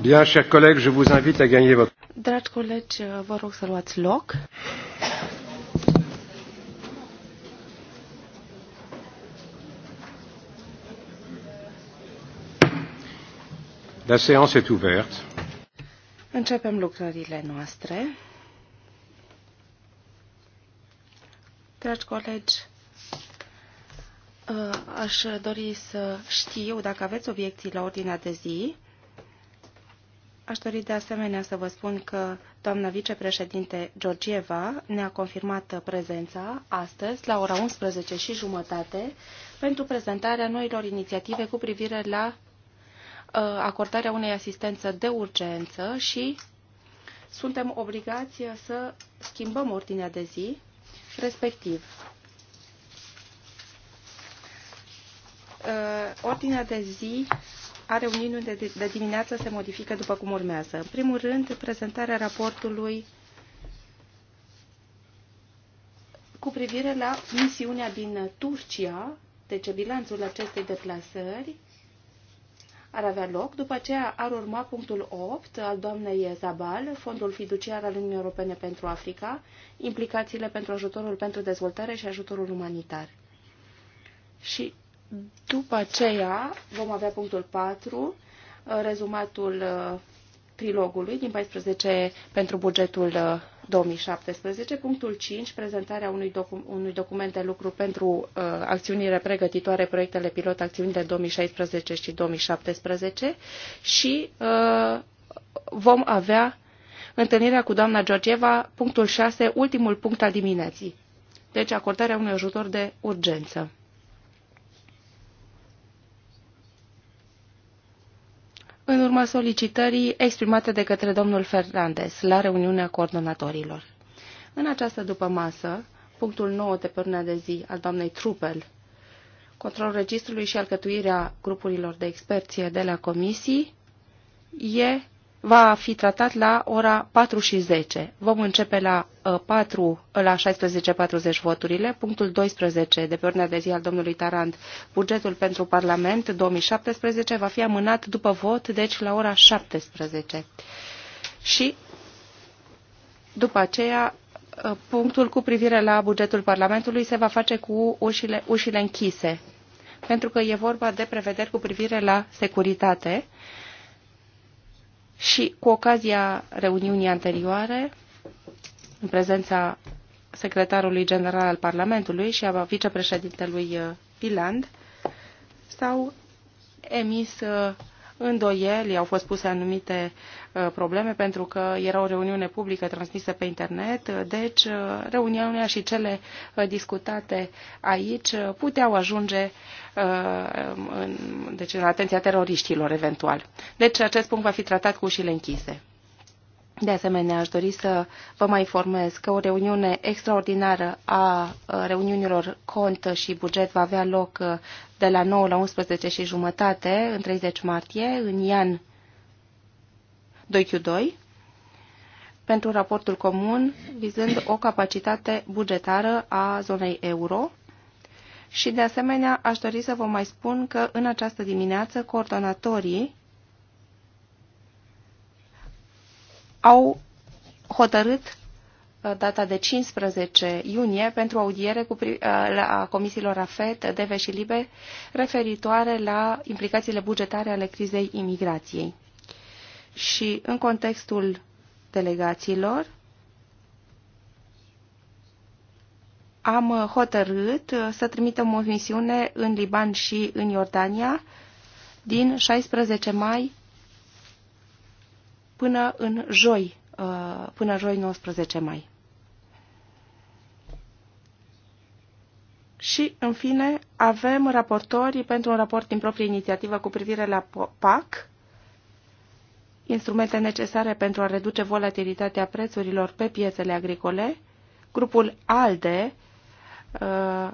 Bien, chers collègues, je vous invite à gagner votre... Dragi colegi, vă rog să luați loc. La séance est ouverte. Începem lucrările noastre. Dragi colegi, uh, aș dori să știu dacă aveți obiecții la ordinea de zi. Aș dori de asemenea să vă spun că doamna vicepreședinte Georgieva ne-a confirmat prezența astăzi la ora 11 și jumătate pentru prezentarea noilor inițiative cu privire la uh, acordarea unei asistențe de urgență și suntem obligați să schimbăm ordinea de zi, respectiv uh, ordinea de zi a reuniunii de, de dimineață se modifică după cum urmează. În primul rând, prezentarea raportului cu privire la misiunea din Turcia, deci bilanțul acestei deplasări ar avea loc. După aceea ar urma punctul 8 al doamnei Zabal, Fondul fiduciar al Uniunii Europene pentru Africa, implicațiile pentru ajutorul pentru dezvoltare și ajutorul umanitar. Și după aceea vom avea punctul 4, uh, rezumatul uh, trilogului din 14 pentru bugetul 2017, uh, punctul 5, prezentarea unui, docu- unui document de lucru pentru uh, acțiunile pregătitoare, proiectele pilot, de 2016 și 2017 și uh, vom avea întâlnirea cu doamna Georgieva, punctul 6, ultimul punct al dimineții. Deci acordarea unui ajutor de urgență. în urma solicitării exprimate de către domnul Fernandez la reuniunea coordonatorilor. În această dupămasă, punctul 9 de pe de zi al doamnei Trupel, controlul registrului și alcătuirea grupurilor de experție de la comisii, e va fi tratat la ora 4 și 10. Vom începe la 4, uh, la 16.40 voturile, punctul 12 de pe ordinea de zi al domnului Tarand. Bugetul pentru Parlament 2017 va fi amânat după vot, deci la ora 17. Și după aceea, uh, punctul cu privire la bugetul Parlamentului se va face cu ușile, ușile închise, pentru că e vorba de prevederi cu privire la securitate. Și cu ocazia reuniunii anterioare, în prezența secretarului general al Parlamentului și a vicepreședintelui uh, Finland, s-au emis uh, îndoieli, au fost puse anumite uh, probleme pentru că era o reuniune publică transmisă pe internet, deci reuniunea și cele discutate aici puteau ajunge Uh, în, deci în atenția teroriștilor eventual. Deci acest punct va fi tratat cu ușile închise. De asemenea, aș dori să vă mai informez că o reuniune extraordinară a uh, reuniunilor cont și buget va avea loc uh, de la 9 la 11 și jumătate în 30 martie, în Ian 2Q2, pentru raportul comun vizând o capacitate bugetară a zonei euro și de asemenea, aș dori să vă mai spun că în această dimineață coordonatorii au hotărât uh, data de 15 iunie pentru audiere cu, uh, la comisiilor AFET, DV și LIBE referitoare la implicațiile bugetare ale crizei imigrației. Și în contextul delegațiilor, am uh, hotărât uh, să trimitem o misiune în Liban și în Iordania din 16 mai până în joi, uh, până joi 19 mai. Și, în fine, avem raportori pentru un raport din proprie inițiativă cu privire la PAC, instrumente necesare pentru a reduce volatilitatea prețurilor pe piețele agricole, grupul ALDE Uh,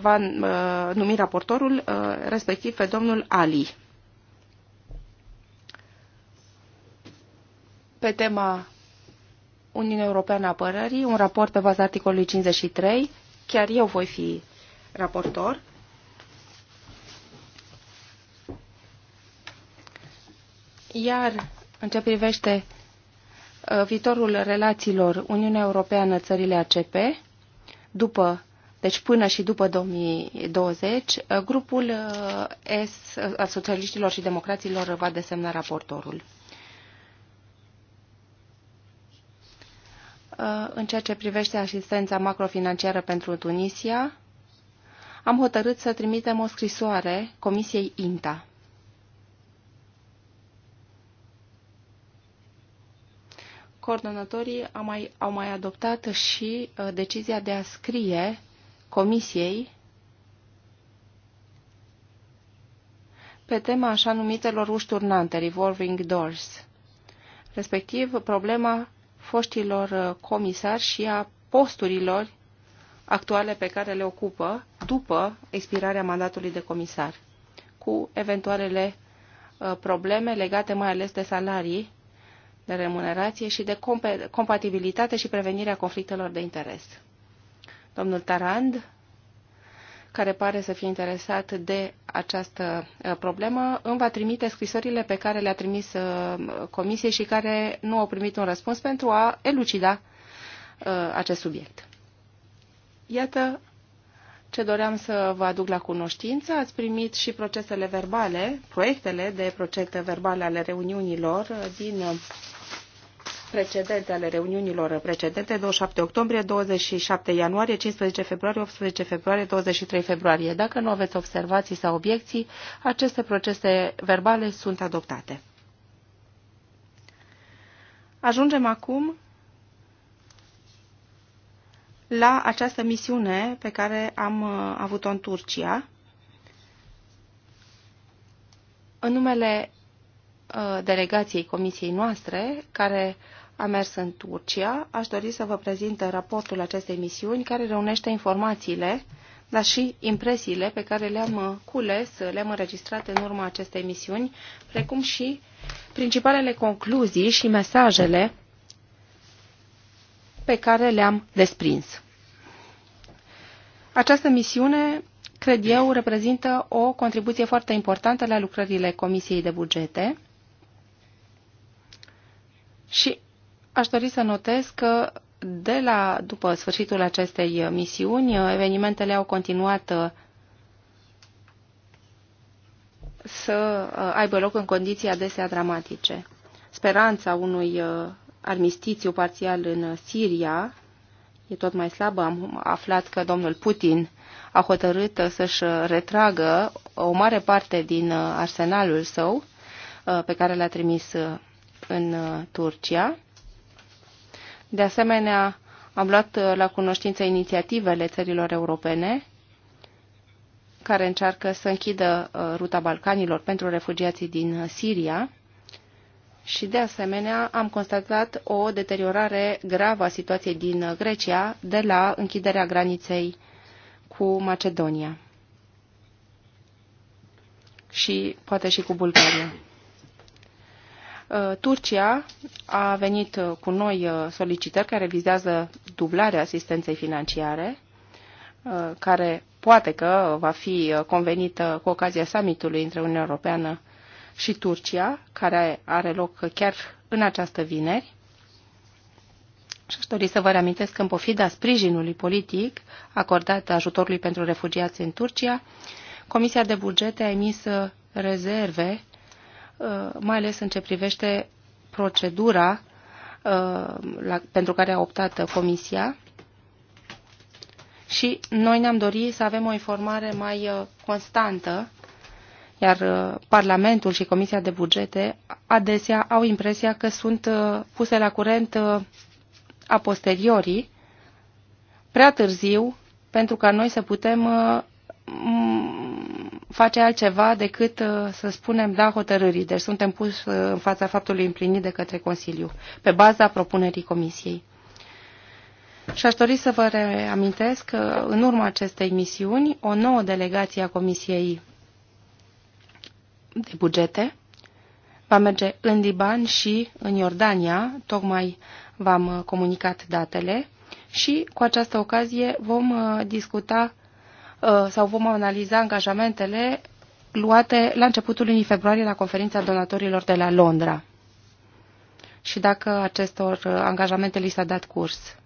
va uh, numi raportorul, uh, respectiv pe domnul Ali. Pe tema Uniunea Europeană a Apărării, un raport pe baza articolului 53, chiar eu voi fi raportor. Iar în ce privește viitorul relațiilor Uniunea Europeană-țările ACP, după deci până și după 2020, grupul eh, S al socialiștilor și democraților va desemna raportorul. Eh, în ceea ce privește asistența macrofinanciară pentru Tunisia, am hotărât să trimitem o scrisoare Comisiei INTA. Coordonatorii au mai, au mai adoptat și eh, decizia de a scrie Comisiei pe tema așa numitelor uși turnante, revolving doors, respectiv problema foștilor uh, comisari și a posturilor actuale pe care le ocupă după expirarea mandatului de comisar, cu eventualele uh, probleme legate mai ales de salarii, de remunerație și de compatibilitate și prevenirea conflictelor de interes domnul Tarand, care pare să fie interesat de această uh, problemă, îmi va trimite scrisorile pe care le-a trimis uh, comisiei și care nu au primit un răspuns pentru a elucida uh, acest subiect. Iată ce doream să vă aduc la cunoștință. Ați primit și procesele verbale, proiectele de procese verbale ale reuniunilor din precedente ale reuniunilor precedente, 27 octombrie, 27 ianuarie, 15 februarie, 18 februarie, 23 februarie. Dacă nu aveți observații sau obiecții, aceste procese verbale sunt adoptate. Ajungem acum la această misiune pe care am uh, avut-o în Turcia. În numele uh, delegației comisiei noastre, care a mers în Turcia. Aș dori să vă prezint raportul acestei misiuni care reunește informațiile, dar și impresiile pe care le-am uh, cules, uh, le-am înregistrat în urma acestei misiuni, precum și principalele concluzii și mesajele pe care le-am desprins. Această misiune, cred eu, reprezintă o contribuție foarte importantă la lucrările Comisiei de Bugete și Aș dori să notez că de la după sfârșitul acestei misiuni, evenimentele au continuat uh, să uh, aibă loc în condiții adesea dramatice. Speranța unui uh, armistițiu parțial în Siria e tot mai slabă. Am aflat că domnul Putin a hotărât să-și retragă o mare parte din arsenalul său pe care l-a trimis în Turcia de asemenea, am luat uh, la cunoștință inițiativele țărilor europene care încearcă să închidă uh, ruta Balcanilor pentru refugiații din uh, Siria și, de asemenea, am constatat o deteriorare gravă a situației din Grecia de la închiderea graniței cu Macedonia și poate și cu Bulgaria. Uh, Turcia a venit uh, cu noi uh, solicitări care vizează dublarea asistenței financiare, care poate că va fi convenită cu ocazia summitului între Uniunea Europeană și Turcia, care are loc chiar în această vineri. Și aș dori să vă reamintesc că în pofida sprijinului politic acordat ajutorului pentru refugiați în Turcia, Comisia de Bugete a emis rezerve Uh, mai ales în ce privește procedura uh, la, pentru care a optat Comisia și noi ne-am dorit să avem o informare mai uh, constantă, iar Parlamentul și Comisia de Bugete adesea au impresia că sunt puse la curent a posteriori, prea târziu, pentru ca noi să putem face altceva decât uh, să spunem da hotărârii. Deci suntem puși uh, în fața faptului împlinit de către Consiliu, pe baza propunerii Comisiei. Și aș dori să vă reamintesc că în urma acestei misiuni, o nouă delegație a Comisiei de bugete va merge în Liban și în Iordania, tocmai v-am uh, comunicat datele, și cu această ocazie vom discuta Uh, sau vom analiza angajamentele luate la începutul lunii februarie la conferința donatorilor de la Londra și dacă acestor uh, angajamente li s-a dat curs.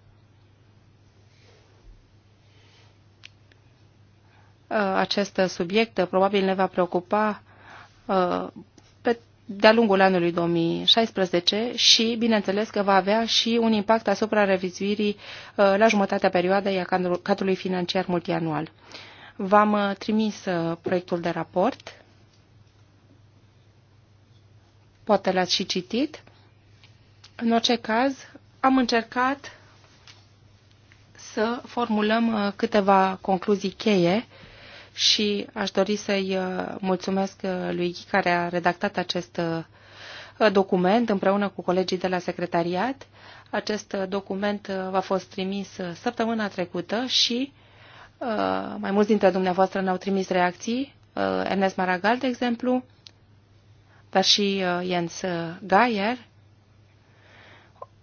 Uh, acest subiect probabil ne va preocupa pe de-a lungul anului 2016 și, bineînțeles, că va avea și un impact asupra revizuirii uh, la jumătatea perioadei a cadrului financiar multianual. V-am uh, trimis uh, proiectul de raport. Poate l-ați și citit. În orice caz, am încercat să formulăm câteva concluzii cheie și aș dori să-i uh, mulțumesc uh, lui Ghi care a redactat acest uh, document împreună cu colegii de la secretariat. Acest document v-a fost trimis săptămâna trecută și mai mulți dintre dumneavoastră ne-au trimis reacții, Ernest Maragal, de exemplu, dar și Jens Gaier,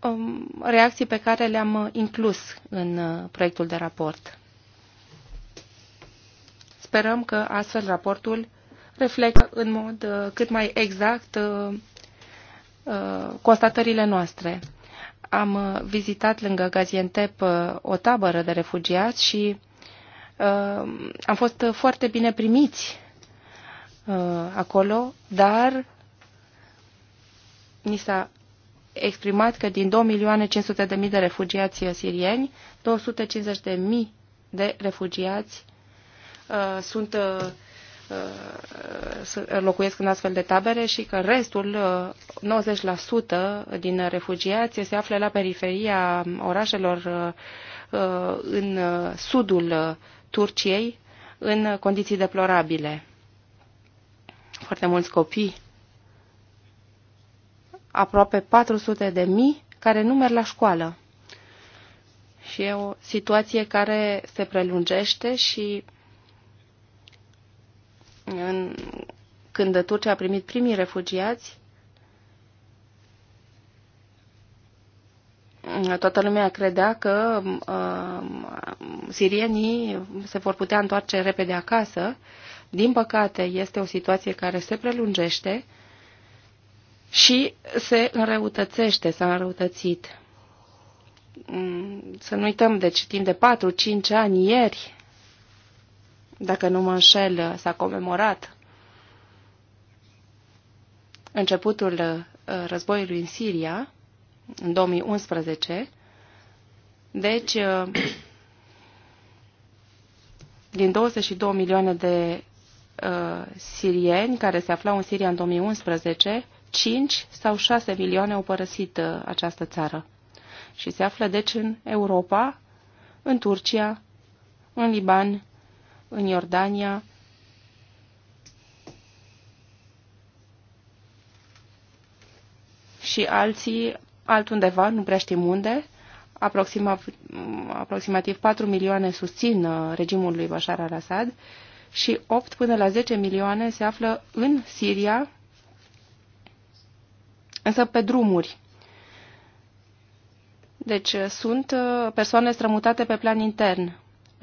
um, reacții pe care le-am inclus în proiectul de raport. Sperăm că astfel raportul reflectă în mod uh, cât mai exact uh, uh, constatările noastre. Am vizitat lângă Gaziantep o tabără de refugiați și am fost foarte bine primiți acolo, dar ni s-a exprimat că din 2.500.000 de refugiați sirieni, 250.000 de refugiați Uh, sunt uh, uh, locuiesc în astfel de tabere și că restul, 90% din refugiați, se află la periferia orașelor în sudul Turciei, în condiții deplorabile. Foarte mulți copii, aproape 400 de mii, care nu merg la școală. Și e o situație care se prelungește și în, când Turcia a primit primii refugiați, toată lumea credea că uh, sirienii se vor putea întoarce repede acasă. Din păcate, este o situație care se prelungește și se înrăutățește, s-a înrăutățit. Mm, să nu uităm, deci timp de 4-5 ani ieri dacă nu mă înșel, s-a comemorat începutul uh, războiului în Siria, în 2011. Deci, uh, din 22 milioane de uh, sirieni care se aflau în Siria în 2011, 5 sau 6 milioane au părăsit această țară și se află deci în Europa, în Turcia, în Liban în Iordania. Și alții altundeva, nu prea știm unde, aproxima, aproximativ 4 milioane susțin uh, regimul lui Bashar al-Assad și 8 până la 10 milioane se află în Siria, însă pe drumuri. Deci uh, sunt uh, persoane strămutate pe plan intern.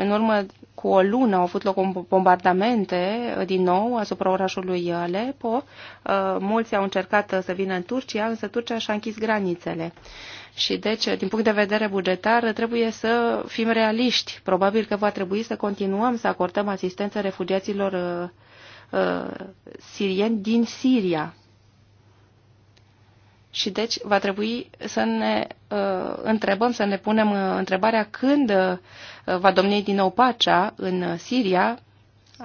În urmă cu o lună au avut loc bombardamente uh, din nou asupra orașului Alepo. Uh, mulți au încercat uh, să vină în Turcia, însă Turcia și-a închis granițele. Și deci, din punct de vedere bugetar, trebuie să fim realiști. Probabil că va trebui să continuăm să acordăm asistență refugiaților sirieni din Siria. Și deci va trebui să ne uh, întrebăm, să ne punem uh, întrebarea când uh, va domni din nou pacea în Siria.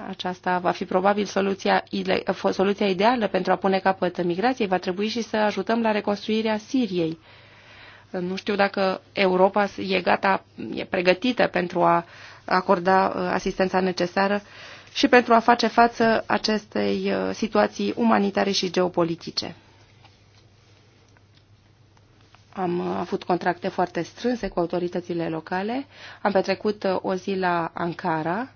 Aceasta va fi probabil soluția, ide soluția ideală pentru a pune capăt migrației. Va trebui și să ajutăm la reconstruirea Siriei. Nu știu dacă Europa e gata, e pregătită pentru a acorda uh, asistența necesară și pentru a face față acestei uh, situații umanitare și geopolitice. Am avut contracte foarte strânse cu autoritățile locale. Am petrecut uh, o zi la Ankara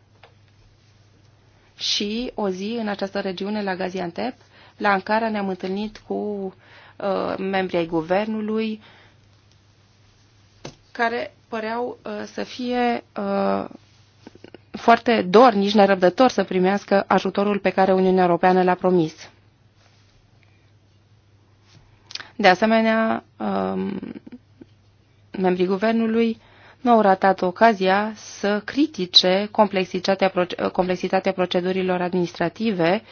și o zi în această regiune, la Gaziantep. La Ankara ne-am întâlnit cu uh, membrii ai guvernului care păreau uh, să fie uh, foarte nici nerăbdător să primească ajutorul pe care Uniunea Europeană l-a promis. De asemenea, um, membrii guvernului nu au ratat ocazia să critique complexitatea, complexitatea procedurilor administrative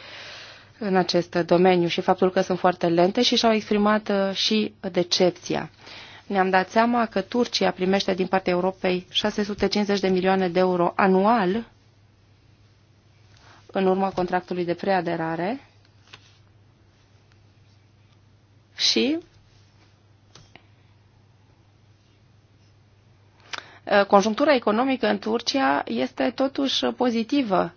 în acest domeniu și faptul că sunt foarte lente și și-au exprimat uh, și decepția. Ne-am dat seama că Turcia primește din partea Europei 650 de milioane de euro anual în urma contractului de preaderare și conjunctura economică în Turcia este totuși pozitivă.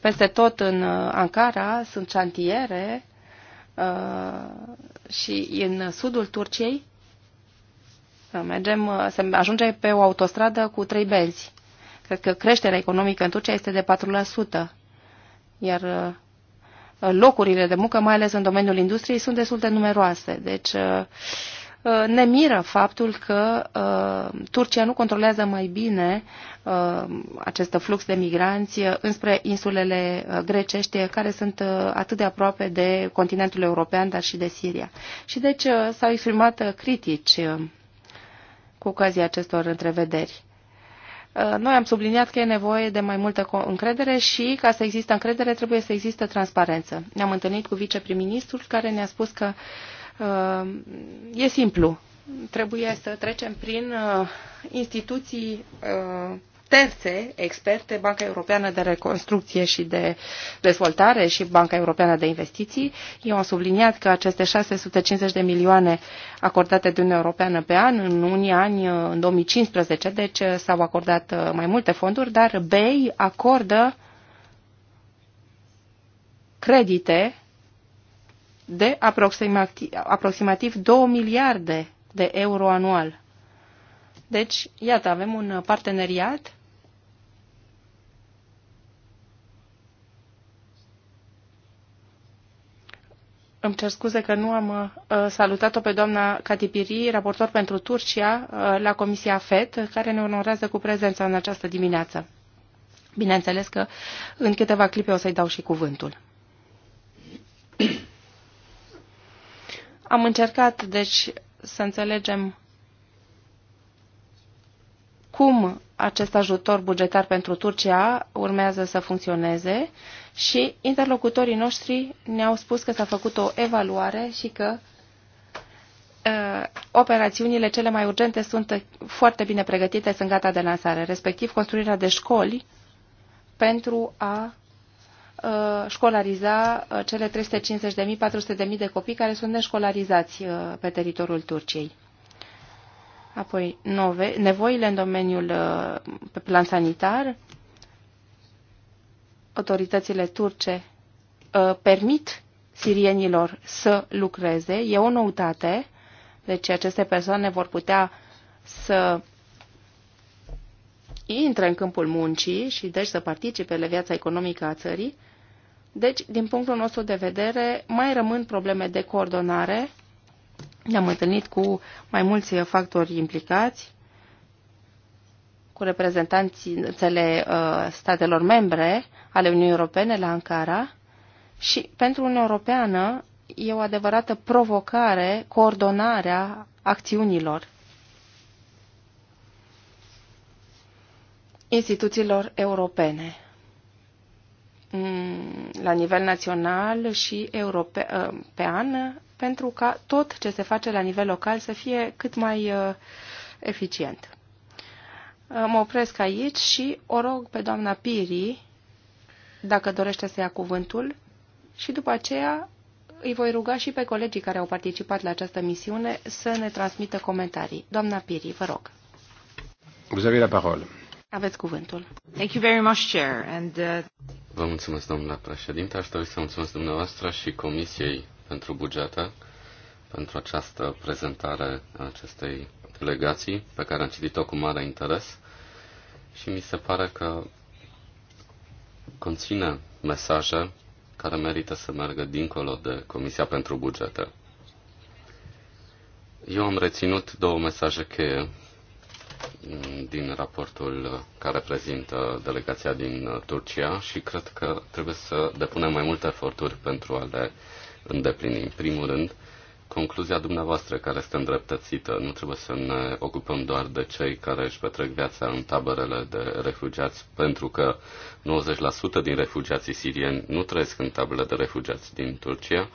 Peste tot în Ankara sunt șantiere și în sudul Turciei mergem, se ajunge pe o autostradă cu trei benzi. Cred că creșterea economică în Turcia este de 4%, iar locurile de muncă, mai ales în domeniul industriei, sunt destul de numeroase. Deci uh, uh, ne miră faptul că uh, Turcia nu controlează mai bine acest flux de migranți înspre insulele grecești, care sunt atât de aproape de continentul european, dar și de Siria. Și deci s-au exprimat critici cu ocazia acestor întrevederi. Uh, noi am subliniat că e nevoie de mai multă încredere și ca să există încredere trebuie să existe transparență. Ne-am întâlnit cu viceprim-ministrul care ne-a spus că uh, e simplu. Trebuie să trecem prin uh, instituții terțe experte, Banca Europeană de Reconstrucție și de Dezvoltare și Banca Europeană de Investiții. Eu am subliniat că aceste 650 de milioane acordate de Uniunea Europeană pe an, în unii ani, în 2015, deci uh, s-au acordat uh, mai multe fonduri, dar BEI acordă credite de aproximativ, aproximativ 2 miliarde de euro anual. Deci, iată, avem un parteneriat Îmi cer scuze că nu am uh, salutat-o pe doamna Catipiri, raportor pentru Turcia uh, la Comisia FED, care ne onorează cu prezența în această dimineață. Bineînțeles că în câteva clipe o să-i dau și cuvântul. Am încercat, deci, să înțelegem cum acest ajutor bugetar pentru Turcia urmează să funcționeze și interlocutorii noștri ne-au spus că s-a făcut o evaluare și că uh, operațiunile cele mai urgente sunt foarte bine pregătite, sunt gata de lansare, respectiv construirea de școli pentru a uh, școlariza uh, cele 350.000-400.000 de copii care sunt neșcolarizați uh, pe teritoriul Turciei. Apoi, nove, nevoile în domeniul uh, pe plan sanitar. Autoritățile turce uh, permit sirienilor să lucreze. E o noutate. Deci aceste persoane vor putea să intre în câmpul muncii și deci să participe la viața economică a țării. Deci, din punctul nostru de vedere, mai rămân probleme de coordonare ne-am întâlnit cu mai mulți factori implicați, cu reprezentanțele uh, statelor membre ale Uniunii Europene la Ankara și pentru Uniunea Europeană e o adevărată provocare coordonarea acțiunilor instituțiilor europene mm, la nivel național și european uh, pentru ca tot ce se face la nivel local să fie cât mai uh, eficient. Uh, mă opresc aici și o rog pe doamna Piri, dacă dorește să ia cuvântul, și după aceea îi voi ruga și pe colegii care au participat la această misiune să ne transmită comentarii. Doamna Piri, vă rog. Vous avez la parole. Aveți cuvântul. Thank you very much, Chair. And, uh... Vă mulțumesc, doamna președinte. Aș dori să mulțumesc dumneavoastră și Comisiei pentru bugete, pentru această prezentare a acestei delegații, pe care am citit-o cu mare interes și mi se pare că conține mesaje care merită să meargă dincolo de Comisia pentru Bugete. Eu am reținut două mesaje cheie din raportul care prezintă delegația din Turcia și cred că trebuie să depunem mai multe eforturi pentru a le îndeplini. În primul rând, concluzia dumneavoastră care este îndreptățită. Nu trebuie să ne ocupăm doar de cei care își petrec viața în taberele de refugiați, pentru că 90% din refugiații sirieni nu trăiesc în taberele de refugiați din Turcia.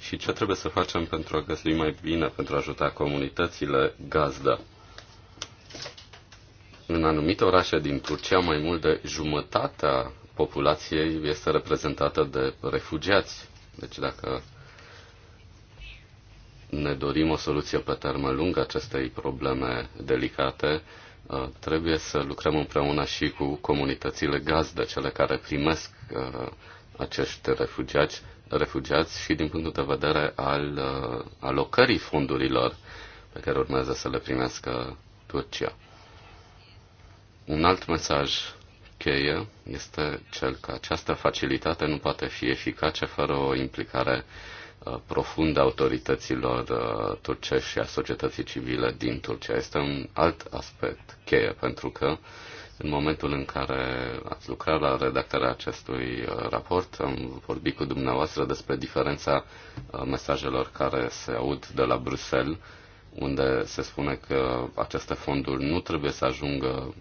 Și ce trebuie să facem pentru a găsi mai bine, pentru a ajuta comunitățile gazdă? În anumite orașe din Turcia, mai mult de jumătatea populației este reprezentată de refugiați deci dacă ne dorim o soluție pe termen lung acestei probleme delicate, uh, trebuie să lucrăm împreună și cu comunitățile gazde, cele care primesc uh, acești refugiați, refugiați și din punctul de vedere al uh, alocării fondurilor pe care urmează să le primească Turcia. Un alt mesaj cheie este cel că această facilitate nu poate fi eficace fără o implicare uh, profundă a autorităților uh, turcești și a societății civile din Turcia. Este un alt aspect cheie, pentru că în momentul în care ați lucrat la redactarea acestui uh, raport, am vorbit cu dumneavoastră despre diferența mesajelor care se aud de la Bruxelles, unde se spune că aceste fonduri nu trebuie să ajungă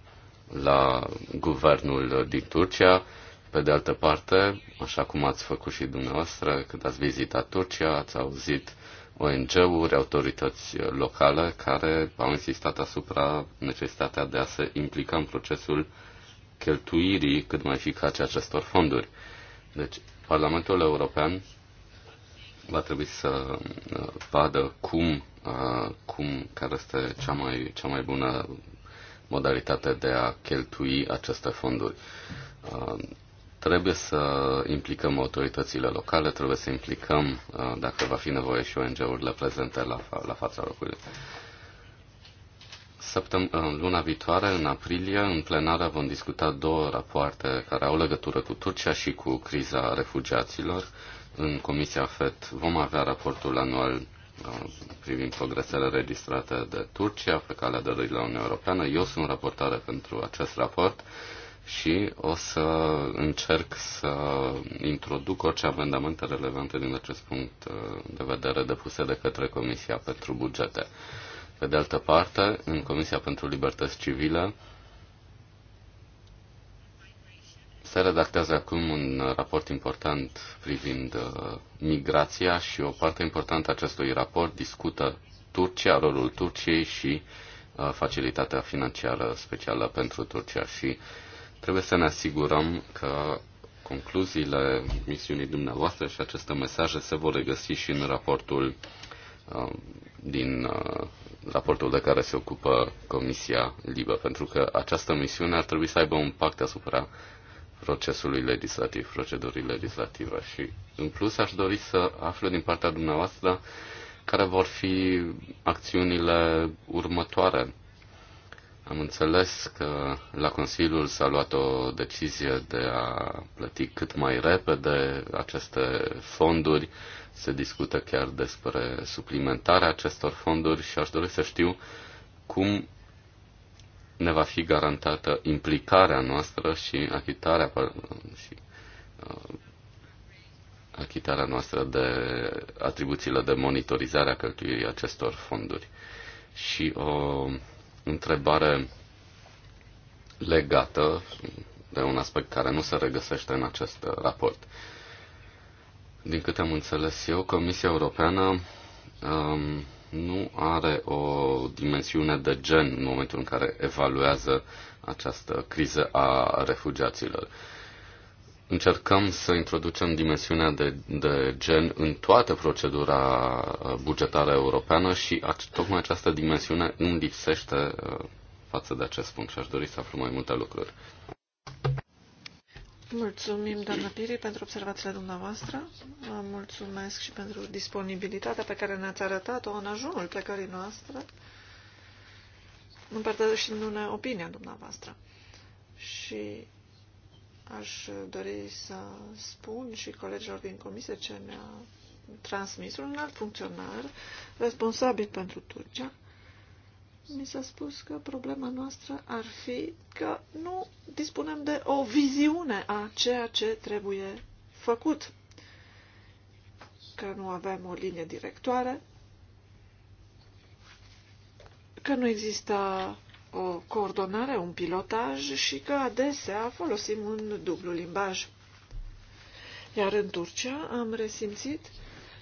la guvernul din Turcia. Pe de altă parte, așa cum ați făcut și dumneavoastră când ați vizitat Turcia, ați auzit ONG-uri, autorități locale care au insistat asupra necesitatea de a se implica în procesul cheltuirii cât mai eficace acestor fonduri. Deci, Parlamentul European va trebui să uh, vadă cum, uh, cum care este cea mai, cea mai bună modalitate de a cheltui aceste fonduri. Uh, trebuie să implicăm autoritățile locale, trebuie să implicăm, uh, dacă va fi nevoie, și ONG-urile prezente la, la fața locului. Săptăm- uh, luna viitoare, în aprilie, în plenară vom discuta două rapoarte care au legătură cu Turcia și cu criza refugiaților. În Comisia FET vom avea raportul anual privind progresele registrate de Turcia pe calea de la Uniunea Europeană. Eu sunt raportare pentru acest raport și o să încerc să introduc orice amendamente relevante din acest punct uh, de vedere depuse de către Comisia pentru Bugete. Pe de altă parte, în Comisia pentru Libertăți Civile, Se redactează acum un raport important privind uh, migrația și o parte importantă a acestui raport discută Turcia, rolul Turciei și uh, facilitatea financiară specială pentru Turcia și trebuie să ne asigurăm că concluziile misiunii dumneavoastră și aceste mesaje se vor regăsi și în raportul uh, din raportul de care se ocupă Comisia Libă, pentru că această misiune ar trebui să aibă un impact asupra procesului legislativ, procedurii legislative. Și, în plus, aș dori să aflu din partea dumneavoastră care vor fi acțiunile următoare. Am înțeles că la Consiliul s-a luat o decizie de a plăti cât mai repede aceste fonduri. Se discută chiar despre suplimentarea acestor fonduri și aș dori să știu cum ne va fi garantată implicarea noastră și achitarea, și, uh, achitarea noastră de atribuțiile de monitorizare a cheltuirii acestor fonduri. Și o întrebare legată de un aspect care nu se regăsește în acest raport. Din câte am înțeles eu, Comisia Europeană um, nu are o dimensiune de gen în momentul în care evaluează această criză a refugiaților. Încercăm să introducem dimensiunea de, de gen în toată procedura uh, bugetară europeană și tocmai această dimensiune îmi lipsește uh, față de acest punct și aș dori să aflu mai multe lucruri. Mulțumim, doamnă Piri, pentru observațiile dumneavoastră. Vă mulțumesc și pentru disponibilitatea pe care ne-ați arătat-o în ajunul plecării noastre, împărtășindu-ne opinia dumneavoastră. Și aș dori să spun și colegilor din comisie ce ne-a transmis un alt funcționar responsabil pentru Turcia, mi s-a spus că problema noastră ar fi că nu dispunem de o viziune a ceea ce trebuie făcut, că nu avem o linie directoare, că nu există o coordonare, un pilotaj și că adesea folosim un dublu limbaj. Iar în Turcia am resimțit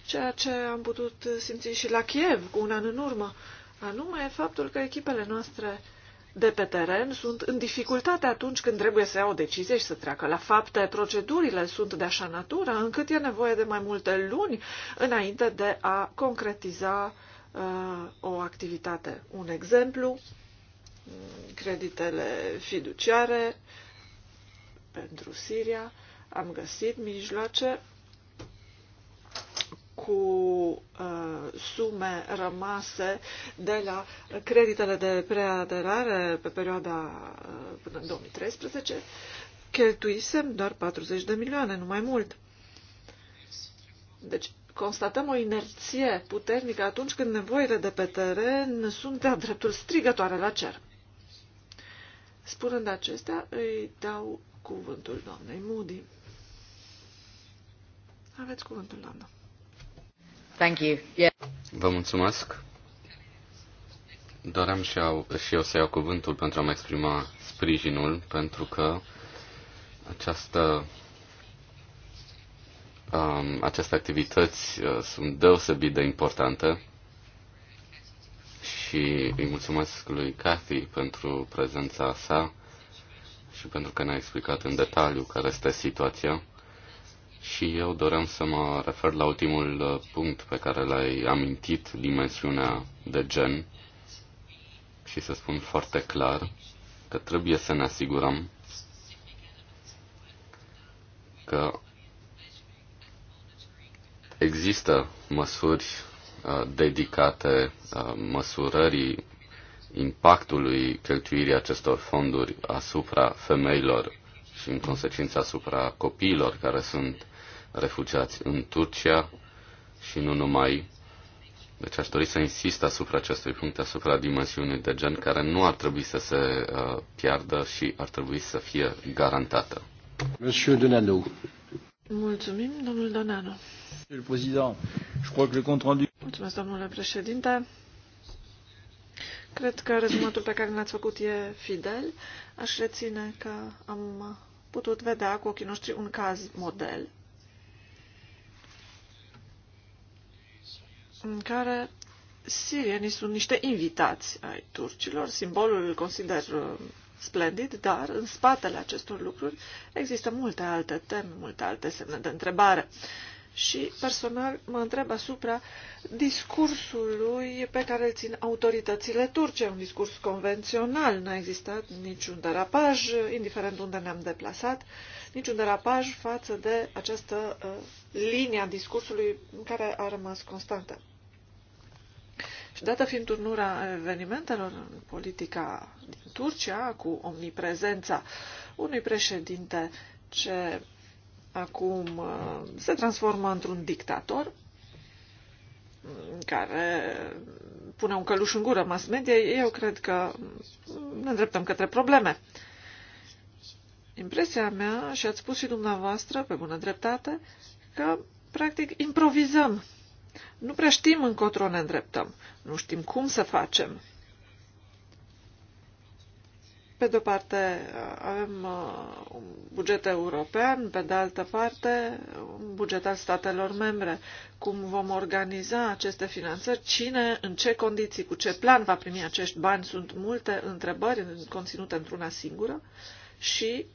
ceea ce am putut simți și la Kiev cu un an în urmă, anume faptul că echipele noastre de pe teren sunt în dificultate atunci când trebuie să iau o decizie și să treacă la fapte. Procedurile sunt de așa natură încât e nevoie de mai multe luni înainte de a concretiza uh, o activitate. Un exemplu, creditele fiduciare pentru Siria. Am găsit mijloace cu uh, sume rămase de la creditele de preaderare pe perioada uh, până în 2013, cheltuisem doar 40 de milioane, nu mai mult. Deci constatăm o inerție puternică atunci când nevoile de pe teren sunt de-a dreptul strigătoare la cer. Spunând acestea, îi dau cuvântul doamnei Moody. Aveți cuvântul, doamnă. Thank you. Yeah. Vă mulțumesc. Doream și eu, și eu să iau cuvântul pentru a-mi exprima sprijinul, pentru că această, um, aceste activități uh, sunt deosebit de importante și îi mulțumesc lui Cathy pentru prezența sa și pentru că ne-a explicat în detaliu care este situația. Și eu doream să mă refer la ultimul uh, punct pe care l-ai amintit, dimensiunea de gen, și să spun foarte clar că trebuie să ne asigurăm că există măsuri uh, dedicate uh, măsurării impactului cheltuirii acestor fonduri asupra femeilor și în consecință asupra copiilor care sunt refugiați în Turcia și nu numai. Deci aș dori să insist asupra acestui punct, asupra dimensiunii de gen, care nu ar trebui să se uh, piardă și ar trebui să fie garantată. Monsieur Donano. Mulțumim, domnul Donano. Mulțumesc, domnule președinte. Cred că rezumatul pe care l-ați făcut e fidel. Aș reține că am putut vedea cu ochii noștri un caz model în care sirienii sunt niște invitați ai turcilor. Simbolul îl consider uh, splendid, dar în spatele acestor lucruri există multe alte teme, multe alte semne de întrebare. Și personal mă întreb asupra discursului pe care îl țin autoritățile turce, un discurs convențional. N-a existat niciun derapaj, indiferent unde ne-am deplasat. Uh, niciun derapaj față de această uh, linie a discursului care a rămas constantă. Și dată fiind turnura evenimentelor în politica din Turcia, cu omniprezența unui președinte ce acum uh, se transformă într-un dictator, care pune un căluș în gură mass media, eu cred că ne îndreptăm către probleme. Impresia mea, și ați spus și dumneavoastră, pe bună dreptate, că practic improvizăm. Nu prea știm încotro ne îndreptăm. Nu știm cum să facem. Pe de-o parte avem uh, un buget european, pe de altă parte un buget al statelor membre. Cum vom organiza aceste finanțări? Cine, în ce condiții, cu ce plan va primi acești bani? Sunt multe întrebări conținute într-una singură și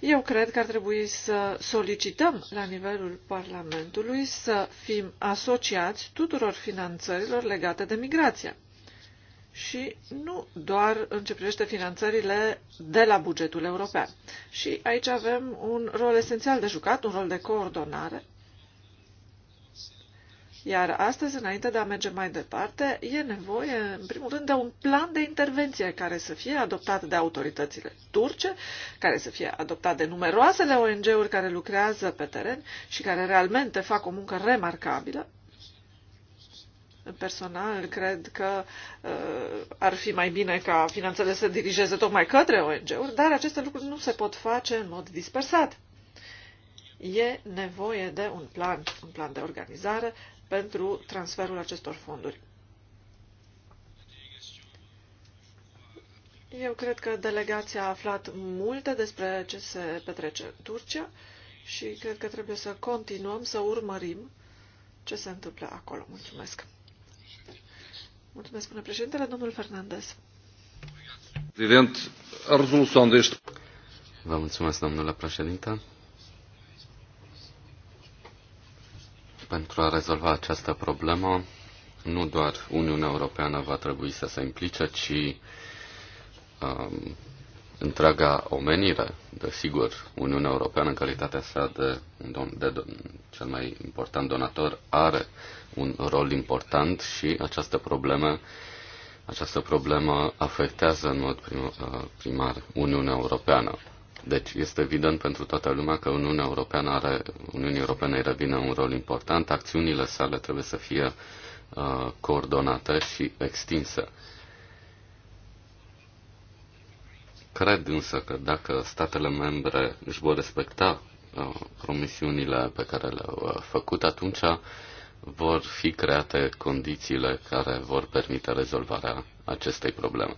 eu cred că ar trebui să solicităm la nivelul Parlamentului să fim asociați tuturor finanțărilor legate de migrație. Și nu doar în ce privește finanțările de la bugetul european. Și aici avem un rol esențial de jucat, un rol de coordonare iar astăzi, înainte de a merge mai departe, e nevoie, în primul rând, de un plan de intervenție care să fie adoptat de autoritățile turce, care să fie adoptat de numeroasele ONG-uri care lucrează pe teren și care realmente fac o muncă remarcabilă. Personal, cred că uh, ar fi mai bine ca finanțele să dirigeze tocmai către ONG-uri, dar aceste lucruri nu se pot face în mod dispersat e nevoie de un plan, un plan de organizare, pentru transferul acestor fonduri. Eu cred că delegația a aflat multe despre ce se petrece în Turcia și cred că trebuie să continuăm să urmărim ce se întâmplă acolo. Mulțumesc. Mulțumesc, până președintele, domnul Fernandez. Vă mulțumesc, domnule președinte. Pentru a rezolva această problemă, nu doar Uniunea Europeană va trebui să se implice, ci um, întreaga omenire, desigur, Uniunea Europeană, în calitatea sa de, de, de cel mai important donator, are un rol important și această problemă, această problemă afectează în mod uh, primar Uniunea Europeană. Deci este evident pentru toată lumea că Uniunea Europeană are, Uniunii Europene revine un rol important, acțiunile sale trebuie să fie uh, coordonate și extinse. Cred însă că dacă statele membre își vor respecta uh, promisiunile pe care le-au uh, făcut, atunci vor fi create condițiile care vor permite rezolvarea acestei probleme.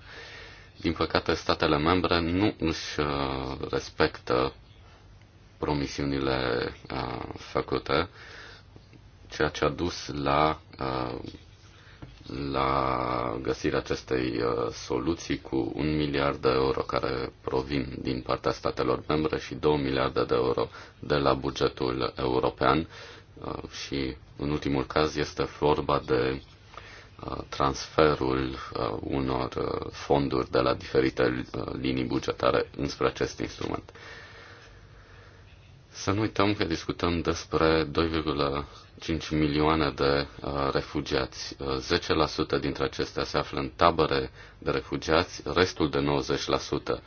Din păcate, statele membre nu își uh, respectă promisiunile uh, făcute, ceea ce a dus la, uh, la găsirea acestei soluții cu un miliard de euro care provin din partea statelor membre și 2 miliarde de euro de la bugetul european și, în ultimul caz, este vorba de Uh, transferul uh, unor uh, fonduri de la diferite linii bugetare înspre acest instrument. Să nu uităm că discutăm despre 2,5 milioane de refugiați. 10% dintre acestea se află în tabere de refugiați, restul de 90%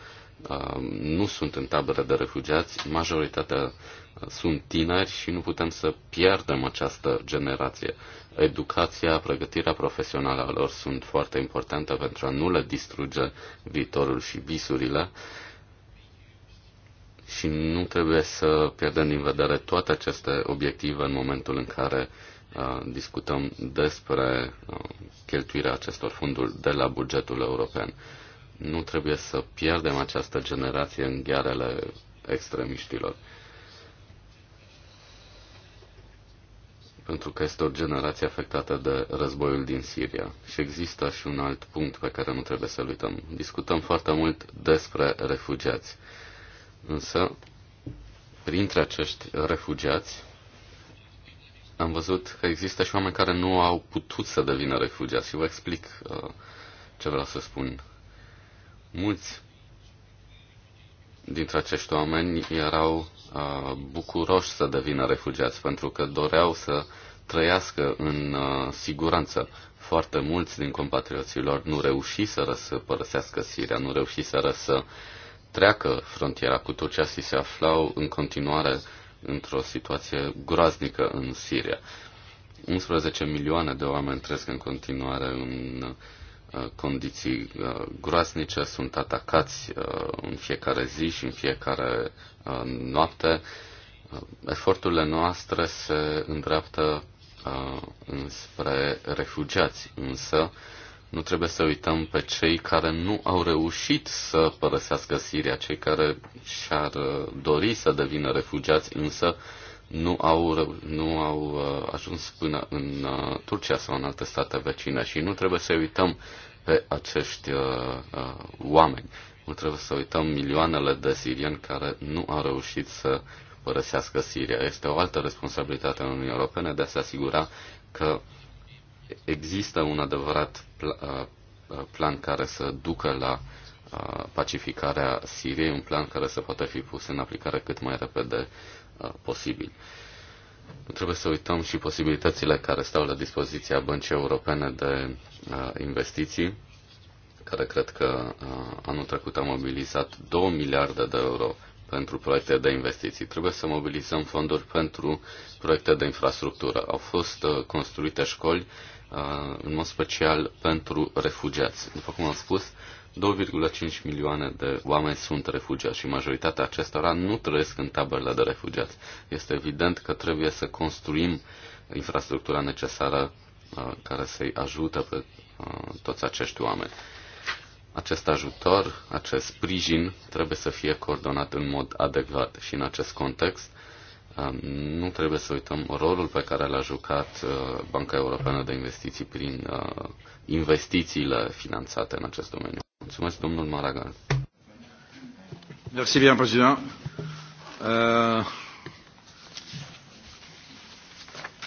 nu sunt în tabere de refugiați, majoritatea uh, sunt tineri și nu putem să pierdem această generație. Educația, pregătirea profesională a lor sunt foarte importante pentru a nu le distruge viitorul și visurile și nu trebuie să pierdem din vedere toate aceste obiective în momentul în care uh, discutăm despre uh, cheltuirea acestor fonduri de la bugetul european. Uh, nu trebuie să pierdem această generație în ghearele extremiștilor. pentru că este o generație afectată de războiul din Siria. Și există și un alt punct pe care nu trebuie să-l uităm. Discutăm foarte mult despre refugiați. Însă, printre acești refugiați, am văzut că există și oameni care nu au putut să devină refugiați. Și vă explic uh, ce vreau să spun Mulți dintre acești oameni erau uh, bucuroși să devină refugiați pentru că doreau să trăiască în uh, siguranță. Foarte mulți din compatrioții lor nu reușiseră să părăsească Siria, nu reușiseră să treacă frontiera cu Turcia și se aflau în continuare într-o situație groaznică în Siria. 11 milioane de oameni trăiesc în continuare în Uh, condiții uh, groaznice, sunt atacați uh, în fiecare zi și în fiecare noapte. Eforturile noastre se îndreaptă înspre refugiați, însă nu trebuie să uităm pe cei care nu au reușit să părăsească Siria, cei care și-ar dori să devină refugiați, însă nu au, nu au uh, ajuns până în uh, Turcia sau în alte state vecine și nu trebuie să uităm pe acești uh, uh, oameni. Nu trebuie să uităm milioanele de sirieni care nu au reușit să părăsească Siria. Este o altă responsabilitate a Uniunii Europene de a se asigura că există un adevărat pl- uh, plan care să ducă la pacificarea Siriei, un plan care să poată fi pus în aplicare cât mai repede Uh, posibil. Nu trebuie să uităm și posibilitățile care stau la dispoziția Băncii Europene de uh, Investiții, care cred că uh, anul trecut a mobilizat 2 miliarde de euro pentru proiecte de investiții. Trebuie să mobilizăm fonduri pentru proiecte de infrastructură. Au fost construite școli, în mod special pentru refugiați. După cum am spus, 2,5 milioane de oameni sunt refugiați și majoritatea acestora nu trăiesc în taberele de refugiați. Este evident că trebuie să construim infrastructura necesară uh, care să-i ajută pe uh, toți acești oameni. Acest ajutor, acest sprijin trebuie să fie coordonat în mod adecvat și în acest context um, nu trebuie să uităm rolul pe care l-a jucat uh, Banca Europeană de Investiții prin investițiile finanțate în acest domeniu. Mulțumesc, domnul Maragan. Merci bien, président. Uh,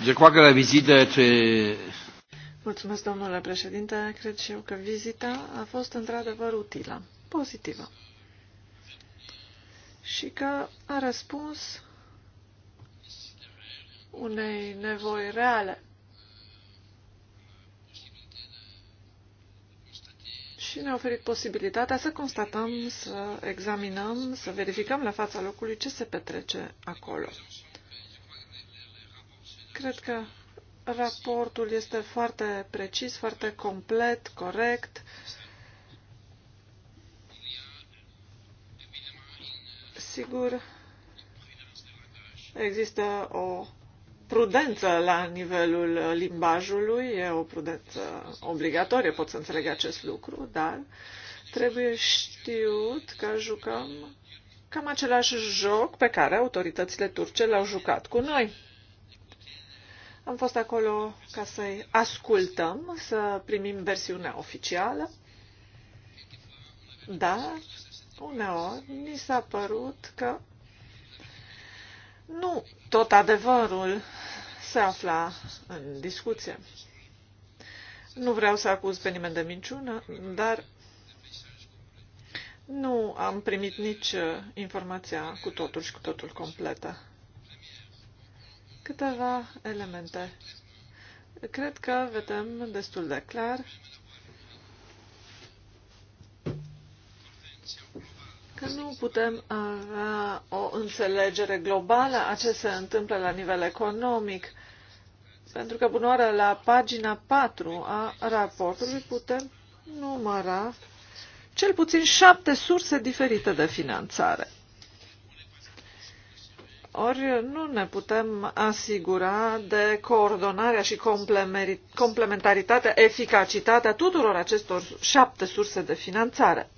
je crois que la visite était... Mulțumesc, domnule președinte. Cred și eu că vizita a fost într-adevăr utilă, pozitivă. Și că a răspuns unei nevoi reale și ne-a oferit posibilitatea să constatăm, să examinăm, să verificăm la fața locului ce se petrece acolo. Cred că raportul este foarte precis, foarte complet, corect. Sigur, există o prudență la nivelul limbajului, e o prudență obligatorie, pot să înțeleg acest lucru, dar trebuie știut că jucăm cam același joc pe care autoritățile turce l-au jucat cu noi. Am fost acolo ca să-i ascultăm, să primim versiunea oficială, dar uneori ni s-a părut că nu tot adevărul se afla în discuție. Nu vreau să acuz pe nimeni de minciună, dar nu am primit nici uh, informația cu totul și cu totul completă. Câteva elemente. Cred că vedem destul de clar că nu putem avea o înțelegere globală a ce se întâmplă la nivel economic. Pentru că, bună oară, la pagina 4 a raportului putem număra cel puțin șapte surse diferite de finanțare. Ori nu ne putem asigura de coordonarea și complementaritatea, eficacitatea tuturor acestor șapte surse de finanțare.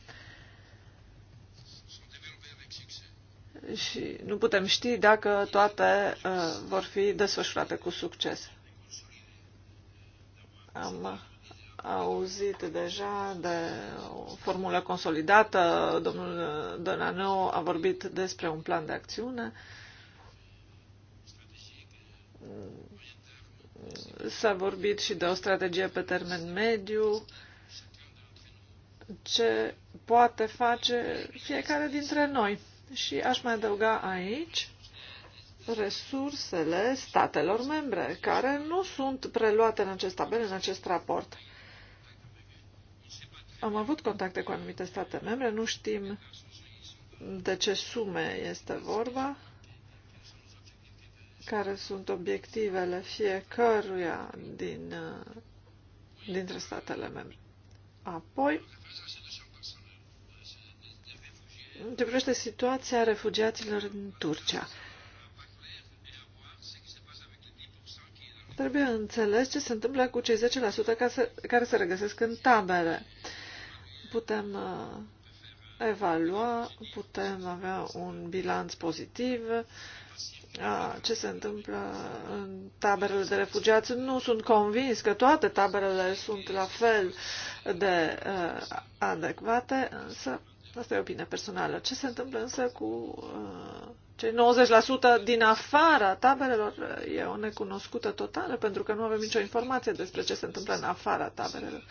și nu putem ști dacă toate uh, vor fi desfășurate cu succes. Am auzit deja de o formulă consolidată. Domnul Donaneu a vorbit despre un plan de acțiune. S-a vorbit și de o strategie pe termen mediu ce poate face fiecare dintre noi. Și aș mai adăuga aici resursele statelor membre, care nu sunt preluate în acest tabel, în acest raport. Am avut contacte cu anumite state membre, nu știm de ce sume este vorba, care sunt obiectivele fiecăruia din, dintre statele membre. Apoi, ce privește situația refugiaților în Turcia. Trebuie înțeles ce se întâmplă cu cei 10% ca să, care se regăsesc în tabere. Putem uh, evalua, putem avea un bilanț pozitiv. A, uh, ce se întâmplă în taberele de refugiați? Nu sunt convins că toate taberele sunt la fel de uh, adecvate, însă Asta e opinia personală. Ce se întâmplă însă cu uh, cei 90% din afara taberelor? E o necunoscută totală, pentru că nu avem nicio informație despre ce se întâmplă în afara taberelor.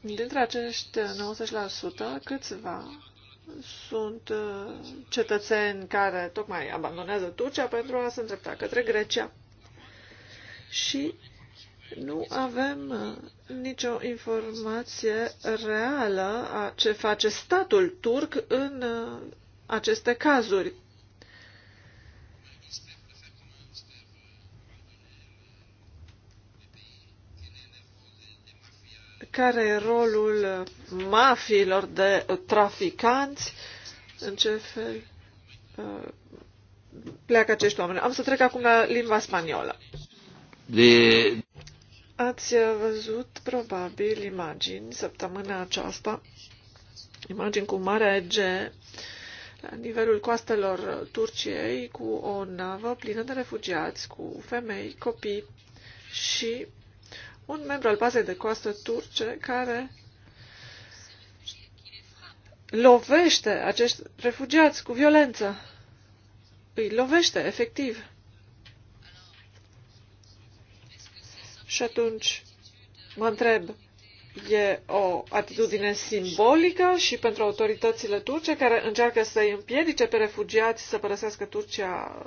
Dintre acești 90%, câțiva sunt uh, cetățeni care tocmai abandonează Turcia pentru a se îndrepta către Grecia. Și nu avem uh, nicio informație reală a ce face statul turc în uh, aceste cazuri. Care e rolul mafiilor de traficanți? În ce fel uh, pleacă acești oameni? Am să trec acum la limba spaniolă. De Ați văzut probabil imagini săptămâna aceasta, imagini cu mare Ege, la nivelul coastelor Turciei, cu o navă plină de refugiați, cu femei, copii și un membru al bazei de coastă turce care lovește acești refugiați cu violență. Îi lovește, efectiv. Și atunci mă întreb, e o atitudine simbolică și pentru autoritățile turce care încearcă să îi împiedice pe refugiați să părăsească Turcia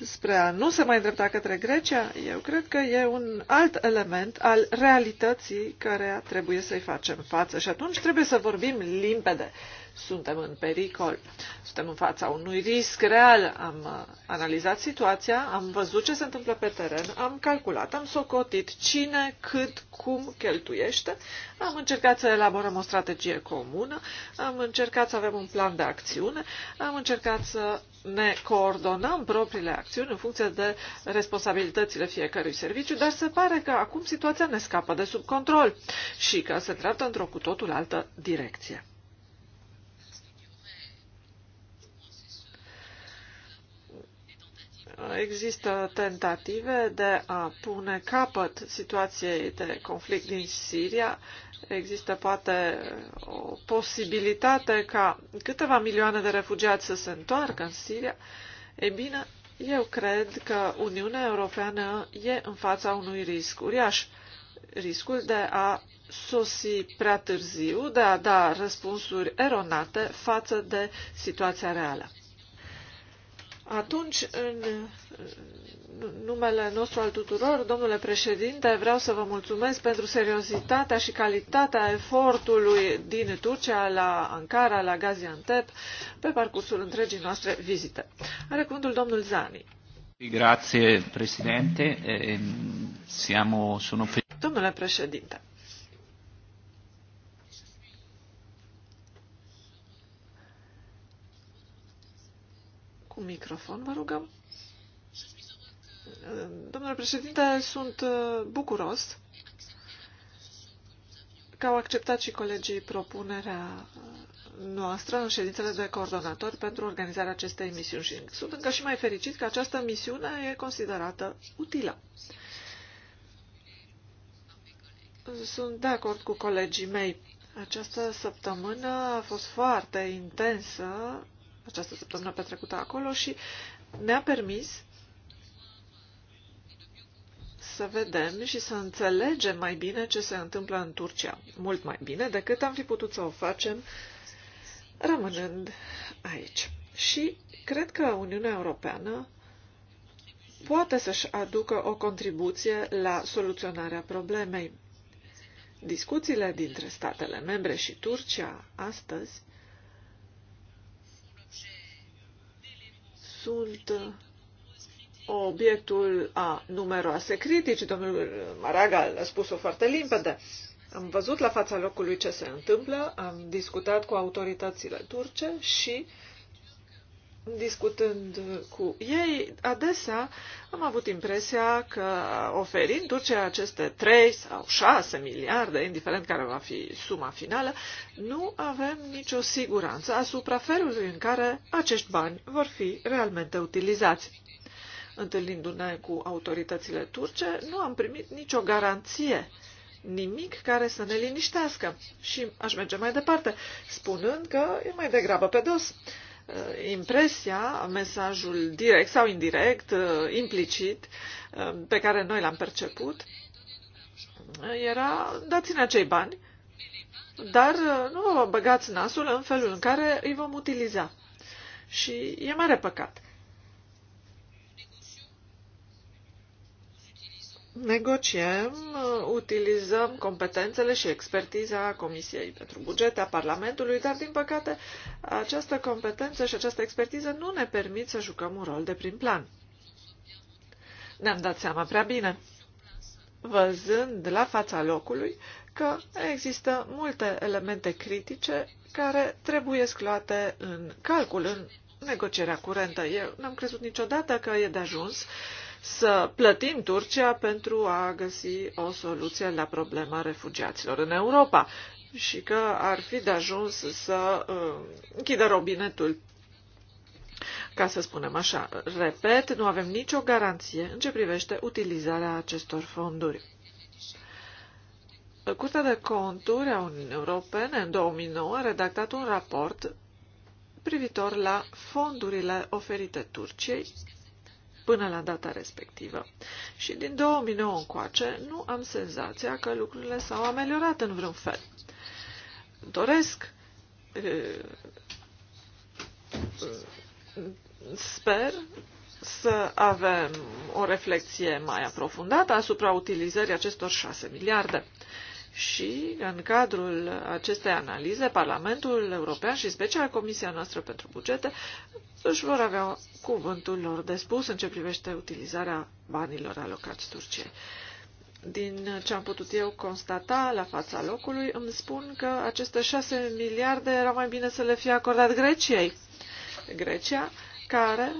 spre a nu se mai îndrepta către Grecia, eu cred că e un alt element al realității care trebuie să-i facem față. Și atunci trebuie să vorbim limpede suntem în pericol, suntem în fața unui risc real. Am uh, analizat situația, am văzut ce se întâmplă pe teren, am calculat, am socotit cine, cât, cum cheltuiește, am încercat să elaborăm o strategie comună, am încercat să avem un plan de acțiune, am încercat să ne coordonăm propriile acțiuni în funcție de responsabilitățile fiecărui serviciu, dar se pare că acum situația ne scapă de sub control și că se treaptă într-o cu totul altă direcție. există tentative de a pune capăt situației de conflict din Siria. Există poate o posibilitate ca câteva milioane de refugiați să se întoarcă în Siria. E bine, eu cred că Uniunea Europeană e în fața unui risc uriaș. Riscul de a sosi prea târziu, de a da răspunsuri eronate față de situația reală. Atunci, în numele nostru al tuturor, domnule președinte, vreau să vă mulțumesc pentru seriozitatea și calitatea efortului din Turcia la Ankara, la Gaziantep, pe parcursul întregii noastre vizite. Are cuvântul domnul Zani. Grazie, președinte. Ehm, siamo, sono... Domnule președinte, Cu microfon, vă rugăm. Domnule președinte, sunt uh, bucuros că au acceptat și colegii propunerea uh, noastră în ședințele de coordonatori pentru organizarea acestei misiuni și sunt încă și mai fericit că această misiune e considerată utilă. Sunt de acord cu colegii mei. Această săptămână a fost foarte intensă această săptămână petrecută acolo și ne-a permis să vedem și să înțelegem mai bine ce se întâmplă în Turcia. Mult mai bine decât am fi putut să o facem rămânând aici. Și cred că Uniunea Europeană poate să-și aducă o contribuție la soluționarea problemei. Discuțiile dintre statele membre și Turcia astăzi sunt uh, obiectul a numeroase critici. Domnul Maragal a spus-o foarte limpede. Am văzut la fața locului ce se întâmplă, am discutat cu autoritățile turce și uh, discutând cu ei, adesea am avut impresia că oferind Turcia aceste 3 sau 6 miliarde, indiferent care va fi suma finală, nu avem nicio siguranță asupra felului în care acești bani vor fi realmente utilizați. Întâlnindu-ne cu autoritățile turce, nu am primit nicio garanție nimic care să ne liniștească. Și aș merge mai departe, spunând că e mai degrabă pe dos. Uh, impresia, mesajul direct sau indirect, uh, implicit, uh, pe care noi l-am perceput, era dați-ne acei bani, dar nu vă băgați nasul în felul în care îi vom utiliza. Și e mare păcat. negociem, utilizăm competențele și expertiza Comisiei pentru Bugete a Parlamentului, dar, din păcate, această competență și această expertiză nu ne permit să jucăm un rol de prim plan. Ne-am dat seama prea bine, văzând la fața locului că există multe elemente critice care trebuie scloate în calcul în negocierea curentă. Eu n-am crezut niciodată că e de ajuns uh, să plătim Turcia pentru a găsi o soluție la problema refugiaților în Europa și că ar fi de ajuns să uh, închidă robinetul, ca să spunem așa. Repet, nu avem nicio garanție în ce privește utilizarea acestor fonduri. Curtea de Conturi a Uniunii Europene în 2009 a redactat un raport privitor la fondurile oferite Turciei până la data respectivă. Și din 2009 încoace nu am senzația că lucrurile s-au ameliorat în vreun fel. Doresc sper să avem o reflexie mai aprofundată asupra utilizării acestor 6 miliarde. Și în cadrul acestei analize, Parlamentul European și special Comisia noastră pentru bugete își vor avea cuvântul lor de spus în ce privește utilizarea banilor alocați Turciei. Din ce am putut eu constata la fața locului, îmi spun că aceste șase miliarde era mai bine să le fie acordat Greciei. Grecia, care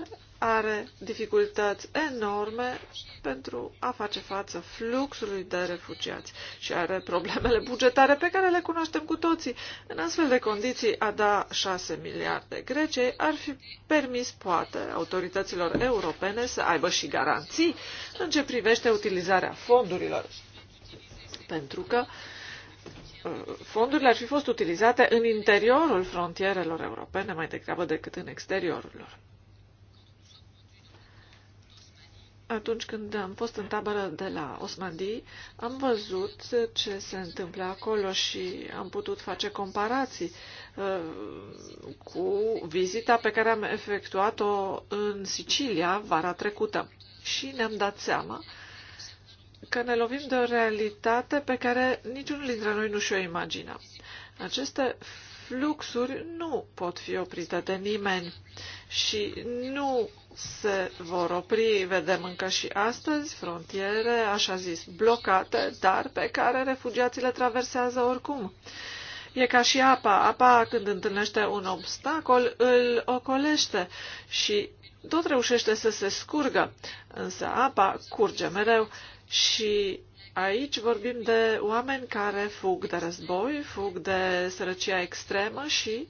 are dificultăți enorme pentru a face față fluxului de refugiați și are problemele bugetare pe care le cunoaștem cu toții. În astfel de condiții, a da 6 miliarde Greciei ar fi permis, poate, autorităților europene să aibă și garanții în ce privește utilizarea fondurilor. Pentru că uh, fondurile ar fi fost utilizate în interiorul frontierelor europene mai degrabă decât în exteriorul lor. atunci când am fost în tabără de la Osmandi, am văzut ce se întâmplă acolo și am putut face comparații uh, cu vizita pe care am efectuat-o în Sicilia vara trecută. Și ne-am dat seama că ne lovim de o realitate pe care niciunul dintre noi nu și-o imagina. Aceste fluxuri nu pot fi oprite de nimeni și nu se vor opri. Vedem încă și astăzi frontiere, așa zis, blocate, dar pe care refugiații le traversează oricum. E ca și apa. Apa, când întâlnește un obstacol, îl ocolește și tot reușește să se scurgă, însă apa curge mereu și aici vorbim de oameni care fug de război, fug de sărăcia extremă și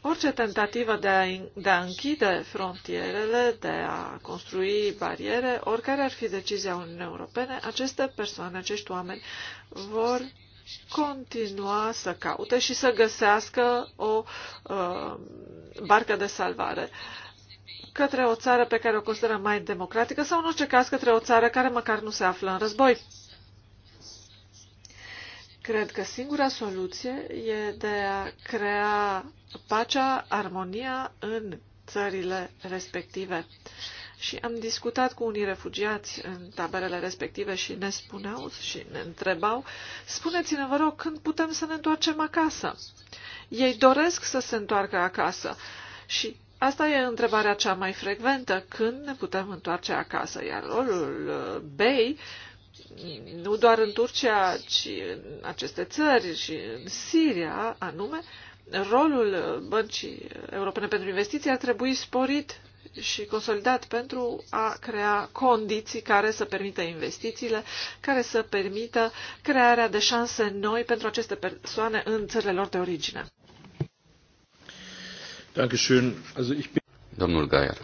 orice tentativă de a, de a închide frontierele, de a construi bariere, oricare ar fi decizia Uniunii Europene, aceste persoane, acești oameni vor continua să caute și să găsească o uh, barcă de salvare. Uh, către o țară pe care o considerăm mai democratică sau, în orice caz, către o țară care măcar nu se află în război. Cred că singura soluție e de a crea pacea, armonia în țările respective. Și am discutat cu unii refugiați în taberele respective și ne spuneau și ne întrebau, spuneți-ne, vă rog, când putem să ne întoarcem acasă? Ei doresc să se întoarcă acasă și Asta e întrebarea cea mai frecventă. Când ne putem întoarce acasă? Iar rolul uh, BEI, nu doar în Turcia, ci în aceste țări și în Siria anume, rolul uh, Băncii Europene pentru Investiții ar trebui sporit și consolidat pentru a crea condiții care să permită investițiile, care să permită crearea de șanse noi pentru aceste persoane în țările lor de origine. Domnul Gaier.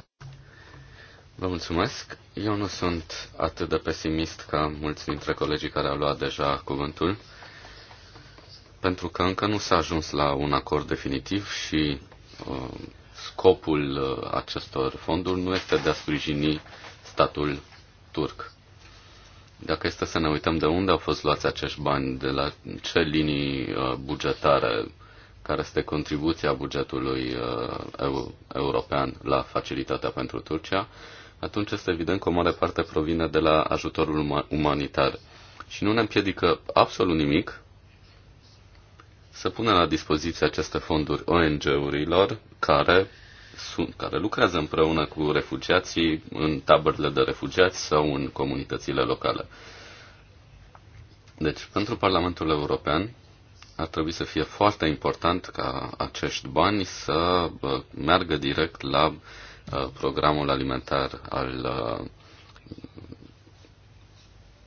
Vă mulțumesc. Eu nu sunt atât de pesimist ca mulți dintre colegii care au luat deja cuvântul, pentru că încă nu s-a ajuns la un acord definitiv și uh, scopul uh, acestor fonduri nu este de a sprijini statul turc. Dacă este să ne uităm de unde au fost luați acești bani, de la ce linii uh, bugetare care este contribuția bugetului uh, european la facilitatea pentru Turcia, atunci este evident că o mare parte provine de la ajutorul umanitar. Și nu ne împiedică absolut nimic să pună la dispoziție aceste fonduri ONG-urilor care, sunt, care lucrează împreună cu refugiații în taberele de refugiați sau în comunitățile locale. Deci, pentru Parlamentul European, ar trebui să fie foarte important ca acești bani să meargă direct la programul alimentar al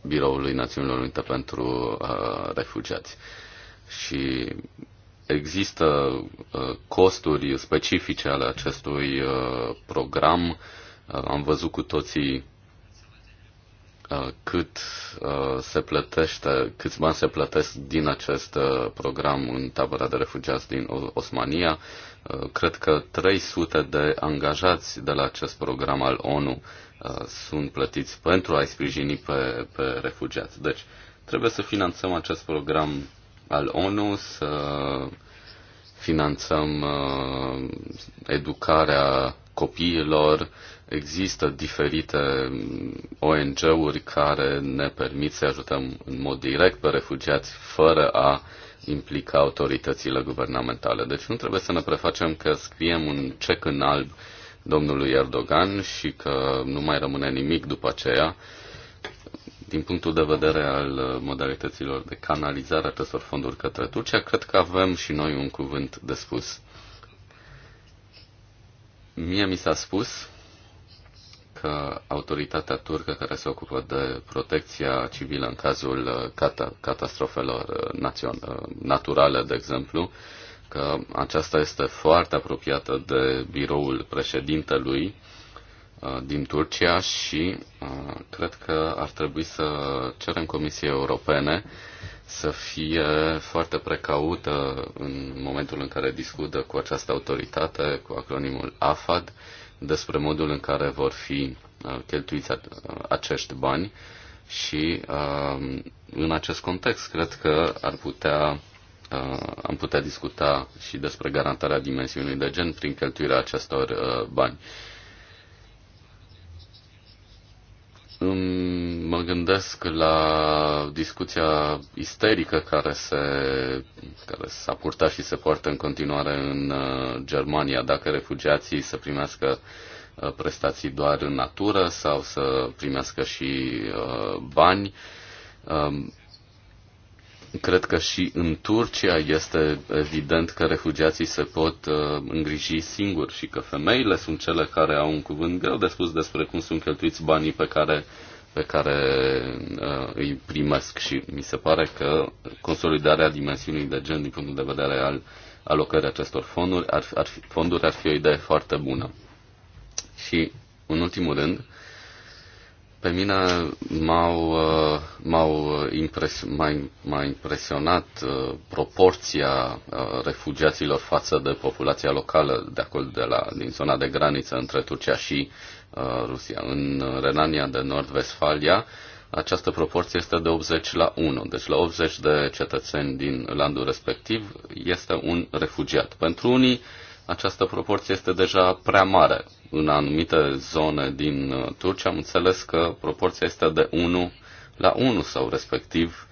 Biroului Națiunilor Unite pentru Refugiați. Și există costuri specifice ale acestui program. Am văzut cu toții Uh, cât uh, se plătește, câți bani se plătesc din acest uh, program în tabăra de refugiați din Osmania. Cred că 300 de angajați de la acest program al ONU sunt plătiți pentru a-i sprijini pe, pe refugiați. Deci, trebuie să finanțăm acest program al ONU, să finanțăm educarea copiilor, Există diferite mm, ONG-uri care ne permit să ajutăm în mod direct pe refugiați fără a implica autoritățile guvernamentale. Deci nu trebuie să ne prefacem că scriem un cec în alb domnului Erdogan și că nu mai rămâne nimic după aceea. Din punctul de vedere al modalităților de canalizare a acestor fonduri către Turcia, cred că avem și noi un cuvânt de spus. Mie mi s-a spus că autoritatea turcă care se ocupă de protecția civilă în cazul uh, catastrofelor uh, uh, naturale, de exemplu, că aceasta este foarte apropiată de biroul președintelui din Turcia și cred că ar trebui să cerem Comisiei Europene să fie foarte precaută în momentul în care discută cu această autoritate, cu acronimul AFAD, despre modul în care vor fi uh, cheltuiți uh, acești bani și uh, în acest context cred că ar putea, am putea discuta și despre garantarea dimensiunii de gen prin cheltuirea acestor bani gândesc la discuția isterică care, se, care s-a purtat și se poartă în continuare în uh, Germania, dacă refugiații să primească uh, prestații doar în natură sau să primească și uh, bani. Um, cred că și în Turcia este evident că refugiații se pot îngriji singuri și că femeile sunt cele care au un cuvânt greu de spus despre cum sunt cheltuiți banii pe care uh, pe care uh, îi primesc și mi se pare că consolidarea dimensiunii de gen din punctul de vedere al alocării acestor fonduri ar, ar fi, fonduri ar fi o idee foarte bună. Și, în ultimul rând, pe mine m-au, uh, m-au impres, m-a, impresionat uh, proporția uh, refugiaților față de populația locală de acolo, de la, din zona de graniță între Turcia și Uh, Rusia. În uh, Renania de Nord-Vestfalia, această proporție este de 80 la 1, deci la 80 de cetățeni din landul respectiv este un refugiat. Pentru unii, această proporție este deja prea mare. În anumite zone din uh, Turcia am înțeles că proporția este de 1 la 1 sau respectiv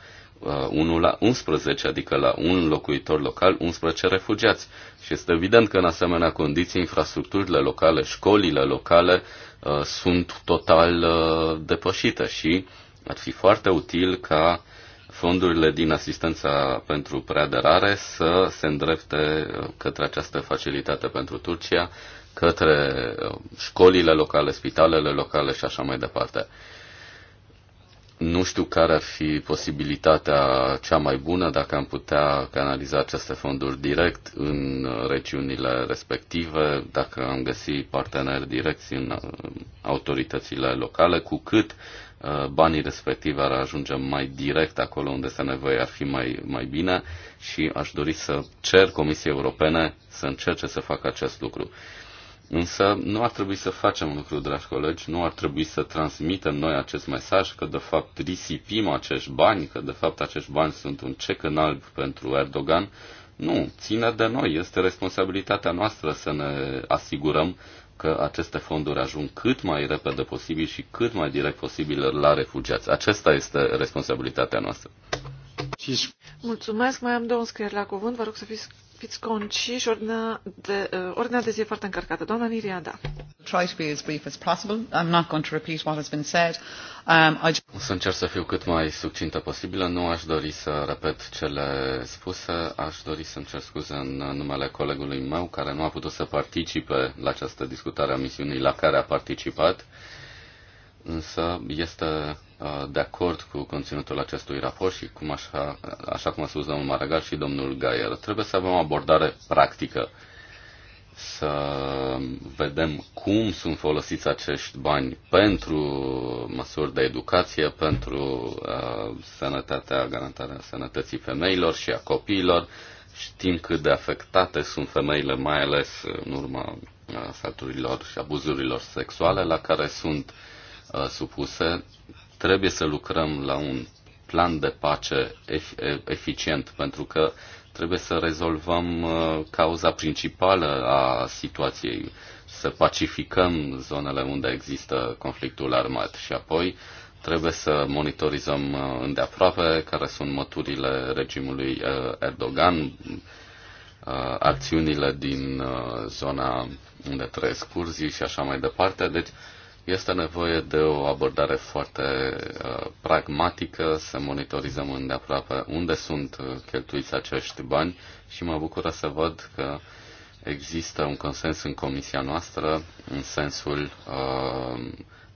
1 uh, la 11, adică la un locuitor local, 11 refugiați. Și este evident că în asemenea condiții infrastructurile locale, școlile locale uh, sunt total uh, depășite și ar fi foarte util ca fondurile din asistența pentru preaderare să se îndrepte către această facilitate pentru Turcia, către școlile locale, spitalele locale și așa mai departe. Nu știu care ar fi posibilitatea cea mai bună dacă am putea canaliza aceste fonduri direct în regiunile respective, dacă am găsit parteneri direcți în uh, autoritățile locale, cu cât uh, banii respectivi ar ajunge mai direct acolo unde se nevoie ar fi mai, mai bine și aș dori să cer Comisiei Europene să încerce să facă acest lucru. Însă nu ar trebui să facem un lucru, dragi colegi, nu ar trebui să transmitem noi acest mesaj că de fapt risipim acești bani, că de fapt acești bani sunt un cec în alb pentru Erdogan. Nu, ține de noi, este responsabilitatea noastră să ne asigurăm că aceste fonduri ajung cât mai repede posibil și cât mai direct posibil la refugiați. Aceasta este responsabilitatea noastră. Mulțumesc, mai am două înscrieri la cuvânt, vă rog să fiți fiți conciși, ordinea de, uh, ordinea de zi e foarte încărcată. Doamna Niriada. Try to be as brief as possible. I'm not going to repeat what has been said. Um, I... O să încerc să fiu cât mai succintă posibilă. Nu aș dori să repet cele spuse. Aș dori să-mi cer scuze în numele colegului meu care nu a putut să participe la această discutare a misiunii la care a participat. Însă este Uh, de acord cu conținutul acestui raport și, cum așa, așa cum a spus domnul Maragal și domnul Gaier, trebuie să avem o abordare practică, să vedem cum sunt folosiți acești bani pentru măsuri de educație, pentru uh, sănătatea, garantarea sănătății femeilor și a copiilor. Știm cât de afectate sunt femeile, mai ales în urma asalturilor uh, și abuzurilor sexuale la care sunt uh, supuse Trebuie să lucrăm la un plan de pace eficient, pentru că trebuie să rezolvăm uh, cauza principală a situației, să pacificăm zonele unde există conflictul armat și apoi trebuie să monitorizăm uh, îndeaproape care sunt măturile regimului uh, Erdogan, acțiunile din zona unde trăiesc curzii și așa mai departe. Deci este nevoie de o abordare foarte uh, pragmatică, să monitorizăm îndeaproape unde sunt uh, cheltuiți acești bani și mă bucură să văd că există un consens în comisia noastră în sensul uh,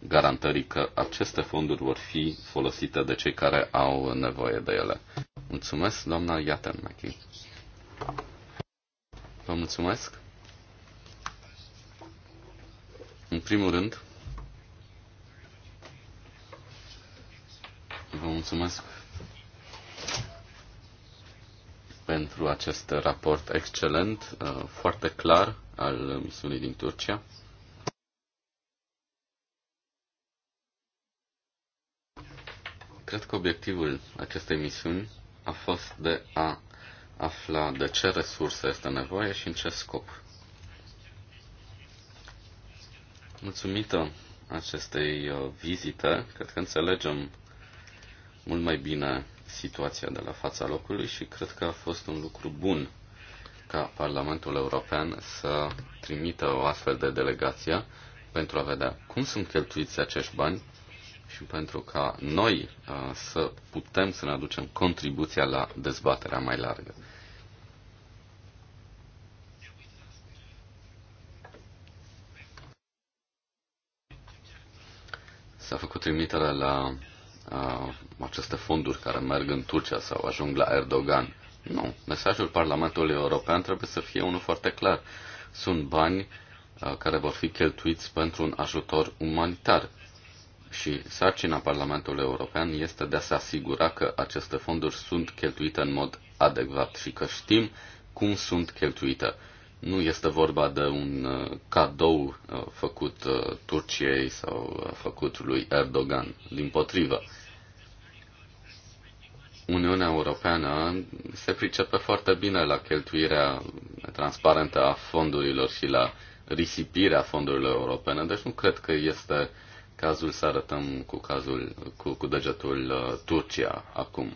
garantării că aceste fonduri vor fi folosite de cei care au nevoie de ele. Mulțumesc, doamna Iatermachi. Vă mulțumesc. În primul rând, Vă mulțumesc pentru acest raport excelent, uh, foarte clar, al misiunii din Turcia. Cred că obiectivul acestei misiuni a fost de a afla de ce resurse este nevoie și în ce scop. Mulțumită acestei uh, vizite, cred că înțelegem mult mai bine situația de la fața locului și cred că a fost un lucru bun ca Parlamentul European să trimită o astfel de delegație pentru a vedea cum sunt cheltuiți acești bani și pentru ca noi uh, să putem să ne aducem contribuția la dezbaterea mai largă. S-a făcut trimiterea la uh, aceste fonduri care merg în Turcia sau ajung la Erdogan. Nu. Mesajul Parlamentului European trebuie să fie unul foarte clar. Sunt bani uh, care vor fi cheltuiți pentru un ajutor umanitar. Și sarcina Parlamentului European este de a se asigura că aceste fonduri sunt cheltuite în mod adecvat și că știm cum sunt cheltuite. Nu este vorba de un uh, cadou uh, făcut uh, Turciei sau făcut lui Erdogan. Din potrivă, Uniunea Europeană se pricepe foarte bine la cheltuirea transparentă a fondurilor și la risipirea fondurilor europene, deci nu cred că este cazul să arătăm cu, cazul, cu, cu degetul Turcia acum.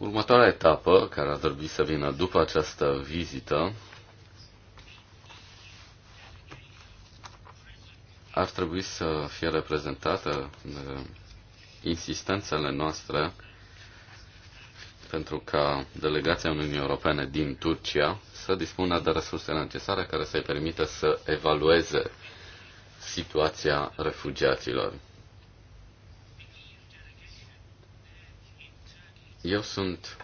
Următoarea etapă, care ar trebui să vină după această vizită, ar trebui să fie reprezentată de insistențele noastre pentru ca delegația Uniunii Europene din Turcia să dispună de resursele necesare care să-i permită să evalueze situația refugiaților. Eu sunt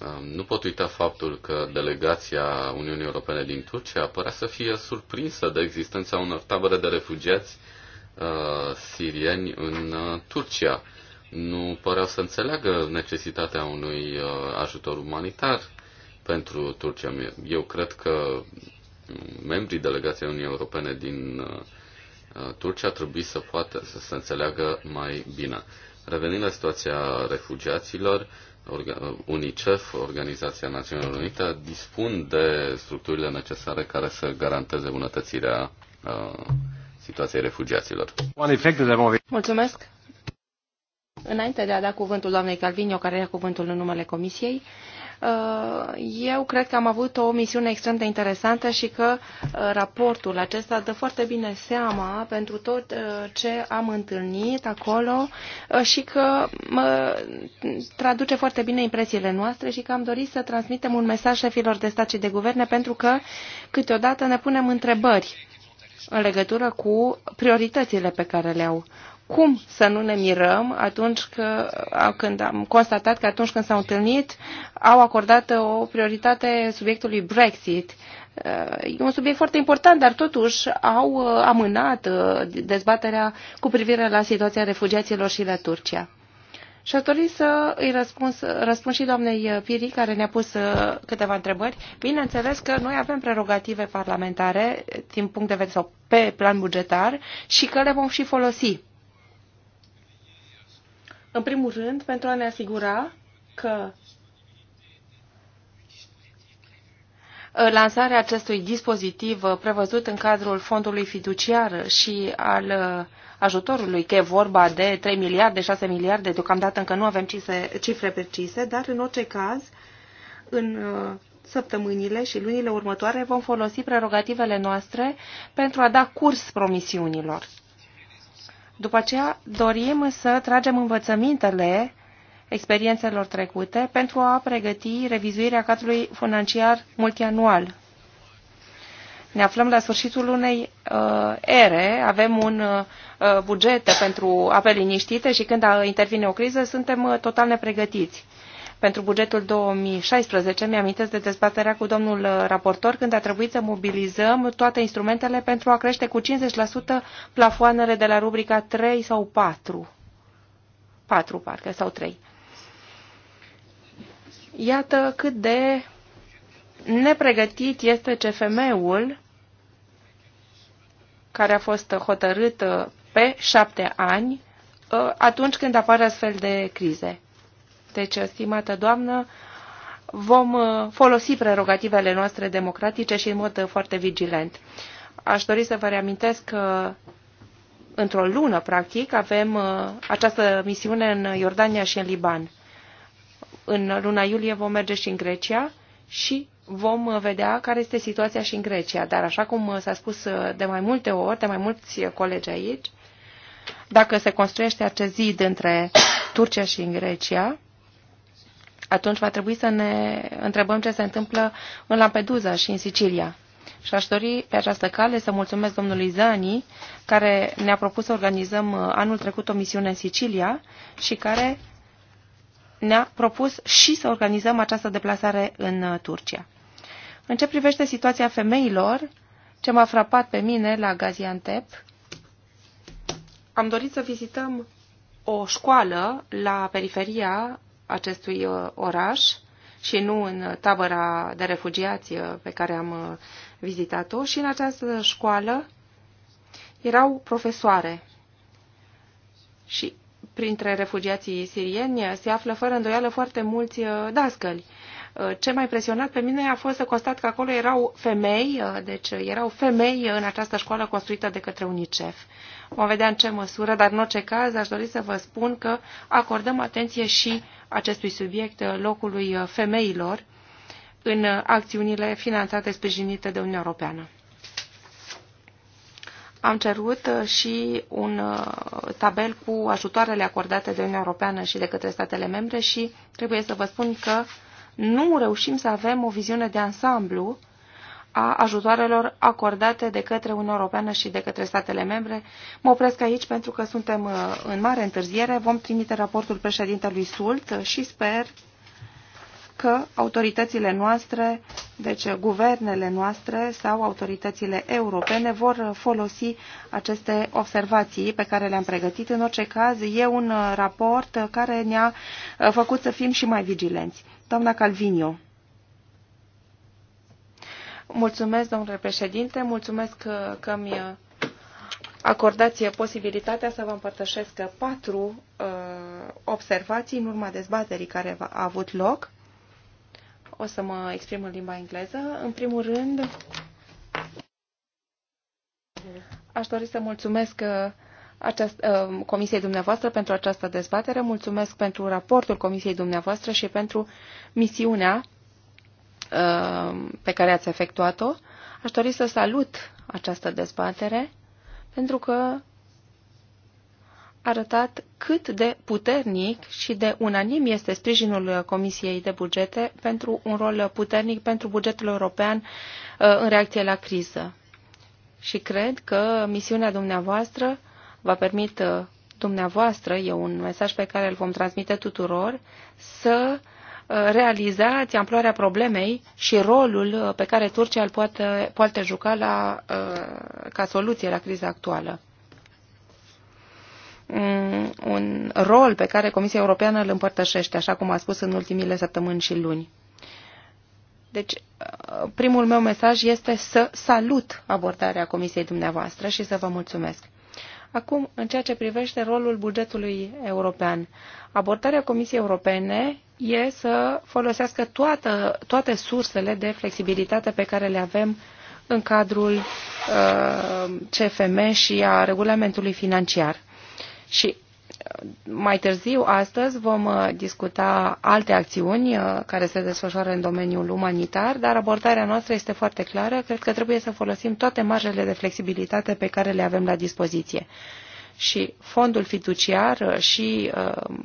um, nu pot uita faptul că delegația Uniunii Europene din Turcia părea să fie surprinsă de existența unor tabere de refugiați uh, sirieni în uh, Turcia. Nu păreau să înțeleagă necesitatea unui uh, ajutor umanitar pentru Turcia. Eu cred că membrii delegației Uniunii Europene din uh, Turcia trebuie să poată să se înțeleagă mai bine. Revenind la situația refugiaților, UNICEF, Organizația Națiunilor Unite, dispun de structurile necesare care să garanteze bunătățirea uh, situației refugiaților. Mulțumesc! Înainte de a da cuvântul doamnei Calvinio, care ia cuvântul în numele Comisiei, Uh, eu cred că am avut o misiune extrem de interesantă și că uh, raportul acesta dă foarte bine seama pentru tot uh, ce am întâlnit acolo și că traduce foarte bine impresiile noastre și că am dorit să transmitem un mesaj șefilor de stat și de guverne pentru că câteodată ne punem întrebări în legătură cu prioritățile pe care le au cum să nu ne mirăm atunci că, când am constatat că atunci când s-au întâlnit au acordat o prioritate subiectului Brexit. Uh, e un subiect foarte important, dar totuși au uh, amânat uh, dezbaterea cu privire la situația refugiaților și la Turcia. Și a dori să îi răspuns, răspund și doamnei Piri, care ne-a pus câteva întrebări. Bineînțeles că noi avem prerogative parlamentare din punct de vedere sau pe plan bugetar și că le vom și folosi. În primul rând, pentru a ne asigura că uh, lansarea acestui dispozitiv uh, prevăzut în cadrul fondului fiduciar și al uh, ajutorului, că e vorba de 3 miliarde, 6 miliarde, deocamdată încă nu avem cifre precise, dar în orice caz, în săptămânile și lunile următoare vom folosi prerogativele noastre pentru a da curs promisiunilor. După aceea dorim să tragem învățămintele experiențelor trecute pentru a pregăti revizuirea cadrului financiar multianual. Ne aflăm la sfârșitul unei uh, ere, avem un uh, buget pentru ape liniștite și când intervine o criză suntem uh, total nepregătiți pentru bugetul 2016, mi-amintesc de dezbaterea cu domnul uh, raportor, când a trebuit să mobilizăm toate instrumentele pentru a crește cu 50% plafoanele de la rubrica 3 sau 4. 4, parcă, sau 3. Iată cât de nepregătit este CFM-ul care a fost hotărât uh, pe șapte ani uh, atunci când apare astfel de crize. Deci, stimată doamnă, vom uh, folosi prerogativele noastre democratice și în mod uh, foarte vigilent. Aș dori să vă reamintesc că într-o lună, practic, avem uh, această misiune în Iordania și în Liban. În luna iulie vom merge și în Grecia și vom vedea care este situația și în Grecia. Dar așa cum s-a spus de mai multe ori, de mai mulți colegi aici, dacă se construiește acest zid între Turcia și în Grecia, atunci va trebui să ne întrebăm ce se întâmplă în Lampedusa și în Sicilia. Și aș dori pe această cale să mulțumesc domnului Zani, care ne-a propus să organizăm uh, anul trecut o misiune în Sicilia și care ne-a propus și să organizăm această deplasare în uh, Turcia. În ce privește situația femeilor, ce m-a frapat pe mine la Gaziantep, am dorit să vizităm o școală la periferia acestui uh, oraș și nu în uh, tabăra de refugiați uh, pe care am vizitat-o. Și în această școală erau profesoare. Și printre refugiații sirieni se află fără îndoială foarte mulți dascăli. Ce mai impresionat pe mine a fost să constat că acolo erau femei, deci erau femei în această școală construită de către UNICEF. Vom vedea în ce măsură, dar în orice caz aș dori să vă spun că acordăm atenție și acestui subiect uh, locului uh, femeilor în uh, acțiunile finanțate sprijinite de Uniunea Europeană. Am cerut și un tabel cu ajutoarele acordate de Uniunea Europeană și de către statele membre și trebuie să vă spun că nu reușim să avem o viziune de ansamblu a ajutoarelor acordate de către Uniunea Europeană și de către statele membre. Mă opresc aici pentru că suntem uh, în mare întârziere. Vom trimite raportul președintelui Sult și sper că autoritățile noastre, deci guvernele noastre sau autoritățile europene vor folosi aceste observații pe care le-am pregătit. În orice caz, e un raport care ne-a uh, făcut să fim și mai vigilenți. Doamna Calvinio. Mulțumesc, domnule președinte, mulțumesc că, că mi uh, acordați posibilitatea să vă împărtășesc patru uh, observații în urma dezbaterii care a avut loc. O să mă exprim în limba engleză. În primul rând, aș dori să mulțumesc uh, această, uh, Comisiei dumneavoastră pentru această dezbatere. Mulțumesc pentru raportul Comisiei dumneavoastră și pentru misiunea Uh, pe care ați efectuat-o. Aș dori să salut această dezbatere pentru că a arătat cât de puternic și de unanim este sprijinul Comisiei de Bugete pentru un rol puternic pentru bugetul european uh, în reacție la criză. Și cred că misiunea dumneavoastră va permite uh, dumneavoastră, e un mesaj pe care îl vom transmite tuturor, să uh, realizați amploarea problemei și rolul uh, pe care Turcia îl poate, poate juca la, uh, ca soluție la criza actuală. Mm, un rol pe care Comisia Europeană îl împărtășește, așa cum a spus în ultimile săptămâni și luni. Deci, uh, primul meu mesaj este să salut abordarea Comisiei dumneavoastră și să vă mulțumesc. Acum, în ceea ce privește rolul bugetului european, abordarea Comisiei Europene e să folosească toată, toate sursele de flexibilitate pe care le avem în cadrul uh, CFM și a regulamentului financiar. Și mai târziu, astăzi, vom uh, discuta alte acțiuni uh, care se desfășoară în domeniul umanitar, dar abordarea noastră este foarte clară. Cred că trebuie să folosim toate marjele de flexibilitate pe care le avem la dispoziție. Și fondul fiduciar uh, și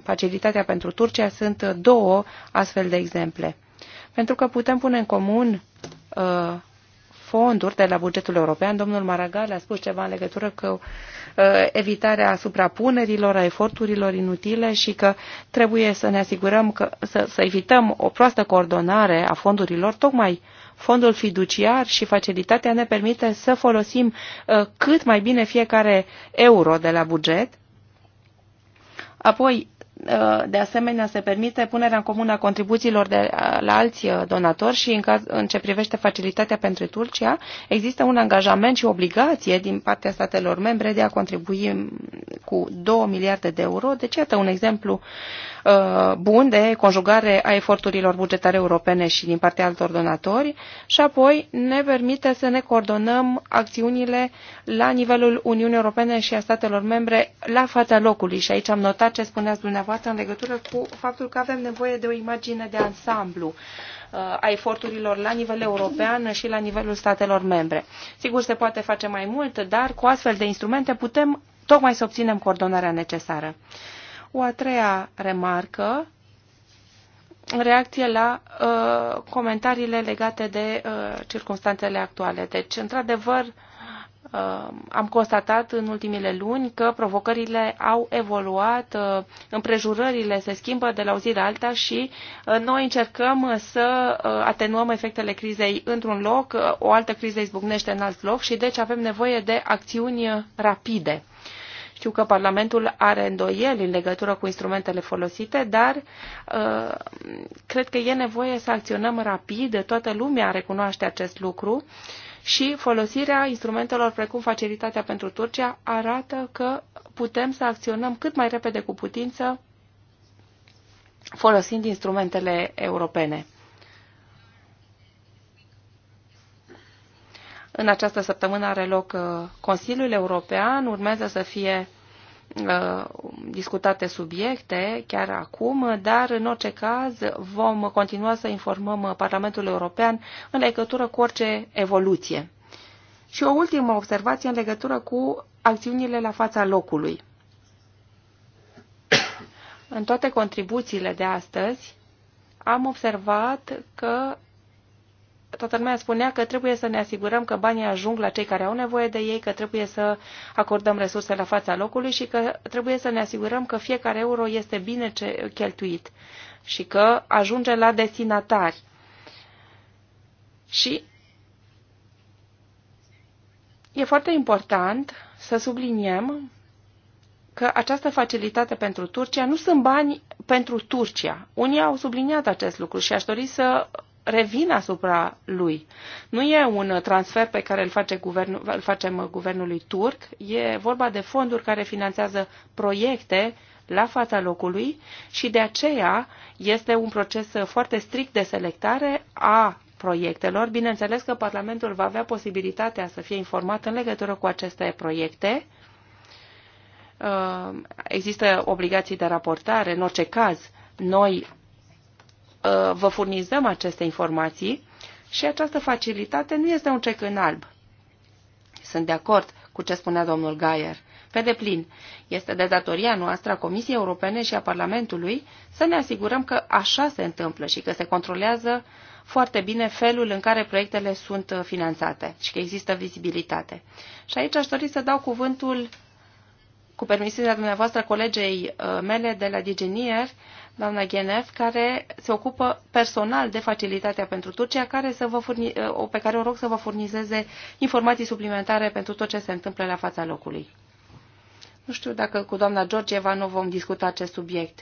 facilitatea pentru Turcia sunt două astfel de exemple. Pentru că putem pune în comun fonduri de la bugetul european. Domnul Maragal a spus ceva în legătură cu Uh, evitarea suprapunerilor, a eforturilor inutile și că trebuie să ne asigurăm că să, să evităm o proastă coordonare a fondurilor, tocmai fondul fiduciar și facilitatea ne permite să folosim uh, cât mai bine fiecare euro de la buget. Apoi, Uh, de asemenea, se permite punerea în comun a contribuțiilor de uh, la alți uh, donatori și în, ce privește facilitatea pentru Turcia, există un angajament și o obligație din partea statelor membre de a contribui mm, cu 2 miliarde de euro. Deci, iată un exemplu bun de conjugare a eforturilor bugetare europene și din partea altor donatori și apoi ne permite să ne coordonăm acțiunile la nivelul Uniunii Europene și a statelor membre la fața locului. Și aici am notat ce spuneați dumneavoastră dumneavoastră în legătură cu faptul că avem nevoie de o imagine de ansamblu uh, a eforturilor la nivel european și la nivelul statelor membre. Sigur, se poate face mai mult, dar cu astfel de instrumente putem tocmai să obținem coordonarea necesară. O a treia remarcă în reacție la uh, comentariile legate de uh, circunstanțele actuale. Deci, într-adevăr, uh, Uh, am constatat în ultimile luni că provocările au evoluat, uh, împrejurările se schimbă de la o zi la alta și uh, noi încercăm să atenuăm efectele crizei într-un loc, o altă criză izbucnește în alt loc și deci avem nevoie de acțiuni rapide. Știu că Parlamentul are îndoieli în legătură cu instrumentele folosite, dar uh, cred că e nevoie să acționăm rapid. Toată lumea recunoaște acest lucru. Uh, și folosirea instrumentelor precum facilitatea pentru Turcia arată că putem să acționăm cât mai repede cu putință folosind instrumentele europene. În această săptămână are loc uh, Consiliul European, urmează să fie Uh, discutate subiecte chiar acum, dar în orice caz vom continua să informăm Parlamentul European în legătură cu orice evoluție. Și o ultimă observație în legătură cu acțiunile la fața locului. În toate contribuțiile de astăzi am observat că toată lumea spunea că trebuie să ne asigurăm că banii ajung la cei care au nevoie de ei, că trebuie să acordăm resurse la fața locului și că trebuie să ne asigurăm că fiecare euro este bine cheltuit și că ajunge la destinatari. Și e foarte important să subliniem că această facilitate pentru Turcia nu sunt bani pentru Turcia. Unii au subliniat acest lucru și aș dori să revin asupra lui. Nu e un transfer pe care îl, face guvernul, îl facem uh, guvernului turc, e vorba de fonduri care finanțează proiecte la fața locului și de aceea este un proces uh, foarte strict de selectare a proiectelor. Bineînțeles că Parlamentul va avea posibilitatea să fie informat în legătură cu aceste proiecte. Uh, există obligații de raportare, în orice caz, noi Uh, vă furnizăm aceste informații și această facilitate nu este un cec în alb. Sunt de acord cu ce spunea domnul Gaier. Pe deplin, este de datoria noastră a Comisiei Europene și a Parlamentului să ne asigurăm că așa se întâmplă și că se controlează foarte bine felul în care proiectele sunt finanțate și că există vizibilitate. Și aici aș dori să dau cuvântul, cu permisiunea dumneavoastră, colegei uh, mele de la Digenier, doamna Genev, care se ocupă personal de facilitatea pentru Turcia, care să vă furni, eh, pe care o rog să vă furnizeze informații suplimentare pentru tot ce se întâmplă la fața locului. Nu știu dacă cu doamna Georgieva nu vom discuta acest subiect.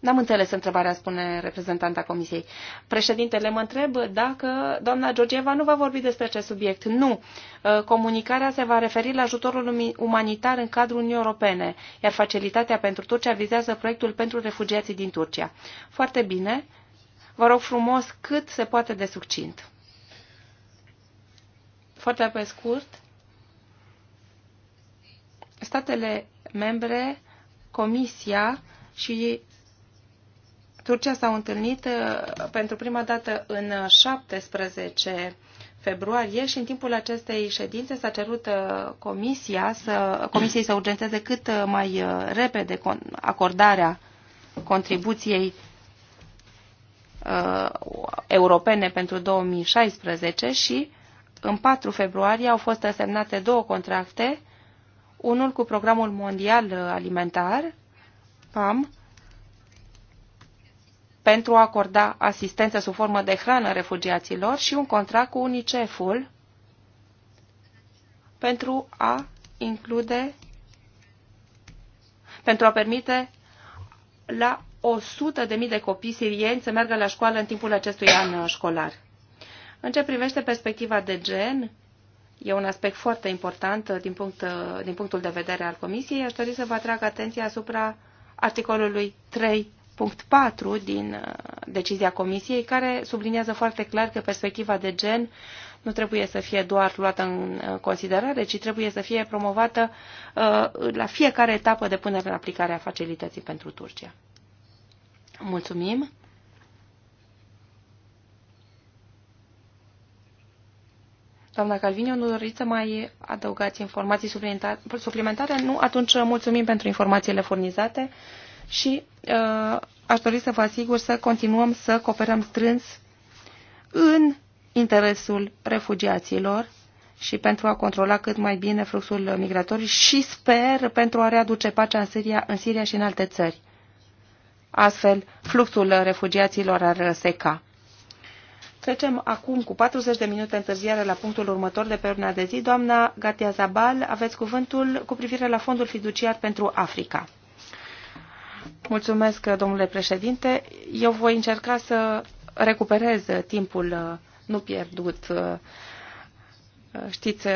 N-am înțeles întrebarea, spune reprezentanta Comisiei. Președintele, mă întreb dacă doamna Georgieva nu va vorbi despre acest subiect. Nu. Uh, comunicarea se va referi la ajutorul umanitar în cadrul Uniunii Europene, iar facilitatea pentru Turcia vizează proiectul pentru refugiații din Turcia. Foarte bine. Vă rog frumos cât se poate de succint. Foarte pe scurt. Statele membre, Comisia și Turcia s-au întâlnit uh, pentru prima dată în 17 februarie și în timpul acestei ședințe s-a cerut uh, comisia să, comisiei să urgenteze cât uh, mai repede acordarea contribuției uh, europene pentru 2016 și în 4 februarie au fost semnate două contracte, unul cu programul mondial alimentar, PAM, pentru a acorda asistență sub formă de hrană refugiaților și un contract cu UNICEF-ul pentru a include, pentru a permite la 100.000 de copii sirieni să meargă la școală în timpul acestui an uh, școlar. În ce privește perspectiva de gen, e un aspect foarte important uh, din, punct, uh, din punctul de vedere al Comisiei, aș dori să vă atrag atenția asupra articolului 3 punct 4 din uh, decizia Comisiei, care subliniază foarte clar că perspectiva de gen nu trebuie să fie doar luată în uh, considerare, ci trebuie să fie promovată uh, la fiecare etapă de punere în aplicare a facilității pentru Turcia. Mulțumim! Doamna Calviniu, nu doriți să mai adăugați informații suplimentare? Nu? Atunci mulțumim pentru informațiile furnizate și uh, aș dori să vă asigur să continuăm să cooperăm strâns în interesul refugiaților și pentru a controla cât mai bine fluxul migratoriu și sper pentru a readuce pacea în Siria, în Siria și în alte țări. Astfel, fluxul refugiaților ar seca. Trecem acum cu 40 de minute întârziere la punctul următor de pe ordinea de zi. Doamna Gatia Zabal, aveți cuvântul cu privire la Fondul Fiduciar pentru Africa. Mulțumesc, domnule președinte. Eu voi încerca să recuperez timpul nu pierdut. Știți uh,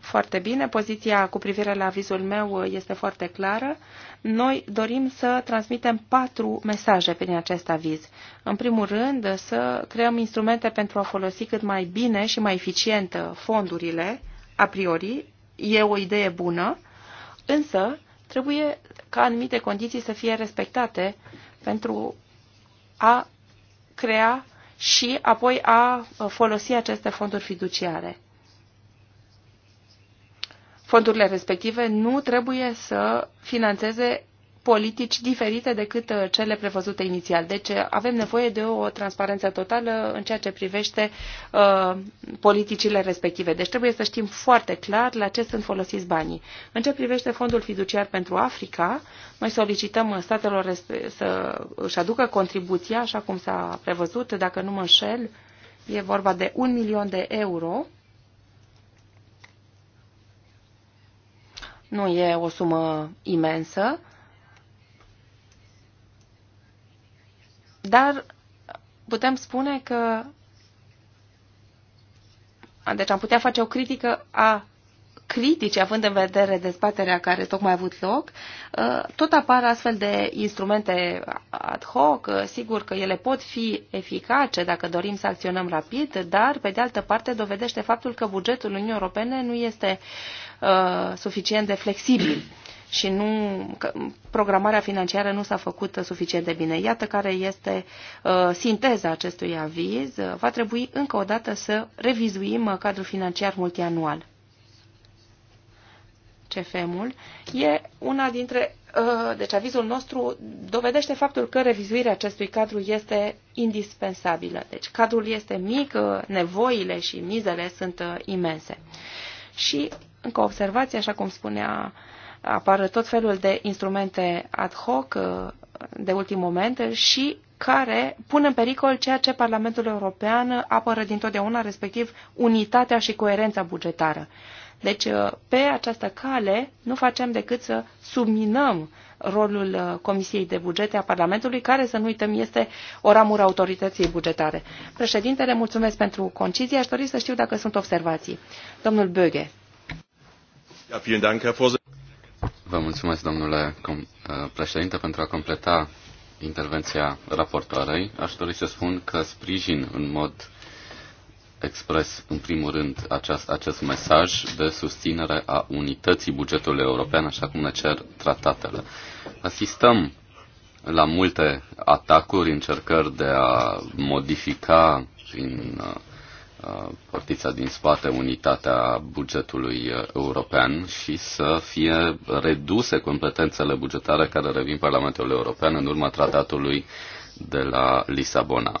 foarte bine, poziția cu privire la avizul meu uh, este foarte clară. Noi dorim să transmitem patru mesaje prin acest aviz. În primul rând, să creăm instrumente pentru a folosi cât mai bine și mai eficient uh, fondurile, a priori, e o idee bună, însă trebuie ca anumite condiții să fie respectate pentru a crea și apoi a folosi aceste fonduri fiduciare. Fondurile respective nu trebuie să financeze politici diferite decât uh, cele prevăzute inițial. Deci uh, avem nevoie de o transparență totală în ceea ce privește uh, politicile respective. Deci trebuie să știm foarte clar la ce sunt folosiți banii. În ce privește fondul fiduciar pentru Africa, noi solicităm uh, statelor să își aducă contribuția, așa cum s-a prevăzut, dacă nu mă înșel, e vorba de un milion de euro. Nu e o sumă imensă, Dar putem spune că deci am putea face o critică a critici, având în vedere dezbaterea care tocmai a avut loc, tot apar astfel de instrumente ad hoc, sigur că ele pot fi eficace dacă dorim să acționăm rapid, dar, pe de altă parte, dovedește faptul că bugetul Uniunii Europene nu este uh, suficient de flexibil și nu, că programarea financiară nu s-a făcut suficient de bine. Iată care este uh, sinteza acestui aviz. Uh, va trebui încă o dată să revizuim uh, cadrul financiar multianual. CFM-ul e una dintre. Uh, deci avizul nostru dovedește faptul că revizuirea acestui cadru este indispensabilă. Deci cadrul este mic, uh, nevoile și mizele sunt uh, imense. Și încă o observație, așa cum spunea uh, apar tot felul de instrumente ad hoc uh, de ultim moment și care pun în pericol ceea ce Parlamentul European apără dintotdeauna, respectiv unitatea și coerența bugetară. Deci, uh, pe această cale, nu facem decât să subminăm rolul uh, Comisiei de Bugete a Parlamentului, care, să nu uităm, este o ramură autorității bugetare. Președintele, mulțumesc pentru concizie. Aș dori să știu dacă sunt observații. Domnul Böge. Ja, vielen Dank, Herr Vă mulțumesc, domnule uh, președinte, pentru a completa intervenția raportoarei. Aș dori să spun că sprijin în mod expres, în primul rând, acest, acest mesaj de susținere a unității bugetului european, așa cum ne cer tratatele. Asistăm la multe atacuri, încercări de a modifica prin uh, portița din spate unitatea bugetului uh, european și să fie reduse competențele bugetare care revin Parlamentul European în urma tratatului de la Lisabona.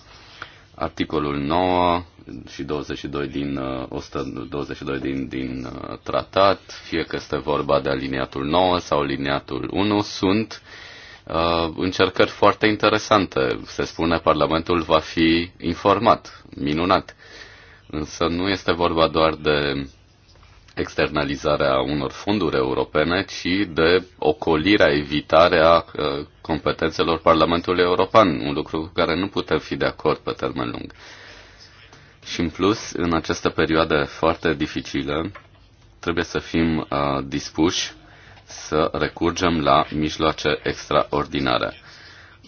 Articolul 9 și 22 din, 122 uh, din, din uh, tratat, fie că este vorba de aliniatul 9 sau aliniatul 1, sunt uh, încercări foarte interesante. Se spune Parlamentul va fi informat, minunat. Însă nu este vorba doar de externalizarea unor fonduri europene, ci de ocolirea, evitarea uh, competențelor Parlamentului European, un lucru cu care nu putem fi de acord pe termen lung. Și în plus, în această perioadă foarte dificilă, trebuie să fim uh, dispuși să recurgem la mijloace extraordinare.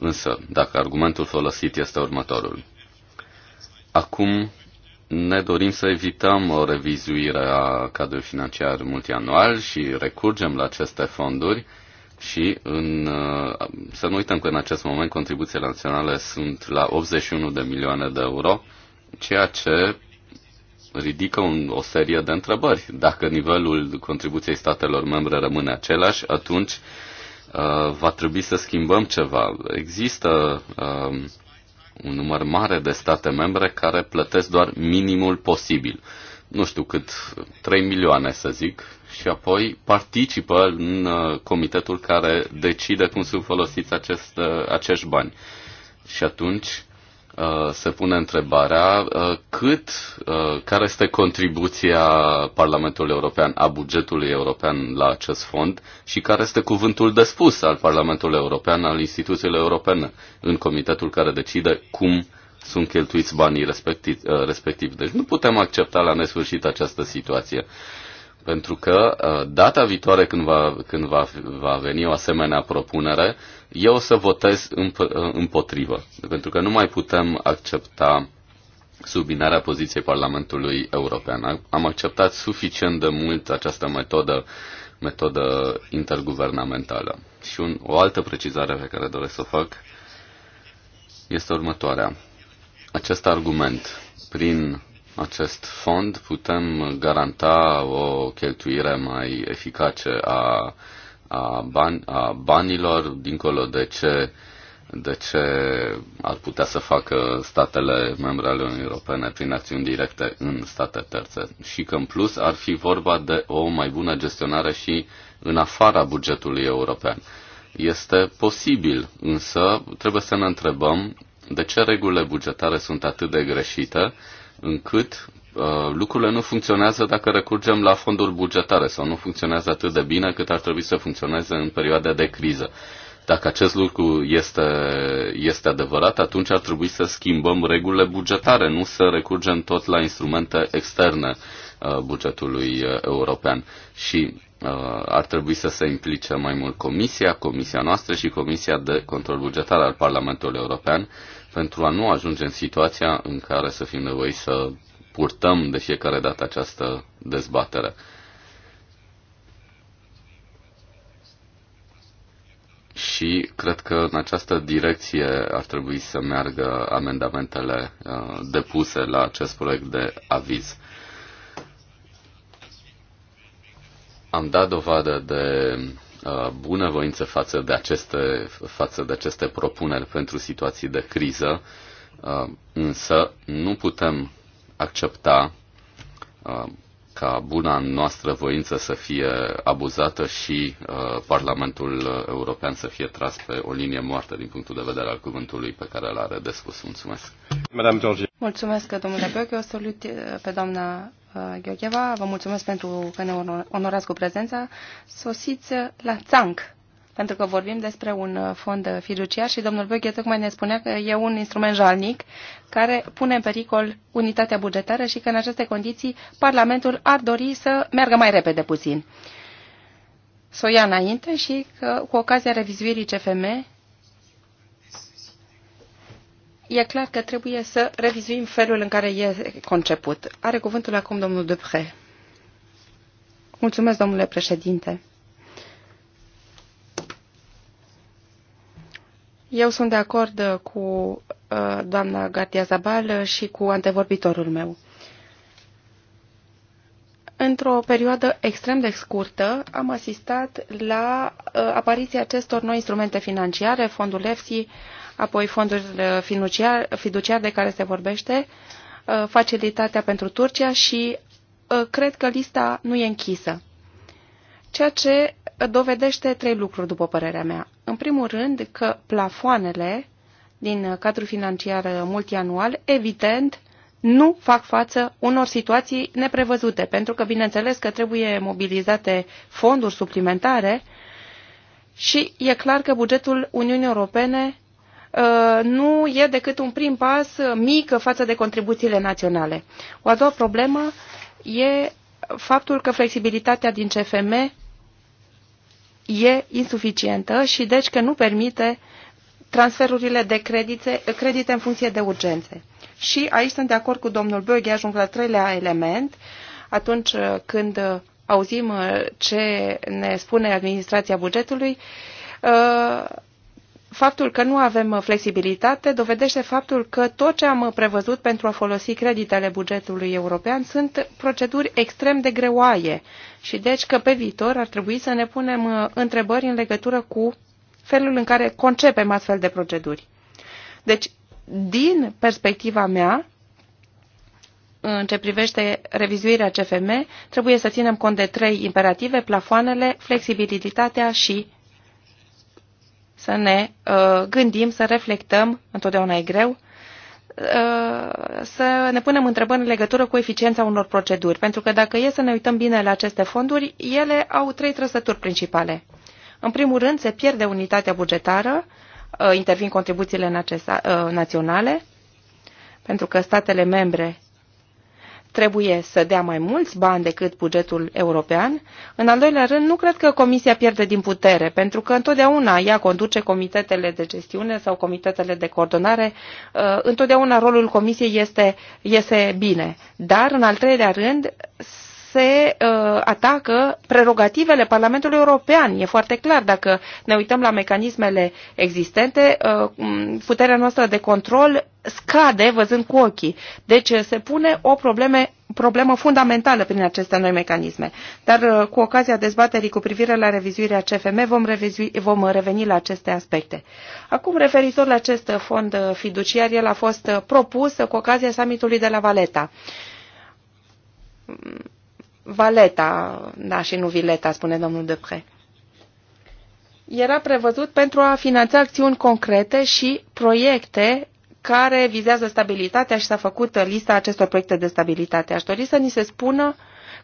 Însă, dacă argumentul folosit este următorul. Acum ne dorim să evităm o revizuire a cadrului financiar multianual și recurgem la aceste fonduri și în, uh, să nu uităm că în acest moment contribuțiile naționale sunt la 81 de milioane de euro, ceea ce ridică un, o serie de întrebări. Dacă nivelul contribuției statelor membre rămâne același, atunci uh, va trebui să schimbăm ceva. Există uh, un număr mare de state membre care plătesc doar minimul posibil. Nu știu cât, 3 milioane să zic, și apoi participă în uh, comitetul care decide cum sunt folosiți acest, uh, acești bani. Și atunci Uh, se pune întrebarea uh, cât, uh, care este contribuția Parlamentului European a bugetului european la acest fond și care este cuvântul de spus al Parlamentului European, al instituțiilor europene, în comitetul care decide cum sunt cheltuiți banii respectiv. Deci nu putem accepta la nesfârșit această situație pentru că uh, data viitoare când va, când va, va veni o asemenea propunere, eu o să votez împ- uh, împotrivă, pentru că nu mai putem accepta subminarea poziției Parlamentului European. Am acceptat suficient de mult această metodă, metodă interguvernamentală. Și un, o altă precizare pe care doresc să o fac este următoarea. Acest argument, prin acest fond putem garanta o cheltuire mai eficace a, a, ban, a banilor, dincolo de ce, de ce ar putea să facă statele membre ale Uniunii Europene prin acțiuni directe în state terțe. Și că în plus ar fi vorba de o mai bună gestionare și în afara bugetului european. Este posibil, însă trebuie să ne întrebăm de ce regulile bugetare sunt atât de greșite încât uh, lucrurile nu funcționează dacă recurgem la fonduri bugetare sau nu funcționează atât de bine cât ar trebui să funcționeze în perioada de criză. Dacă acest lucru este, este adevărat, atunci ar trebui să schimbăm regulile bugetare, nu să recurgem tot la instrumente externe uh, bugetului uh, european. Și ar trebui să se implice mai mult Comisia, Comisia noastră și Comisia de Control Bugetar al Parlamentului European, pentru a nu ajunge în situația în care să fim nevoiți să purtăm de fiecare dată această dezbatere. Și cred că în această direcție ar trebui să meargă amendamentele uh, depuse la acest proiect de aviz. Am dat dovadă de Uh, voință față de aceste, față de aceste propuneri pentru situații de criză, uh, însă nu putem accepta uh, ca buna noastră voință să fie abuzată și uh, Parlamentul European să fie tras pe o linie moartă din punctul de vedere al cuvântului pe care l are de spus. Mulțumesc. Mulțumesc, domnule Böcke. O salut uh, pe doamna uh, Gheorgheva. Vă mulțumesc pentru că ne onorați cu prezența. Sosiți la țanc pentru că vorbim despre un uh, fond uh, fiduciar și domnul Böghe tocmai ne spunea că e un instrument jalnic care pune în pericol unitatea bugetară și că în aceste condiții Parlamentul ar dori să meargă mai repede puțin. Să o ia înainte și că cu ocazia revizuirii CFM e clar că trebuie să revizuim felul în care e conceput. Are cuvântul acum domnul Dupre. Mulțumesc, domnule președinte. Eu sunt de acord cu uh, doamna Gardia Zabal și cu antevorbitorul meu. Într-o perioadă extrem de scurtă am asistat la uh, apariția acestor noi instrumente financiare, fondul EFSI, apoi fondul uh, fiduciar, fiduciar de care se vorbește, uh, facilitatea pentru Turcia și uh, cred că lista nu e închisă ceea ce dovedește trei lucruri, după părerea mea. În primul rând, că plafoanele din cadrul financiar multianual, evident, nu fac față unor situații neprevăzute, pentru că, bineînțeles, că trebuie mobilizate fonduri suplimentare și e clar că bugetul Uniunii Europene uh, nu e decât un prim pas mic față de contribuțiile naționale. O a doua problemă e faptul că flexibilitatea din CFM e insuficientă și deci că nu permite transferurile de credite, credite în funcție de urgențe. Și aici sunt de acord cu domnul Böge, ajung la treilea element, atunci când auzim ce ne spune administrația bugetului, uh, faptul că nu avem uh, flexibilitate dovedește faptul că tot ce am uh, prevăzut pentru a folosi creditele bugetului european sunt proceduri extrem de greoaie și deci că pe viitor ar trebui să ne punem uh, întrebări în legătură cu felul în care concepem astfel de proceduri. Deci, din perspectiva mea, în ce privește revizuirea CFM, trebuie să ținem cont de trei imperative, plafoanele, flexibilitatea și să ne uh, gândim, să reflectăm, întotdeauna e greu, uh, să ne punem întrebări în legătură cu eficiența unor proceduri, pentru că dacă e să ne uităm bine la aceste fonduri, ele au trei trăsături principale. În primul rând, se pierde unitatea bugetară, uh, intervin contribuțiile uh, naționale, pentru că statele membre trebuie să dea mai mulți bani decât bugetul european. În al doilea rând, nu cred că Comisia pierde din putere, pentru că întotdeauna ea conduce comitetele de gestiune sau comitetele de coordonare. Uh, întotdeauna rolul Comisiei este, este bine. Dar, în al treilea rând, se uh, atacă prerogativele Parlamentului European. E foarte clar, dacă ne uităm la mecanismele existente, uh, puterea noastră de control scade văzând cu ochii. Deci uh, se pune o probleme, problemă fundamentală prin aceste noi mecanisme. Dar uh, cu ocazia dezbaterii cu privire la revizuirea CFM vom, revizui, vom reveni la aceste aspecte. Acum, referitor la acest fond uh, fiduciar, el a fost uh, propus cu ocazia summitului de la Valeta Valeta, da, și nu Vileta, spune domnul Depre. Era prevăzut pentru a finanța acțiuni concrete și proiecte care vizează stabilitatea și s-a făcut lista acestor proiecte de stabilitate. Aș dori să ni se spună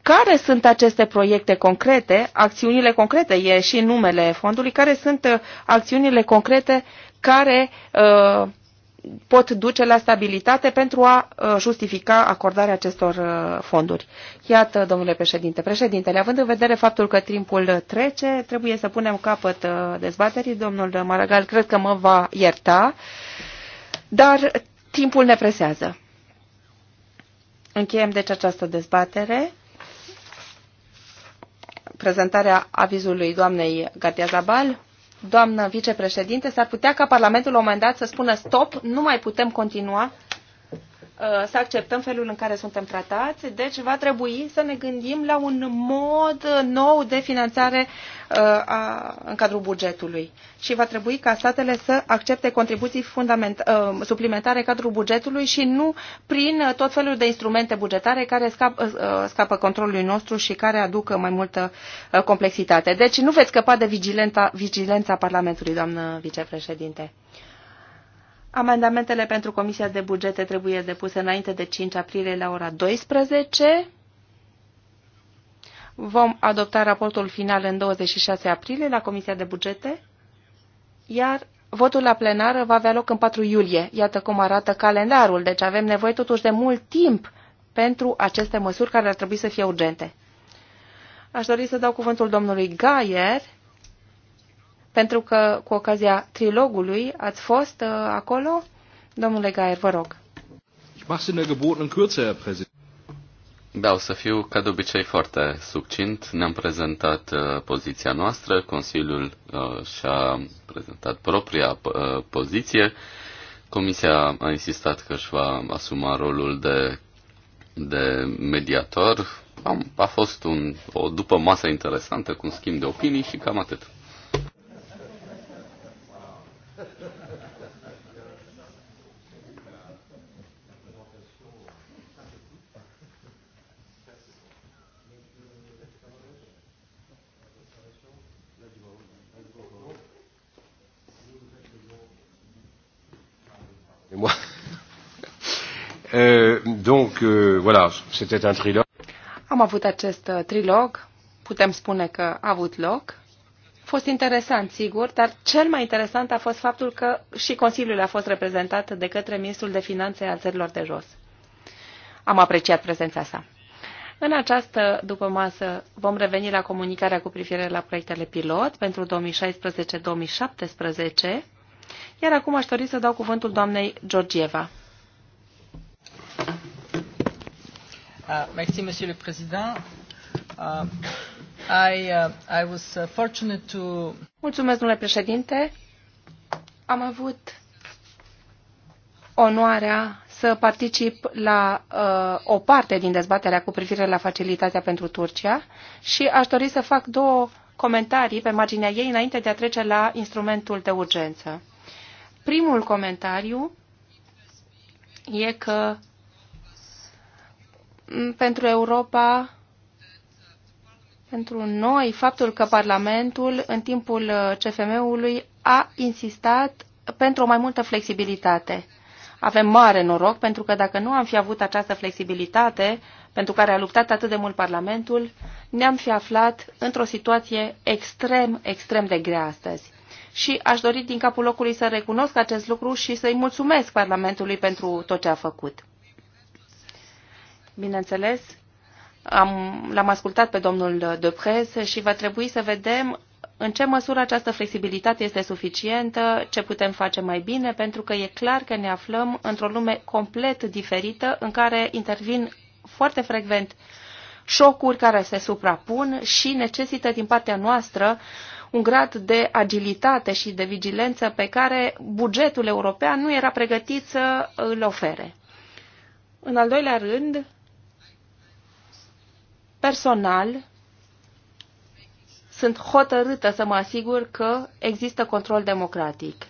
care sunt aceste proiecte concrete, acțiunile concrete, e și numele fondului, care sunt uh, acțiunile concrete care uh, pot duce la stabilitate pentru a uh, justifica acordarea acestor uh, fonduri. Iată, domnule președinte. Președintele, având în vedere faptul că timpul trece, trebuie să punem capăt uh, dezbaterii. Domnul Maragal cred că mă va ierta, dar timpul ne presează. Încheiem deci această dezbatere. Prezentarea avizului doamnei Gatia Zabal doamnă vicepreședinte, s-ar putea ca Parlamentul la un moment dat să spună stop, nu mai putem continua Uh, să acceptăm felul în care suntem tratați, deci va trebui să ne gândim la un mod nou de finanțare uh, a, în cadrul bugetului și va trebui ca statele să accepte contribuții fundament, uh, suplimentare în cadrul bugetului și nu prin tot felul de instrumente bugetare care scap, scapă controlului nostru și care aduc mai multă complexitate. Deci nu veți scăpa de vigilența, vigilența Parlamentului, doamnă vicepreședinte. Amendamentele pentru Comisia de Bugete trebuie depuse înainte de 5 aprilie la ora 12. Vom adopta raportul final în 26 aprilie la Comisia de Bugete, iar votul la plenară va avea loc în 4 iulie. Iată cum arată calendarul, deci avem nevoie totuși de mult timp pentru aceste măsuri care ar trebui să fie urgente. Aș dori să dau cuvântul domnului Gaier pentru că cu ocazia trilogului ați fost uh, acolo. Domnule Gaier, vă rog. Da, o să fiu ca de obicei foarte succint. Ne-am prezentat uh, poziția noastră, Consiliul uh, și-a prezentat propria uh, poziție. Comisia a insistat că își va asuma rolul de, de mediator. Am, a fost un, o după masă interesantă cu un schimb de opinii și cam atât. et moi. Euh, donc euh, voilà, c'était un trilogue. Am avut acest uh, trilog, putem spune că a avut loc. A fost interesant, sigur, dar cel mai interesant a fost faptul că și Consiliul a fost reprezentat de către Ministrul de Finanțe al țărilor de jos. Am apreciat prezența sa. În această după masă vom reveni la comunicarea cu privire la proiectele pilot pentru 2016-2017 iar acum aș dori să dau cuvântul doamnei Georgieva. Uh, merci, Monsieur le Président. Uh, I, uh, I was uh, fortunate to... Mulțumesc, domnule președinte. Am avut onoarea să particip la uh, o parte din dezbaterea cu privire la facilitatea pentru Turcia și aș dori să fac două comentarii pe marginea ei înainte de a trece la instrumentul de urgență. Primul comentariu e că pentru Europa, pentru noi, faptul că Parlamentul în timpul uh, CFM-ului a insistat pentru o mai multă flexibilitate. Avem mare noroc pentru că dacă nu am fi avut această flexibilitate pentru care a luptat atât de mult Parlamentul, ne-am fi aflat într-o situație extrem, extrem de grea astăzi și aș dori din capul locului să recunosc acest lucru și să-i mulțumesc Parlamentului pentru tot ce a făcut. Bineînțeles, am, l-am ascultat pe domnul Deprez și va trebui să vedem în ce măsură această flexibilitate este suficientă, ce putem face mai bine, pentru că e clar că ne aflăm într-o lume complet diferită în care intervin foarte frecvent șocuri care se suprapun și necesită din partea noastră un grad de agilitate și de vigilență pe care bugetul european nu era pregătit să îl ofere. În al doilea rând, personal, sunt hotărâtă să mă asigur că există control democratic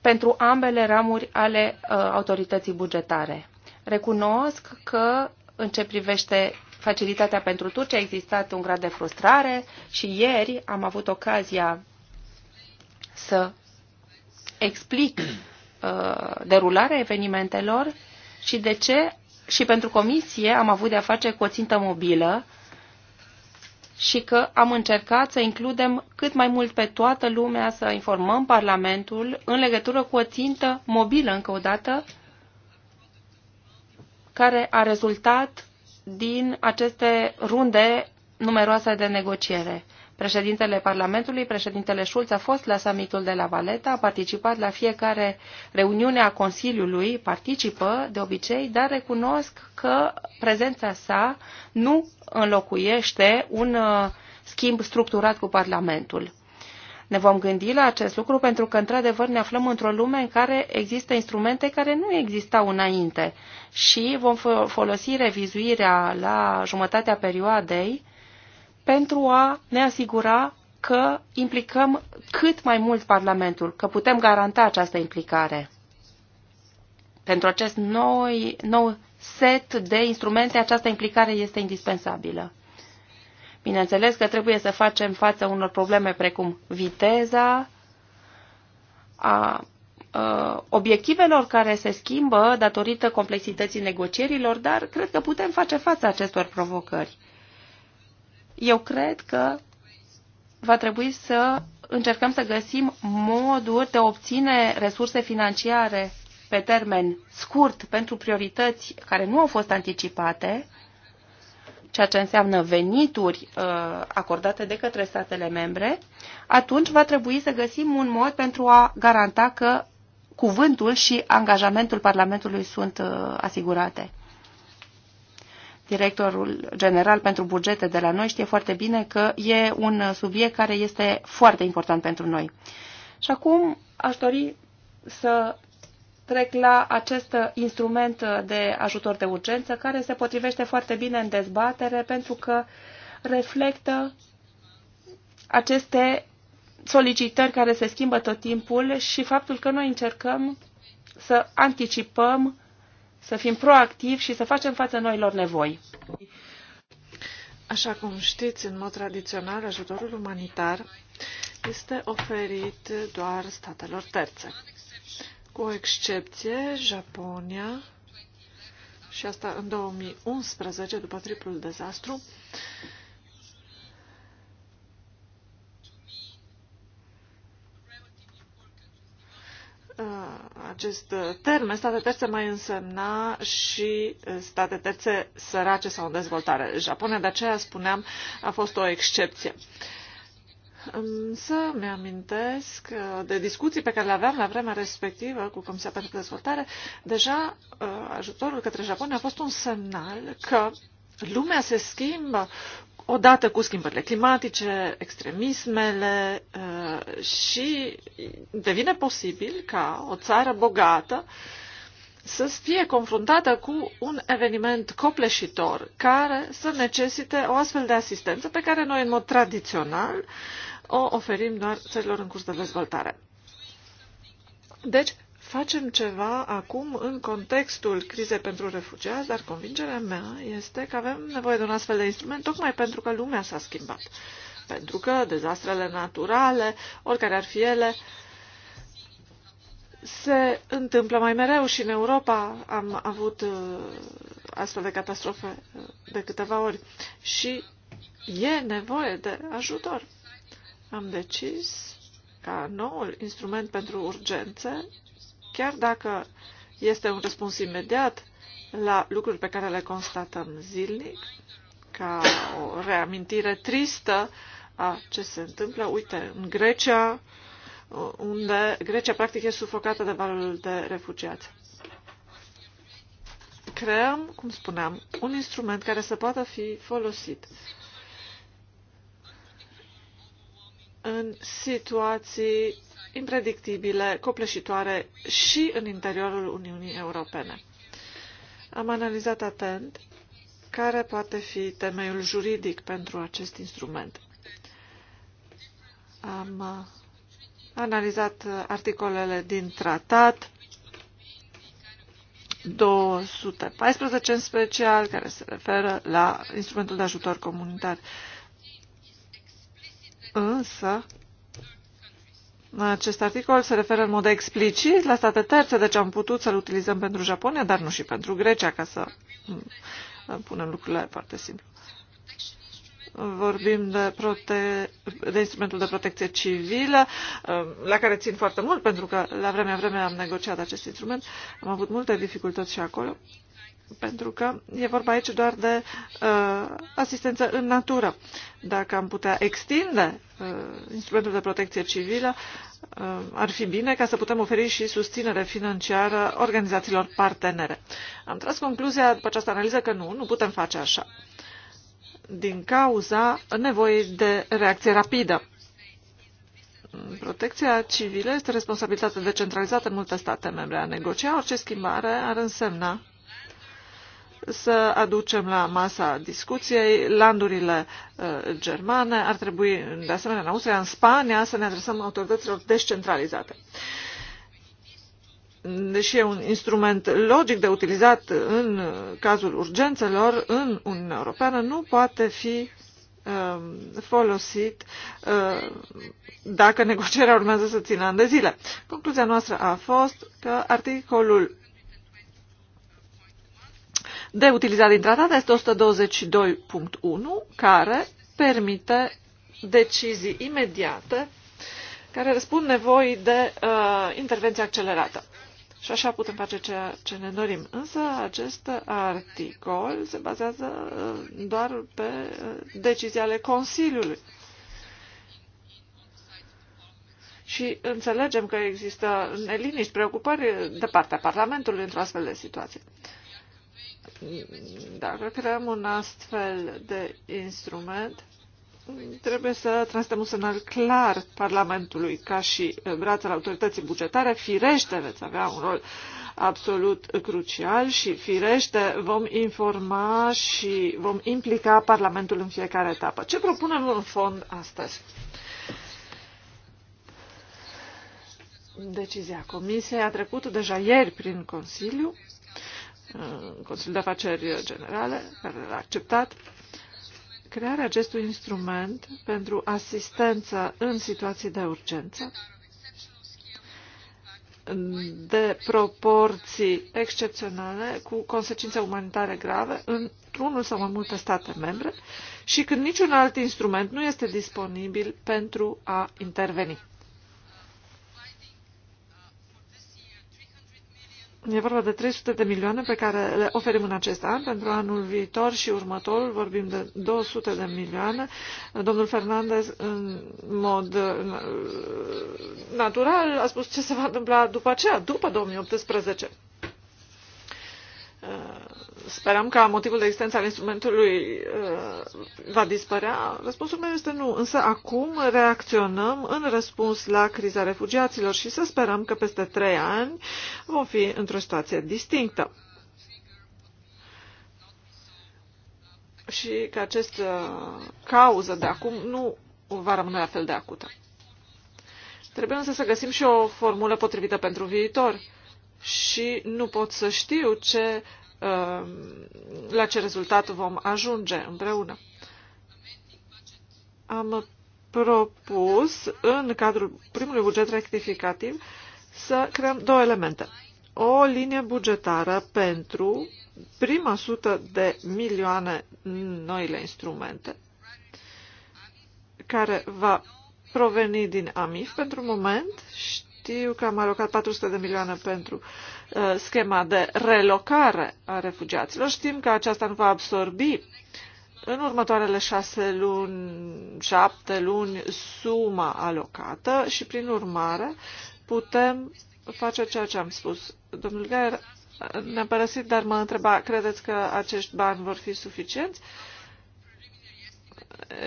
pentru ambele ramuri ale uh, autorității bugetare. Recunosc că, în ce privește facilitatea pentru Turcia, a existat un grad de frustrare și ieri am avut ocazia să explic uh, derularea evenimentelor și de ce și pentru comisie am avut de-a face cu o țintă mobilă și că am încercat să includem cât mai mult pe toată lumea, să informăm Parlamentul în legătură cu o țintă mobilă, încă o dată, care a rezultat din aceste runde numeroase de negociere. Președintele Parlamentului, președintele Schulz, a fost la summitul de la Valeta, a participat la fiecare reuniune a Consiliului, participă de obicei, dar recunosc că prezența sa nu înlocuiește un uh, schimb structurat cu Parlamentul. Ne vom gândi la acest lucru pentru că, într-adevăr, ne aflăm într-o lume în care există instrumente care nu existau înainte și vom folosi revizuirea la jumătatea perioadei pentru a ne asigura că implicăm cât mai mult Parlamentul, că putem garanta această implicare pentru acest nou, nou set de instrumente, această implicare este indispensabilă. Bineînțeles că trebuie să facem față unor probleme precum viteza, a, a obiectivelor care se schimbă datorită complexității negocierilor, dar cred că putem face față acestor provocări. Eu cred că va trebui să încercăm să găsim moduri de a obține resurse financiare pe termen scurt pentru priorități care nu au fost anticipate, ceea ce înseamnă venituri uh, acordate de către statele membre, atunci va trebui să găsim un mod pentru a garanta că cuvântul și angajamentul Parlamentului sunt uh, asigurate. Directorul general pentru bugete de la noi știe foarte bine că e un subiect care este foarte important pentru noi. Și acum aș dori să trec la acest instrument de ajutor de urgență, care se potrivește foarte bine în dezbatere pentru că reflectă aceste solicitări care se schimbă tot timpul și faptul că noi încercăm să anticipăm, să fim proactivi și să facem față noilor nevoi. Așa cum știți, în mod tradițional, ajutorul umanitar este oferit doar statelor terțe cu excepție, Japonia, și asta în 2011, după triplul dezastru, uh, acest termen, state terțe mai însemna și uh, state terțe sărace sau în dezvoltare. Japonia, de aceea spuneam, a fost o excepție. Uh, Însă mi-amintesc uh, de discuții pe care le aveam la vremea respectivă cu Comisia pentru Dezvoltare. Deja uh, ajutorul către Japonia a fost un semnal că lumea se schimbă odată cu schimbările climatice, extremismele uh, și devine posibil ca o țară bogată să fie confruntată cu un eveniment copleșitor care să necesite o astfel de asistență pe care noi, în mod tradițional, o oferim doar țărilor în curs de dezvoltare. Deci, facem ceva acum în contextul crizei pentru refugiați, dar convingerea mea este că avem nevoie de un astfel de instrument tocmai pentru că lumea s-a schimbat. Pentru că dezastrele naturale, oricare ar fi ele, uh, se întâmplă mai mereu și în Europa am avut uh, astfel de catastrofe uh, de câteva ori și e nevoie de ajutor. Am decis ca noul instrument pentru urgențe, chiar dacă este un răspuns imediat la lucruri pe care le constatăm zilnic, ca o reamintire tristă a ce se întâmplă. Uite, în Grecia, unde Grecia practic e sufocată de valul de refugiați. Creăm, cum spuneam, un instrument care să poată fi folosit în situații impredictibile, copleșitoare și în interiorul Uniunii Europene. Am analizat atent care poate fi temeiul juridic pentru acest instrument. Am uh, analizat articolele din tratat, 214 în special, care se referă la instrumentul de ajutor comunitar. Însă, acest articol se referă în mod explicit la state terțe, deci am putut să-l utilizăm pentru Japonia, dar nu și pentru Grecia, ca să mm, punem lucrurile foarte simplu vorbim de, prote... de instrumentul de protecție civilă, um, la care țin foarte mult, pentru că la vremea vreme am negociat acest instrument. Am avut multe dificultăți și acolo, pentru că e vorba aici doar de uh, asistență în natură. Dacă am putea extinde uh, instrumentul de protecție civilă, uh, ar fi bine ca să putem oferi și susținere financiară organizațiilor partenere. Am tras concluzia după această analiză că nu, nu putem face așa. Uh, din cauza nevoii de reacție rapidă. Protecția civilă este responsabilitate decentralizată în multe state membre. A negocia orice schimbare ar însemna să aducem la masa discuției landurile uh, germane, ar trebui de asemenea în Austria, în Spania, să ne adresăm autorităților descentralizate. Uh, deși e un instrument logic de utilizat în cazul urgențelor în Uniunea Europeană, nu poate fi um, folosit uh, dacă negocierea urmează să țină ani de zile. Concluzia noastră a fost că articolul de utilizat din tratat este 122.1 care permite decizii imediate care răspund nevoii de uh, intervenție accelerată. Și așa putem face ceea ce ne dorim. Însă acest articol se bazează uh, doar pe uh, decizia ale Consiliului. Și înțelegem că există neliniști, preocupări de partea Parlamentului într-o astfel de situație. Dacă creăm un astfel de instrument, trebuie să transmitem un semnal clar Parlamentului ca și braț al autorității bugetare. Firește veți avea un rol absolut crucial și firește vom informa și vom implica Parlamentul în fiecare etapă. Ce propunem în fond astăzi? Decizia Comisiei a trecut deja ieri prin Consiliu, Consiliul de Afaceri Generale, care l-a acceptat Crearea acestui instrument pentru asistență în situații de urgență de proporții excepționale cu consecințe umanitare grave într-unul sau mai multe state membre și când niciun alt instrument nu este disponibil pentru a interveni. E vorba de 300 de milioane pe care le oferim în acest an. Pentru anul viitor și următor vorbim de 200 de milioane. Domnul Fernandez, în mod natural, a spus ce se va întâmpla după aceea, după 2018. Uh, sperăm că motivul de existență al instrumentului uh, va dispărea? Răspunsul meu este nu, însă acum reacționăm în răspuns la criza refugiaților și să sperăm că peste trei ani vom fi într-o situație distinctă. Și că acest uh, cauză de acum nu va rămâne la fel de acută. Trebuie însă să găsim și o formulă potrivită pentru viitor și nu pot să știu ce, uh, la ce rezultat vom ajunge împreună. Am propus în cadrul primului buget rectificativ să creăm două elemente. O linie bugetară pentru prima sută de milioane noile instrumente, care va proveni din AMIF pentru moment. și știu că am alocat 400 de milioane pentru uh, schema de relocare a refugiaților. Știm că aceasta nu va absorbi în următoarele șase luni, șapte luni, suma alocată și, prin urmare, putem face ceea ce am spus. Domnul Gaier ne-a părăsit, dar mă întreba, credeți că acești bani vor fi suficienți?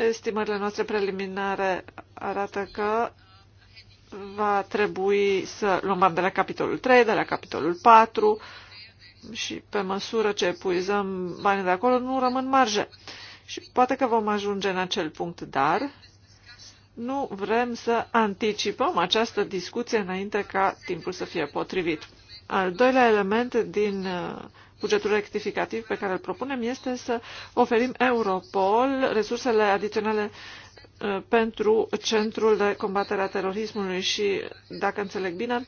Estimările noastre preliminare arată că va trebui să luăm bani de la capitolul 3, de la capitolul 4 și pe măsură ce epuizăm banii de acolo, nu rămân marge. Și poate că vom ajunge în acel punct, dar nu vrem să anticipăm această discuție înainte ca timpul să fie potrivit. Al doilea element din uh, bugetul rectificativ pe care îl propunem este să oferim Europol resursele adiționale uh, Uh, pentru Centrul de Combatere a Terorismului și, dacă înțeleg bine,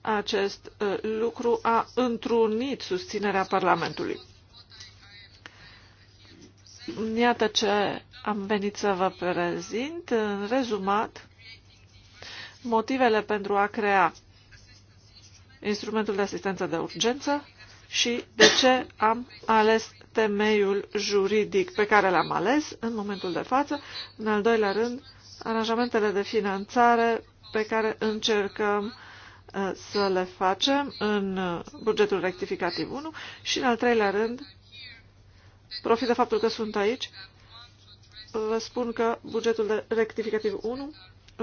acest uh, lucru a întrunit susținerea Parlamentului. Iată ce am venit să vă prezint. În rezumat, motivele pentru a crea instrumentul de asistență de urgență și de ce am ales temeiul juridic pe care l-am ales în momentul de față. În al doilea rând, aranjamentele de finanțare pe care încercăm uh, să le facem în uh, bugetul rectificativ 1 și, în al treilea rând, profit de faptul că sunt aici, vă spun că bugetul de rectificativ 1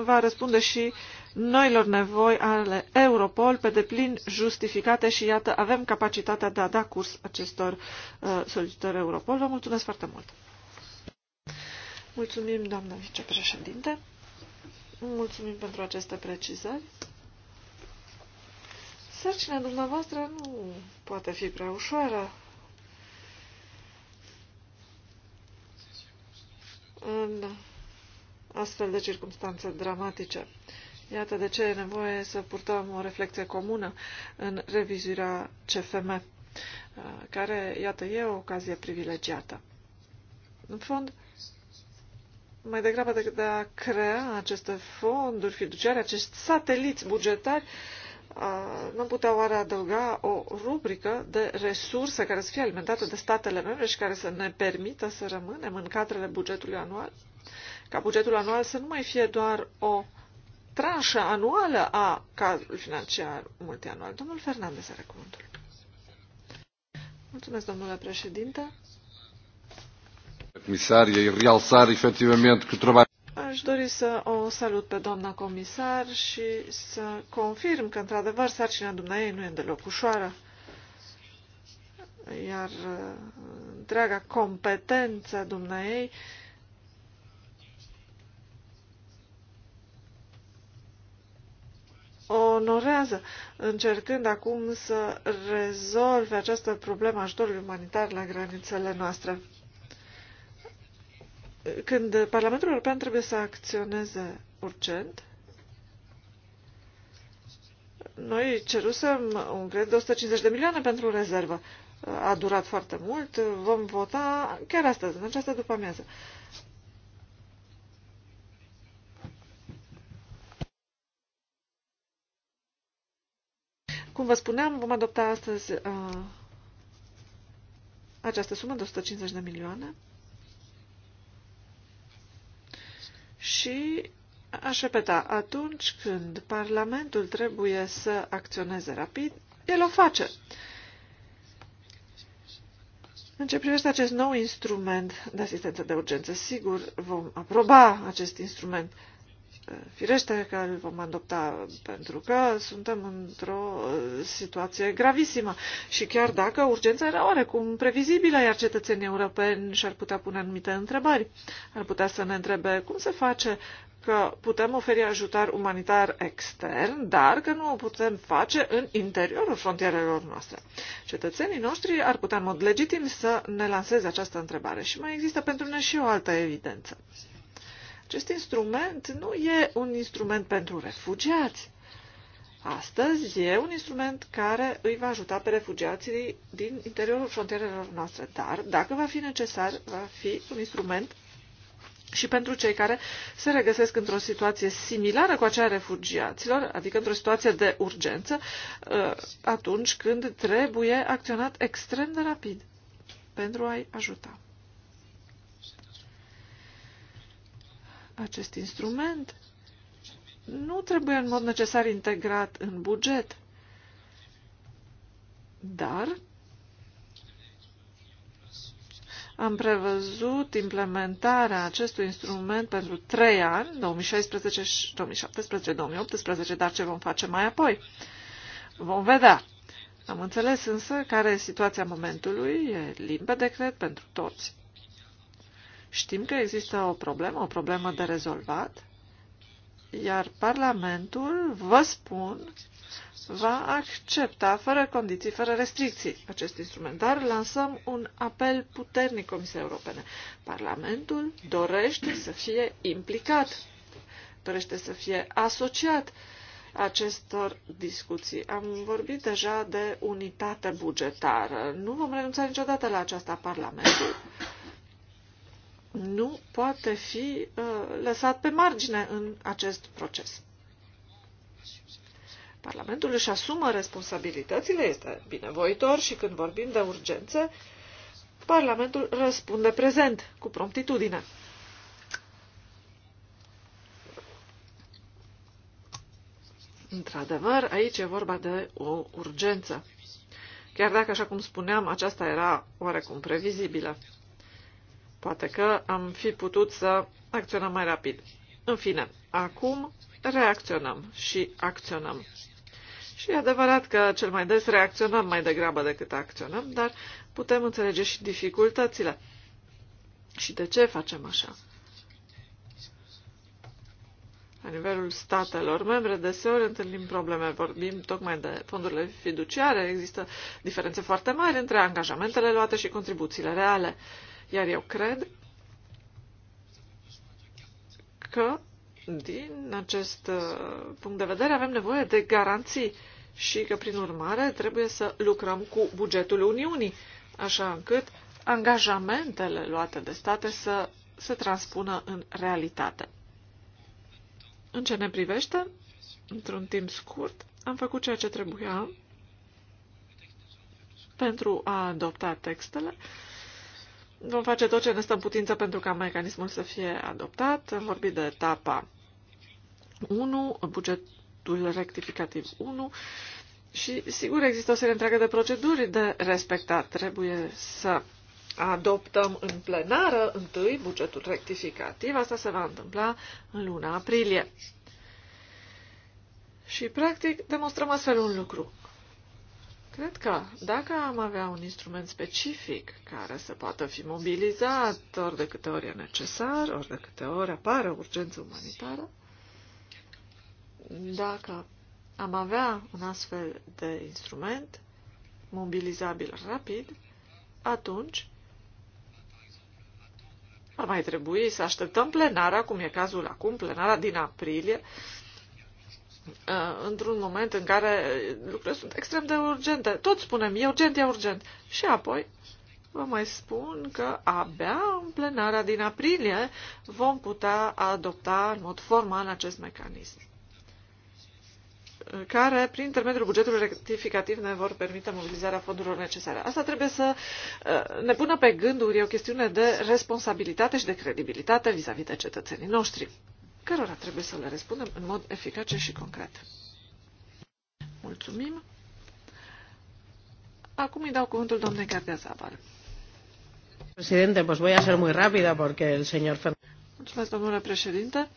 va răspunde și noilor nevoi ale Europol pe deplin justificate și iată, avem capacitatea de a da curs acestor uh, solicitări Europol. Vă mulțumesc foarte mult! Mulțumim, doamna vicepreședinte! Mulțumim pentru aceste precizări! Sărcina dumneavoastră nu poate fi prea ușoară. Da astfel de circunstanțe dramatice. Iată de ce e nevoie să purtăm o reflecție comună în revizuirea CFM, uh, care, iată, e o ocazie privilegiată. În fond, mai degrabă decât de a crea aceste fonduri fiduciare, acești sateliți bugetari, uh, nu putea oare adăuga o rubrică de resurse care să fie alimentată de statele membre și care să ne permită să rămânem în cadrele bugetului anual? ca bugetul anual să nu mai fie doar o tranșă anuală a cadrului financiar multianual. Domnul Fernandez are cuvântul. Mulțumesc, domnule președinte. Comisar, e realsar că trabalho Aș dori să o salut pe doamna comisar și să confirm că, într-adevăr, sarcina dumneavoastră nu e deloc ușoară. Iar uh, întreaga competență dumneavoastră onorează, încercând acum să rezolve această problemă ajutorului umanitar la granițele noastre. Când Parlamentul European trebuie să acționeze urgent, noi cerusem un cred de 150 de milioane pentru rezervă. A durat foarte mult, vom vota chiar astăzi, în această după amiază. Cum vă spuneam, vom adopta astăzi uh, această sumă de 150 de milioane și aș repeta, atunci când Parlamentul trebuie să acționeze rapid, el o face. În ce privește acest nou instrument de asistență de urgență, sigur, vom aproba acest instrument uh, Firește că îl vom adopta pentru că suntem într-o uh, situație gravisimă și chiar dacă urgența era oarecum previzibilă, iar cetățenii europeni și-ar putea pune anumite întrebări, ar putea să ne întrebe cum se face că putem oferi ajutor umanitar extern, dar că nu o putem face în interiorul frontierelor noastre. Cetățenii noștri ar putea în mod legitim să ne lanseze această întrebare și mai există pentru noi și o altă evidență. Acest instrument nu e un instrument pentru refugiați. Astăzi e un instrument care îi va ajuta pe refugiații din interiorul frontierelor noastre, dar dacă va fi necesar, va fi un instrument și pentru cei care se regăsesc într-o situație similară cu aceea refugiaților, adică într-o situație de urgență, uh, atunci când trebuie acționat extrem de rapid pentru a-i ajuta. Acest instrument nu trebuie în mod necesar integrat în buget, dar am prevăzut implementarea acestui instrument pentru trei ani, 2016, 2017, 2018, dar ce vom face mai apoi? Vom vedea. Am înțeles însă care e situația momentului, e limpe cred, pentru toți. Știm că există o problemă, o problemă de rezolvat, iar Parlamentul, vă spun, va accepta fără condiții, fără restricții acest Dar Lansăm un apel puternic Comisiei Europene. Parlamentul dorește să fie implicat, dorește să fie asociat acestor discuții. Am vorbit deja de unitate bugetară. Nu vom renunța niciodată la aceasta Parlamentul nu poate fi uh, lăsat pe margine în acest proces. Parlamentul își asumă responsabilitățile, este binevoitor și când vorbim de urgențe, Parlamentul răspunde prezent, cu promptitudine. Într-adevăr, aici e vorba de o urgență. Chiar dacă, așa cum spuneam, aceasta era oarecum previzibilă. Poate că am fi putut să acționăm mai rapid. În fine, acum reacționăm și acționăm. Și e adevărat că cel mai des reacționăm mai degrabă decât acționăm, dar putem înțelege și dificultățile. Și de ce facem așa? La nivelul statelor membre, deseori întâlnim probleme. Vorbim tocmai de fondurile fiduciare. Există diferențe foarte mari între angajamentele luate și contribuțiile reale. Iar eu cred că, din acest uh, punct de vedere, avem nevoie de garanții și că, prin urmare, trebuie să lucrăm cu bugetul Uniunii, așa încât angajamentele luate de state să se transpună în realitate. În ce ne privește, într-un timp scurt, am făcut ceea ce trebuia pentru a adopta textele Vom face tot ce ne stă în putință pentru ca mecanismul să fie adoptat. Am vorbit de etapa 1, bugetul rectificativ 1 și, sigur, există o serie întreagă de proceduri de respectat. Trebuie să adoptăm în plenară întâi bugetul rectificativ. Asta se va întâmpla în luna aprilie. Și, practic, demonstrăm astfel un lucru. Cred că dacă am avea un instrument specific care să poată fi mobilizat ori de câte ori e necesar, ori de câte ori apare o urgență umanitară, dacă am avea un astfel de instrument mobilizabil rapid, atunci ar mai trebui să așteptăm plenara, cum e cazul acum, plenara din aprilie, Uh, într-un moment în care lucrurile sunt extrem de urgente. Tot spunem, e urgent, e urgent. Și apoi vă mai spun că abia în plenarea din aprilie vom putea adopta în mod formal acest mecanism uh, care, prin intermediul bugetului rectificativ, ne vor permite mobilizarea fondurilor necesare. Asta trebuie să uh, ne pună pe gânduri, e o chestiune de responsabilitate și de credibilitate vis-a-vis -vis de cetățenii noștri cărora trebuie să le răspundem în mod eficace și concret. Mulțumim. Acum îi dau cuvântul domnului Gardia Zabal. Președinte, pues voy a ser muy rápida porque el señor Fernández... Mulțumesc, domnule președinte.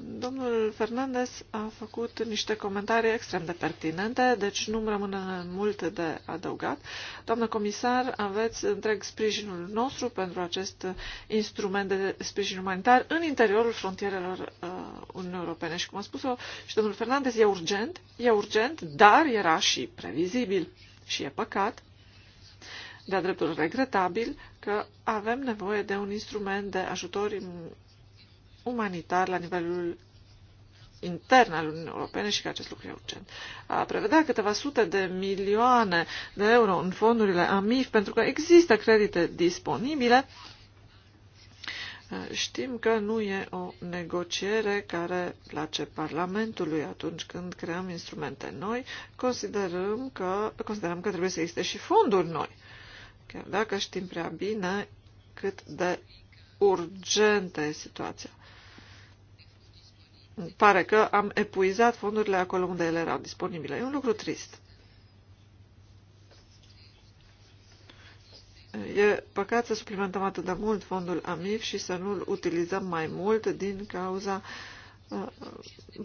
Domnul Fernandez a făcut niște comentarii extrem de pertinente, deci nu-mi rămâne mult de adăugat. Doamnă comisar, aveți întreg sprijinul nostru pentru acest instrument de sprijin umanitar în interiorul frontierelor uh, Uniunii Europene. Și cum a spus-o și domnul Fernandez, e urgent, e urgent, dar era și previzibil. Și e păcat, de-a dreptul regretabil, că avem nevoie de un instrument de ajutor umanitar la nivelul intern al Uniunii Europene și că acest lucru e urgent. A prevedea câteva sute de milioane de euro în fondurile AMIF pentru că există credite disponibile, știm că nu e o negociere care place Parlamentului atunci când creăm instrumente noi, considerăm că, considerăm că trebuie să existe și fonduri noi. Chiar dacă știm prea bine cât de urgentă e situația. Pare că am epuizat fondurile acolo unde ele erau disponibile. E un lucru trist. E păcat să suplimentăm atât de mult fondul AMIF și să nu-l utilizăm mai mult din cauza uh,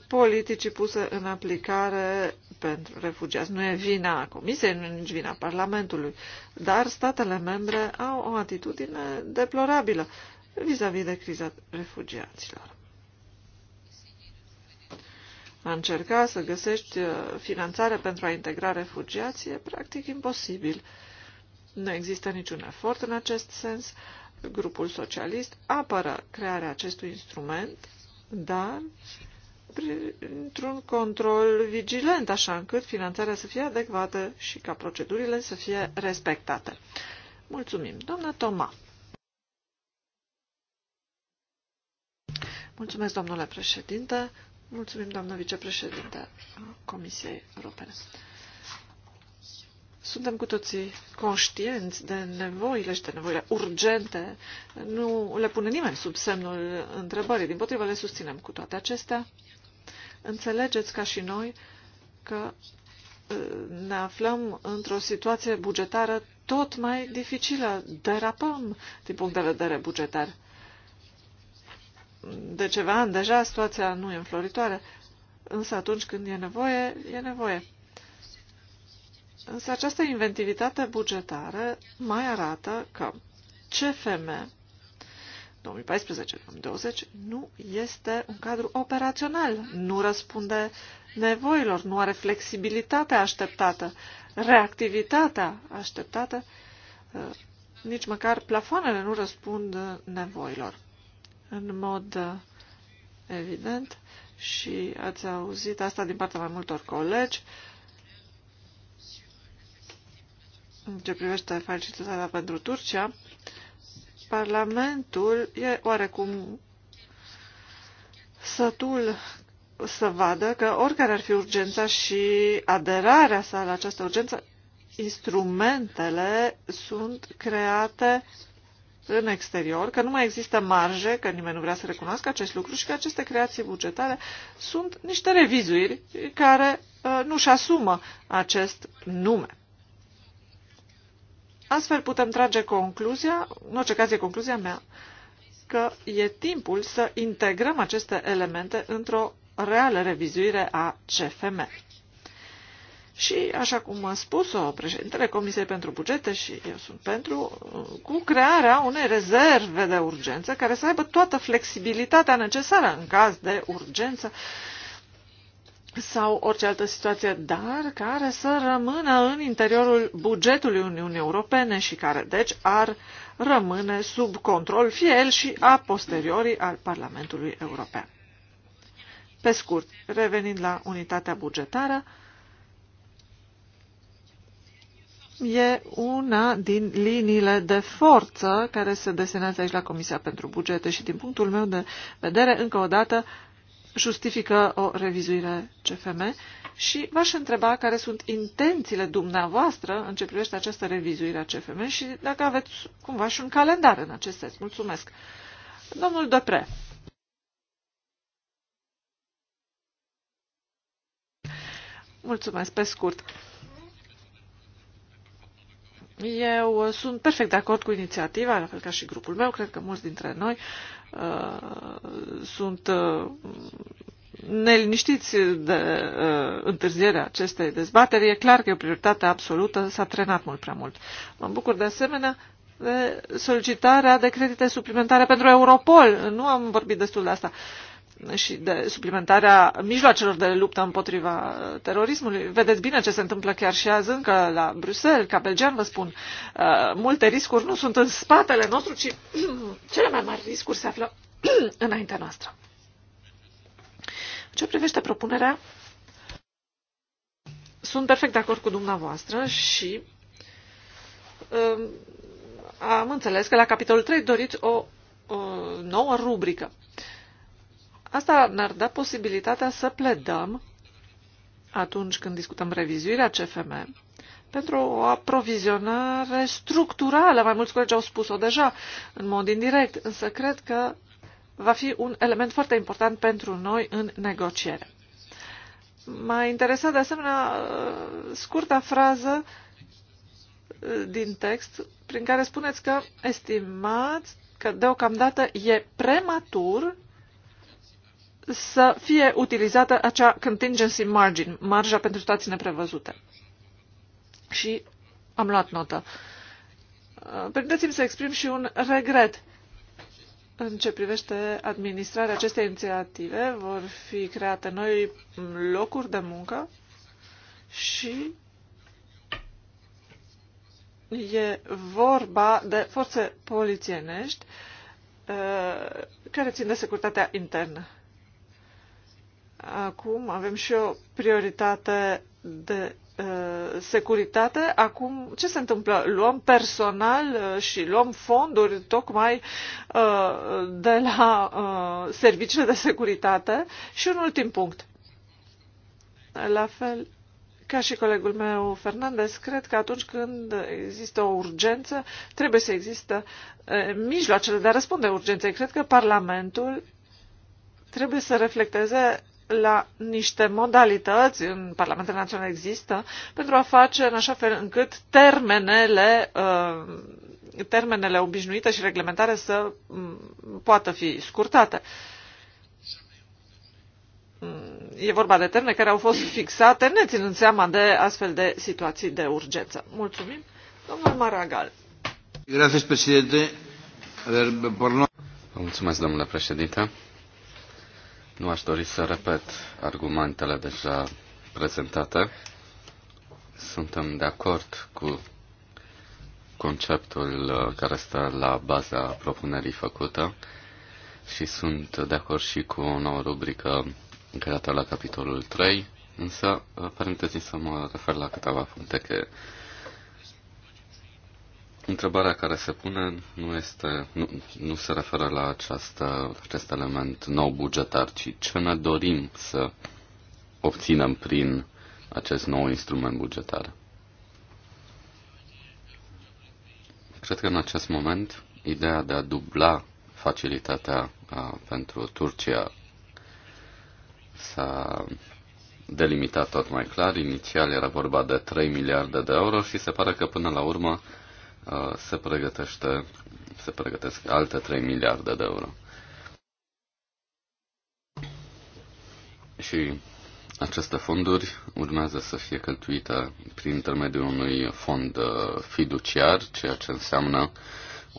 politicii puse în aplicare pentru refugiați. Nu e vina Comisiei, nu e nici vina Parlamentului, dar statele membre au o atitudine deplorabilă vis-a-vis -vis de criza refugiaților. A încerca să găsești uh, finanțare pentru a integra refugiații e practic imposibil. Nu există niciun efort în acest sens. Grupul socialist apără crearea acestui instrument, dar printr-un control vigilent, așa încât finanțarea să fie adecvată și ca procedurile să fie respectate. Mulțumim. Doamna Toma. Mulțumesc, domnule președinte. Mulțumim, doamnă vicepreședinte a Comisiei Europene. Suntem cu toții conștienți de nevoile și de nevoile urgente. Nu le pune nimeni sub semnul întrebării. Din potrivă, le susținem cu toate acestea. Înțelegeți ca și noi că ă, ne aflăm într-o situație bugetară tot mai dificilă. Derapăm din punct de vedere bugetar de ceva ani deja, situația nu e înfloritoare, însă atunci când e nevoie, e nevoie. Însă această inventivitate bugetară mai arată că CFM 2014-2020 nu este un cadru operațional, nu răspunde nevoilor, nu are flexibilitatea așteptată, reactivitatea așteptată, eh, nici măcar plafoanele nu răspund nevoilor în mod uh, evident și ați auzit asta din partea mai multor colegi în ce privește facilitatea pentru Turcia, Parlamentul e oarecum sătul să vadă că oricare ar fi urgența și aderarea sa la această urgență, instrumentele sunt create în exterior, că nu mai există marje, că nimeni nu vrea să recunoască acest lucru și că aceste creații bugetare sunt niște revizuiri care uh, nu-și asumă acest nume. Astfel putem trage concluzia, în orice caz e concluzia mea, că e timpul să integrăm aceste elemente într-o reală revizuire a CFM și, așa cum a spus-o președintele Comisiei pentru Bugete și eu sunt pentru, cu crearea unei rezerve de urgență care să aibă toată flexibilitatea necesară în caz de urgență sau orice altă situație, dar care să rămână în interiorul bugetului Uniunii Europene și care, deci, ar rămâne sub control fie el și a posteriori al Parlamentului European. Pe scurt, revenind la unitatea bugetară, e una din liniile de forță care se desenează aici la Comisia pentru Bugete și din punctul meu de vedere, încă o dată, justifică o revizuire CFM și v-aș întreba care sunt intențiile dumneavoastră în ce privește această revizuire a CFM și dacă aveți cumva și un calendar în acest sens. Mulțumesc. Domnul Depre. Mulțumesc, pe scurt. Eu uh, sunt perfect de acord cu inițiativa, la fel ca și grupul meu, cred că mulți dintre noi uh, sunt uh, neliniștiți de uh, întârzierea acestei dezbateri. E clar că e o prioritate absolută, s-a trenat mult prea mult. Mă bucur de asemenea de solicitarea de credite suplimentare pentru Europol. Nu am vorbit destul de asta. Uh, și de suplimentarea mijloacelor de luptă împotriva terorismului. Vedeți bine ce se întâmplă chiar și azi încă la Bruxelles, ca belgean vă spun. Uh, multe riscuri nu sunt în spatele nostru, ci cele mai mari riscuri se află înaintea noastră. Ce privește propunerea, sunt perfect de acord cu dumneavoastră și um, am înțeles că la capitolul 3 doriți o, o nouă rubrică Asta ne-ar da posibilitatea să pledăm, atunci când discutăm revizuirea CFM, pentru o aprovizionare structurală. Mai mulți colegi au spus-o deja în mod indirect, însă cred că va fi un element foarte important pentru noi în negociere. M-a interesat de asemenea uh, scurta frază uh, din text prin care spuneți că estimați că deocamdată e prematur să fie utilizată acea contingency margin, marja pentru situații neprevăzute. Și am luat notă. Uh, permiteți-mi să exprim și un regret în ce privește administrarea acestei inițiative. Vor fi create noi locuri de muncă și e vorba de forțe polițienești uh, care țin de securitatea internă. Acum avem și o prioritate de uh, securitate. Acum, ce se întâmplă? Luăm personal uh, și luăm fonduri tocmai uh, de la uh, serviciile de securitate. Și un ultim punct. La fel ca și colegul meu Fernandez, cred că atunci când există o urgență, trebuie să există uh, mijloacele de a răspunde urgenței. Cred că Parlamentul trebuie să reflecteze la niște modalități, în Parlamentele Naționale există, pentru a face în așa fel încât termenele, uh, termenele obișnuite și reglementare să mm, poată fi scurtate. Mm, e vorba de termene care au fost fixate, ne ținând seama de astfel de situații de urgență. Mulțumim. Domnul Maragal. Mulțumesc, domnule președinte. Nu aș dori să repet argumentele deja prezentate. Suntem de acord cu conceptul uh, care stă la baza propunerii făcute și sunt de acord și cu o nouă rubrică creată la capitolul 3, însă uh, permiteți să mă refer la câteva puncte Întrebarea care se pune nu, este, nu, nu se referă la această, acest element nou bugetar, ci ce ne dorim să obținem prin acest nou instrument bugetar. Cred că în acest moment ideea de a dubla facilitatea a, pentru Turcia s-a delimitat tot mai clar. Inițial era vorba de 3 miliarde de euro și se pare că până la urmă Uh, se, pregătește, se pregătesc alte 3 miliarde de euro. Și aceste fonduri urmează să fie cheltuite prin intermediul unui fond uh, fiduciar, ceea ce înseamnă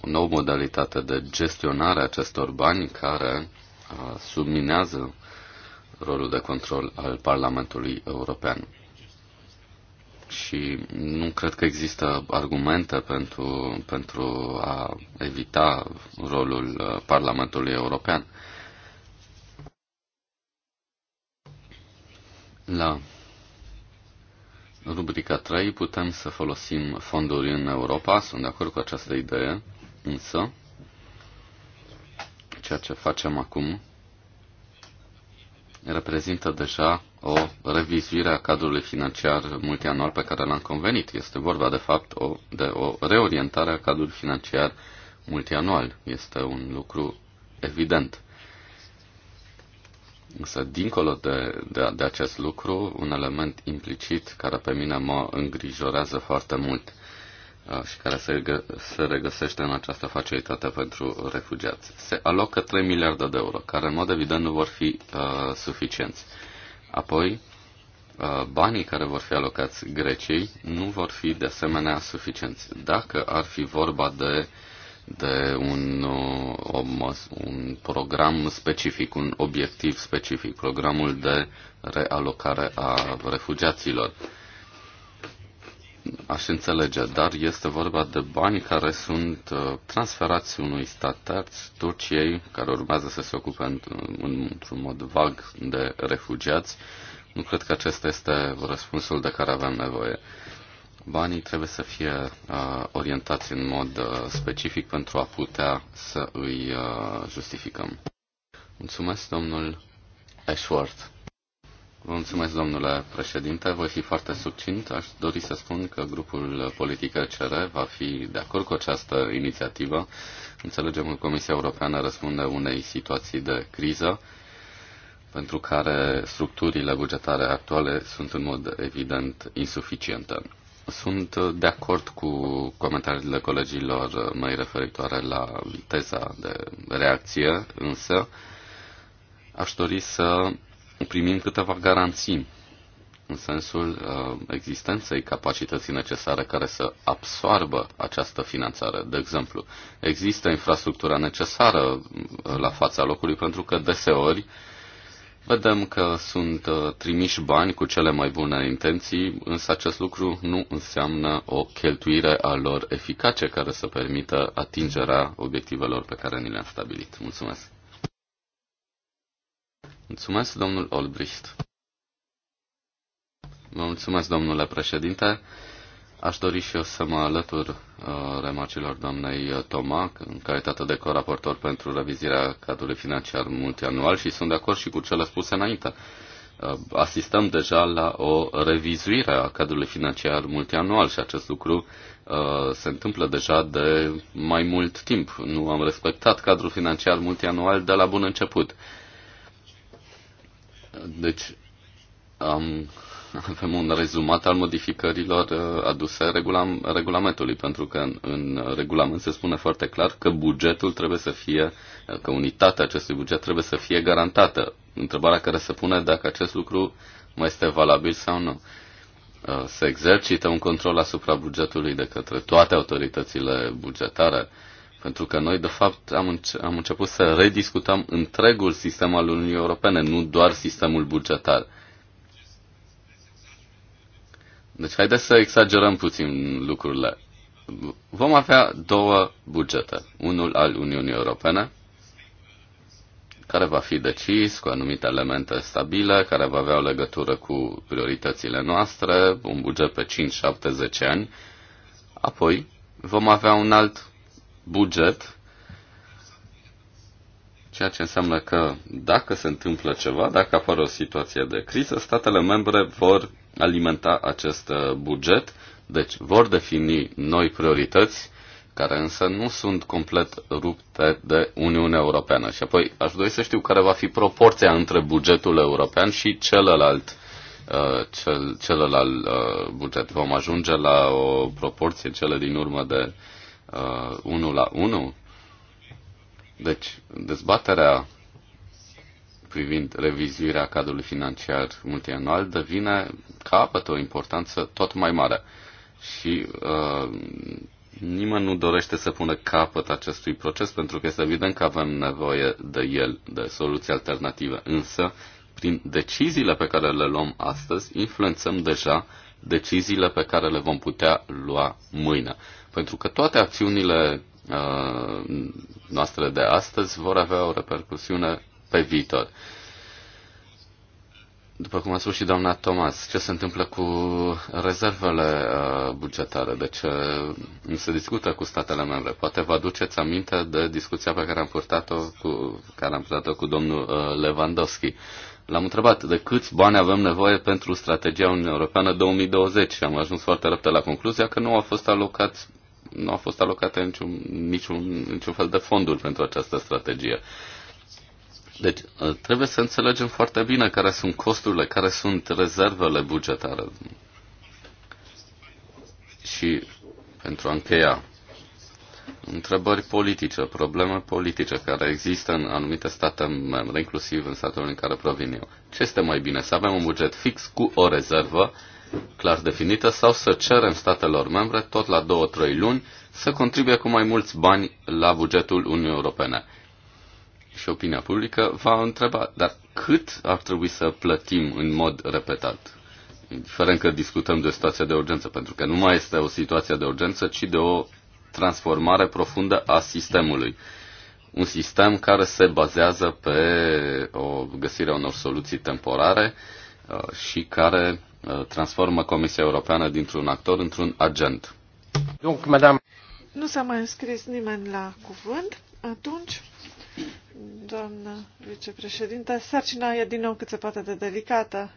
o nouă modalitate de gestionare a acestor bani care uh, subminează rolul de control al Parlamentului European și nu cred că există argumente pentru, pentru a evita rolul uh, Parlamentului European. La rubrica 3 putem să folosim fonduri în Europa, sunt de acord cu această idee, însă ceea ce facem acum reprezintă deja o revizuire a cadrului financiar multianual pe care l-am convenit. Este vorba, de fapt, o, de o reorientare a cadrului financiar multianual. Este un lucru evident. Însă, dincolo de, de, de acest lucru, un element implicit care pe mine mă îngrijorează foarte mult și care se, regă- se regăsește în această facilitate pentru refugiați. Se alocă 3 miliarde de euro, care în mod evident nu vor fi uh, suficienți. Apoi, uh, banii care vor fi alocați Greciei nu vor fi de asemenea suficienți. Dacă ar fi vorba de, de un, uh, o, un program specific, un obiectiv specific, programul de realocare a refugiaților, uh, aș înțelege, dar este vorba de bani care sunt uh, transferați unui stat terț, Turciei, care urmează să se ocupe într-un mod vag de refugiați. Nu cred că acesta este răspunsul de care avem nevoie. Banii trebuie să fie uh, orientați în mod uh, specific pentru a putea să îi uh, justificăm. Mulțumesc, domnul Ashworth. Vă mulțumesc, domnule președinte. Voi fi foarte succint. Aș dori să spun că grupul politic CR va fi de acord cu această inițiativă. Înțelegem că Comisia Europeană răspunde unei situații de criză pentru care structurile bugetare actuale sunt în mod evident insuficiente. Sunt de acord cu comentariile colegilor mai referitoare la viteza de reacție, însă aș dori să primim câteva garanții în sensul uh, existenței capacității necesare care să absoarbă această finanțare. De exemplu, există infrastructura necesară uh, la fața locului pentru că deseori vedem că sunt uh, trimiși bani cu cele mai bune intenții, însă acest lucru nu înseamnă o cheltuire a lor eficace care să permită atingerea obiectivelor pe care ni le-am stabilit. Mulțumesc! Mulțumesc, domnul Olbricht. Vă mulțumesc, domnule președinte. Aș dori și eu să mă alătur uh, remarcilor doamnei Toma, în calitate de coraportor pentru revizirea cadrului financiar multianual și sunt de acord și cu cele spuse înainte. Uh, asistăm deja la o revizuire a cadrului financiar multianual și acest lucru uh, se întâmplă deja de mai mult timp. Nu am respectat cadrul financiar multianual de la bun început. Uh, deci, um, avem un rezumat al modificărilor uh, aduse regulam, regulamentului, pentru că în, în regulament se spune foarte clar că bugetul trebuie să fie, uh, că unitatea acestui buget trebuie să fie garantată. Întrebarea care se pune dacă acest lucru mai este valabil sau nu. Uh, se exercită un control asupra bugetului de către toate autoritățile bugetare. Uh, pentru că noi, de fapt, am, înce- am început să rediscutăm întregul sistem al Uniunii Europene, nu doar sistemul bugetar. Deci, haideți să exagerăm puțin lucrurile. Vom avea două bugete. Unul al Uniunii Europene, care va fi decis cu anumite elemente stabile, care va avea o legătură cu prioritățile noastre, un buget pe 5, 7, 10 ani. Apoi vom avea un alt buget, ceea ce înseamnă că dacă se întâmplă ceva, dacă apare o situație de criză, statele membre vor alimenta acest uh, buget, deci vor defini noi priorități, care însă nu sunt complet rupte de Uniunea Europeană. Și apoi aș dori să știu care va fi proporția între bugetul european și celălalt, uh, cel, celălalt uh, buget. Vom ajunge la o proporție cele din urmă de uh, 1 la 1? Deci, dezbaterea privind revizuirea cadrului financiar multianual devine capătă o importanță tot mai mare. Și uh, nimeni nu dorește să pună capăt acestui proces pentru că este evident că avem nevoie de el, de soluții alternative. Însă, prin deciziile pe care le luăm astăzi, influențăm deja deciziile pe care le vom putea lua mâine pentru că toate acțiunile uh, noastre de astăzi vor avea o repercusiune pe viitor. După cum a spus și doamna Thomas, ce se întâmplă cu rezervele uh, bugetare? De ce se discută cu statele membre? Poate vă aduceți aminte de discuția pe care am purtat-o cu, care am purtat-o cu domnul uh, Lewandowski. L-am întrebat de câți bani avem nevoie pentru strategia Uniunii Europeană 2020 și am ajuns foarte repede la concluzia că nu au fost alocați nu a fost alocate niciun, niciun, niciun fel de fonduri pentru această strategie. Deci trebuie să înțelegem foarte bine care sunt costurile, care sunt rezervele bugetare. Și pentru a încheia, întrebări politice, probleme politice care există în anumite state membre, inclusiv în statul în care provin eu. Ce este mai bine? Să avem un buget fix cu o rezervă clar definită sau să cerem statelor membre tot la 2-3 luni să contribuie cu mai mulți bani la bugetul Uniunii Europene. Și opinia publică va întreba, dar cât ar trebui să plătim în mod repetat? Indiferent că discutăm de situația de urgență, pentru că nu mai este o situație de urgență, ci de o transformare profundă a sistemului. Un sistem care se bazează pe o găsirea unor soluții temporare uh, și care Uh, transformă Comisia Europeană dintr-un actor într-un agent. Donc, madame... Nu s-a mai înscris nimeni la cuvânt. Atunci, doamnă vicepreședinte, sarcina e din nou cât se poate de delicată.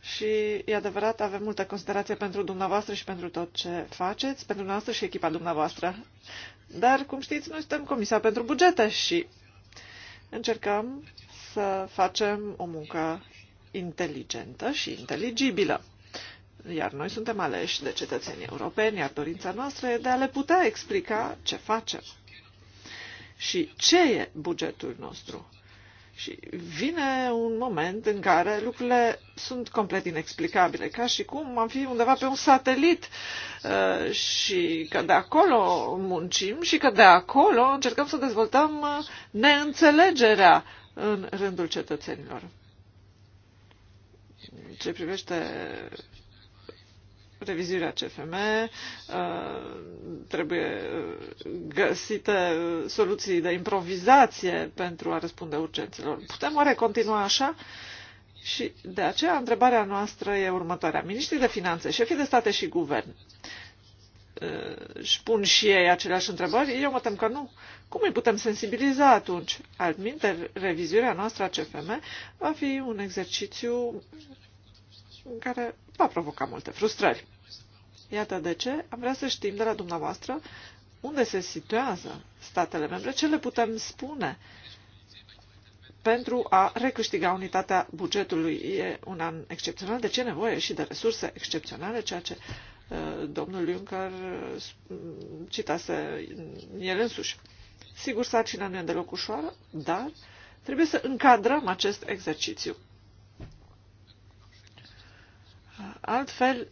Și e adevărat, avem multă considerație pentru dumneavoastră și pentru tot ce faceți, pentru noastră și echipa dumneavoastră. Dar, cum știți, noi suntem Comisia pentru Bugete și încercăm să facem o muncă inteligentă și inteligibilă. Iar noi suntem aleși de cetățenii europeni, iar dorința noastră e de a le putea explica ce facem și ce e bugetul nostru. Și vine un moment în care lucrurile sunt complet inexplicabile, ca și cum am fi undeva pe un satelit uh, și că de acolo muncim și că de acolo încercăm să dezvoltăm uh, neînțelegerea în rândul cetățenilor ce privește revizuirea CFM, uh, trebuie găsite soluții de improvizație pentru a răspunde urgențelor. Putem oare continua așa? Și de aceea întrebarea noastră e următoarea. Ministrii de finanțe, șefii de state și guvern, uh, își pun și ei aceleași întrebări? Eu mă tem că nu. Cum îi putem sensibiliza atunci? Altminte, revizuirea noastră a CFM va fi un exercițiu în care va provoca multe frustrări. Iată de ce am vrea să știm de la dumneavoastră unde se situează statele membre, ce le putem spune pentru a recâștiga unitatea bugetului. E un an excepțional, de deci ce nevoie și de resurse excepționale, ceea ce uh, domnul Juncker uh, citase el însuși. Sigur, sarcina nu e deloc ușoară, dar trebuie să încadrăm acest exercițiu. Altfel,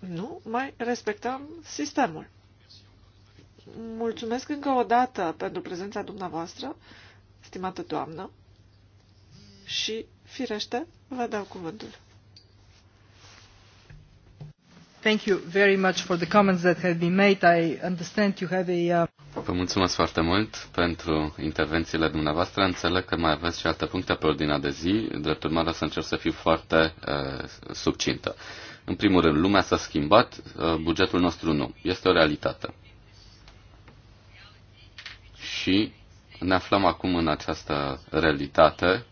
nu mai respectăm sistemul. Mulțumesc încă o dată pentru prezența dumneavoastră, stimată doamnă, și, firește, vă dau cuvântul. Vă mulțumesc foarte mult pentru intervențiile dumneavoastră. Înțeleg că mai aveți și alte puncte pe ordinea de zi. Drept urmare, să încerc să fiu foarte uh, subcintă. În primul rând, lumea s-a schimbat, uh, bugetul nostru nu. Este o realitate. Și ne aflăm acum în această realitate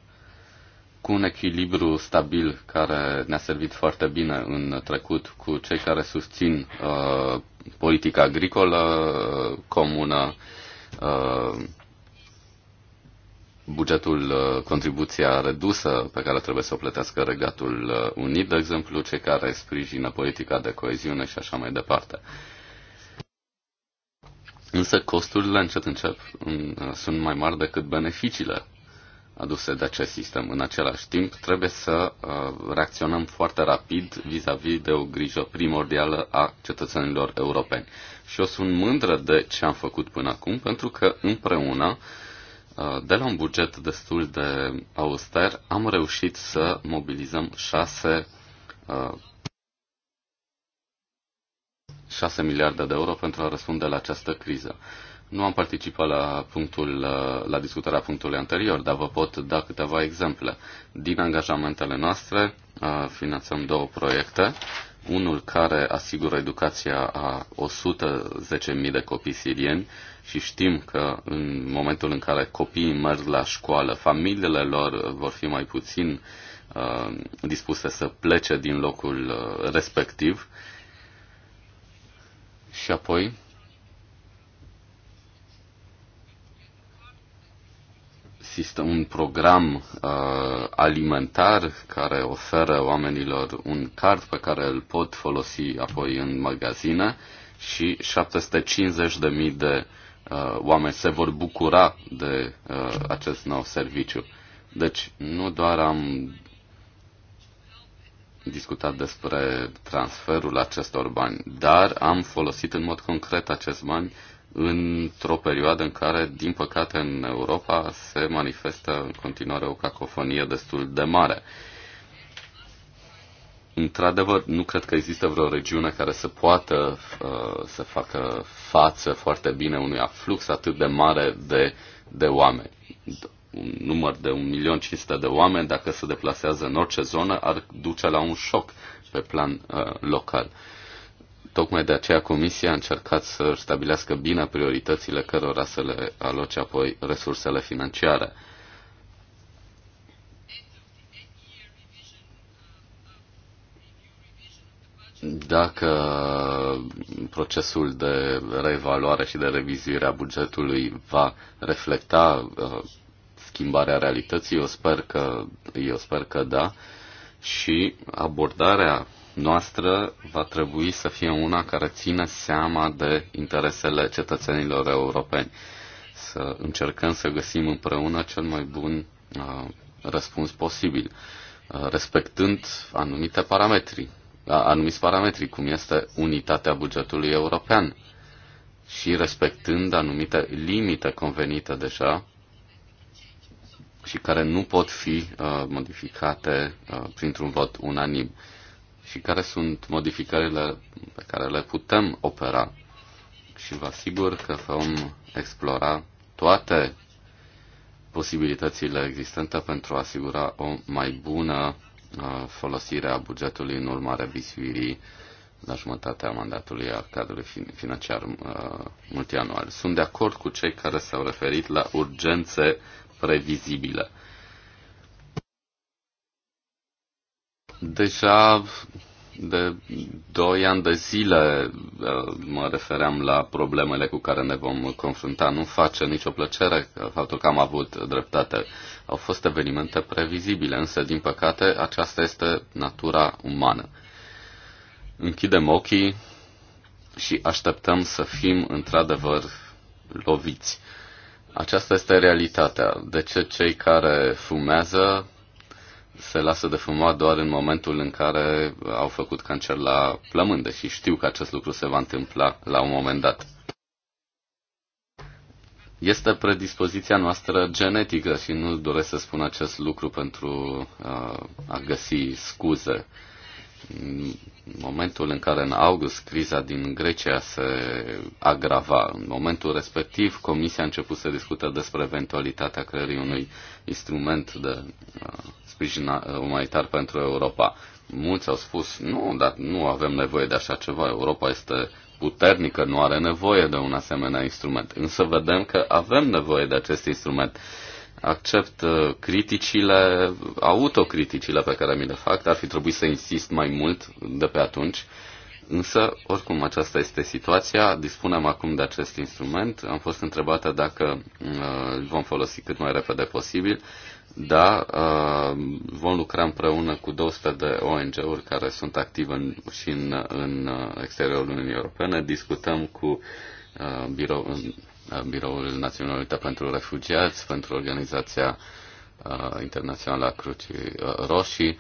cu un echilibru stabil care ne-a servit foarte bine în trecut cu cei care susțin uh, politica agricolă uh, comună, uh, bugetul, uh, contribuția redusă pe care trebuie să o plătească Regatul uh, Unit, de exemplu, cei care sprijină politica de coeziune și așa mai departe. Însă costurile încet încep sunt mai mari decât beneficiile aduse de acest sistem. În același timp, trebuie să uh, reacționăm foarte rapid vis-a-vis -vis de o grijă primordială a cetățenilor europeni. Și eu sunt mândră de ce am făcut până acum, pentru că împreună, uh, de la un buget destul de auster, am reușit să mobilizăm 6, 6 uh, miliarde de euro pentru a răspunde la această criză. Nu am participat la, punctul, la discutarea punctului anterior, dar vă pot da câteva exemple. Din angajamentele noastre finanțăm două proiecte, unul care asigură educația a 110.000 de copii sirieni și știm că în momentul în care copiii merg la școală, familiile lor vor fi mai puțin dispuse să plece din locul respectiv. Și apoi Există un program uh, alimentar care oferă oamenilor un card pe care îl pot folosi apoi în magazine și 750.000 de uh, oameni se vor bucura de uh, acest nou serviciu. Deci nu doar am discutat despre transferul acestor bani, dar am folosit în mod concret acest bani într-o perioadă în care, din păcate, în Europa se manifestă în continuare o cacofonie destul de mare. Într-adevăr, nu cred că există vreo regiune care să poată uh, să facă față foarte bine unui aflux atât de mare de, de oameni. Un număr de 1.500.000 de oameni, dacă se deplasează în orice zonă, ar duce la un șoc pe plan uh, local. Uh, Tocmai de aceea Comisia a încercat să stabilească bine prioritățile cărora să le aloce apoi resursele financiare. Dacă procesul de reevaluare și de revizuire a bugetului va reflecta uh, schimbarea realității, eu sper că, eu sper că da, și abordarea noastră va trebui să fie una care ține seama de interesele cetățenilor europeni. Să încercăm să găsim împreună cel mai bun uh, răspuns posibil, uh, respectând anumite parametri, anumiți parametri, cum este unitatea bugetului european și respectând anumite limite convenite deja și care nu pot fi uh, modificate uh, printr-un vot unanim. Uh, și care sunt modificările pe care le putem opera. Și vă asigur că vom explora toate posibilitățile existente pentru a asigura o mai bună uh, folosire a bugetului în urma revizuirii la jumătatea mandatului al cadrului financiar uh, multianual. Sunt de acord cu cei care s-au referit la urgențe previzibile. Deja de doi ani de zile uh, mă refeream la problemele cu care ne vom confrunta. Nu face nicio plăcere faptul că am avut dreptate. Au fost evenimente previzibile, însă, din păcate, aceasta este natura umană. Închidem ochii și așteptăm să fim, într-adevăr, loviți. Aceasta este realitatea. De ce cei care fumează se lasă de fumat doar în momentul în care au făcut cancer la plămânde și știu că acest lucru se va întâmpla la un moment dat. Este predispoziția noastră genetică și nu doresc să spun acest lucru pentru uh, a găsi scuze. Uh, în momentul în care în august criza din Grecia se agrava, în momentul respectiv Comisia a început să discute despre eventualitatea creării unui instrument de uh, sprijin uh, umanitar pentru Europa. Mulți au spus, nu, dar nu avem nevoie de așa ceva, Europa este puternică, nu are nevoie de un asemenea instrument. Însă vedem că avem nevoie de acest instrument accept uh, criticile, autocriticile pe care mi le fac, ar fi trebuit să insist mai mult de pe atunci, însă, oricum, aceasta este situația, dispunem acum de acest instrument, am fost întrebată dacă uh, îl vom folosi cât mai repede posibil, da, uh, vom lucra împreună cu 200 de ONG-uri care sunt active în, și în, în exteriorul Uniunii Europene, discutăm cu birou, Uh, Biroul Național pentru Refugiați, pentru Organizația uh, Internațională a Crucii uh, Roșii.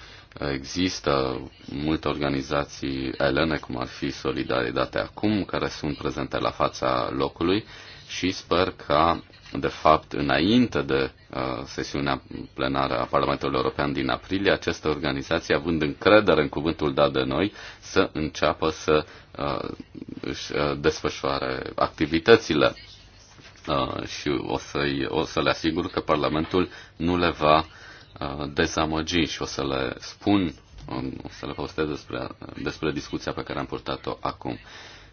Există multe organizații elene, cum ar fi Solidaritate Acum, care sunt prezente la fața locului și sper ca, de fapt, înainte de sesiunea plenară a Parlamentului European din aprilie, aceste organizații, având încredere în cuvântul dat de noi, să înceapă să uh, își desfășoare activitățile Uh, și o, să o să le asigur că Parlamentul nu le va uh, dezamăgi și o să le spun, um, o să le postez despre, despre discuția pe care am purtat-o acum.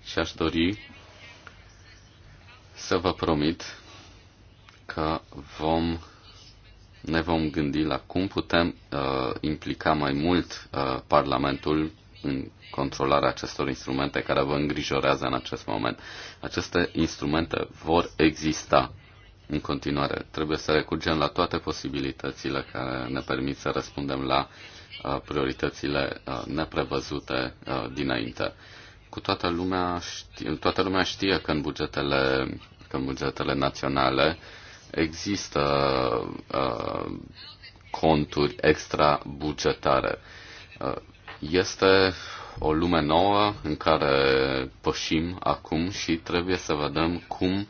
Și aș dori să vă promit că vom, ne vom gândi la cum putem uh, implica mai mult uh, Parlamentul în controlarea acestor instrumente care vă îngrijorează în acest moment. Aceste instrumente vor exista în continuare. Trebuie să recurgem la toate posibilitățile care ne permit să răspundem la uh, prioritățile uh, neprevăzute uh, dinainte. Cu toată lumea știe, toată lumea știe că în bugetele, că în bugetele naționale există uh, conturi extra bugetare. Este o lume nouă în care pășim acum și trebuie să vedem cum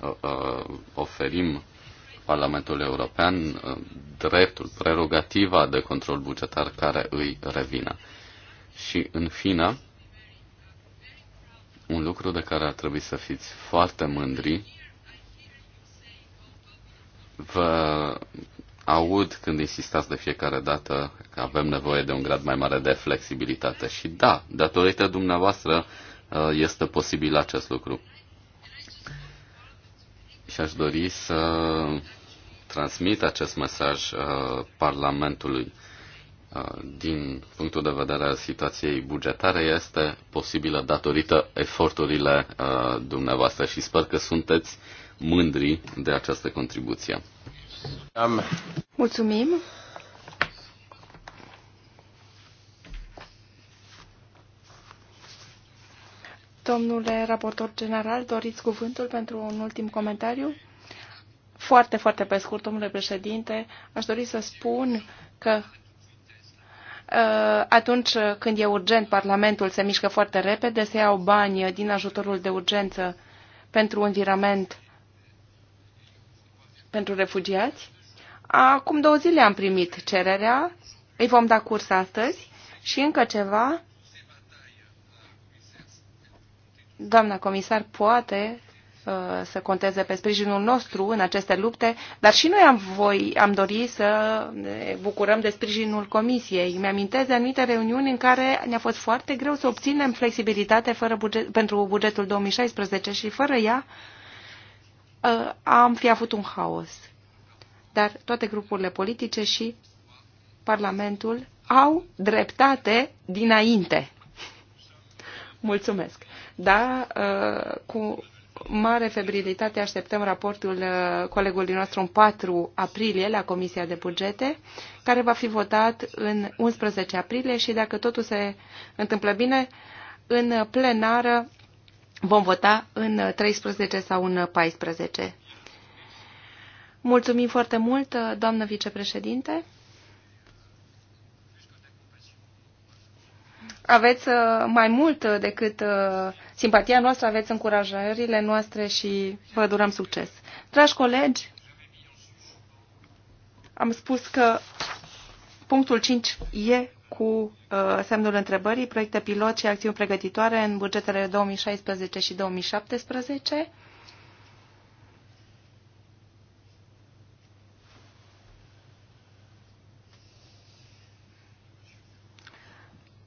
uh, uh, oferim Parlamentul European uh, dreptul, prerogativa de control bugetar care îi revine. Și în fine, un lucru de care ar trebui să fiți foarte mândri, vă aud când insistați de fiecare dată că avem nevoie de un grad mai mare de flexibilitate. Și da, datorită dumneavoastră uh, este posibil acest lucru. Și aș dori să transmit acest mesaj uh, Parlamentului. Uh, din punctul de vedere al situației bugetare, este posibilă datorită eforturile dumneavoastră și sper că sunteți mândri de această contribuție. Mulțumim. Domnule raportor general, doriți cuvântul pentru un ultim comentariu? Foarte, foarte pe scurt, domnule președinte, aș dori să spun că uh, atunci când e urgent, Parlamentul se mișcă foarte repede, se iau bani din ajutorul de urgență pentru un virament pentru refugiați. Acum două zile am primit cererea, îi vom da curs astăzi și încă ceva. Doamna comisar poate uh, să conteze pe sprijinul nostru în aceste lupte, dar și noi am, voi, am dorit să ne bucurăm de sprijinul Comisiei. mi amintez de anumite reuniuni în care ne-a fost foarte greu să obținem flexibilitate fără buget, pentru bugetul 2016 și fără ea am fi avut un haos. Dar toate grupurile politice și Parlamentul au dreptate dinainte. Mulțumesc. Da, cu mare febrilitate așteptăm raportul colegului nostru în 4 aprilie la Comisia de Bugete, care va fi votat în 11 aprilie și dacă totul se întâmplă bine, în plenară vom vota în 13 sau în 14. Mulțumim foarte mult, doamnă vicepreședinte. Aveți uh, mai mult uh, decât uh, simpatia noastră, aveți încurajările noastre și vă durăm succes. Dragi colegi, am spus că punctul 5 e cu uh, semnul întrebării proiecte pilot și acțiuni pregătitoare în bugetele 2016 și 2017.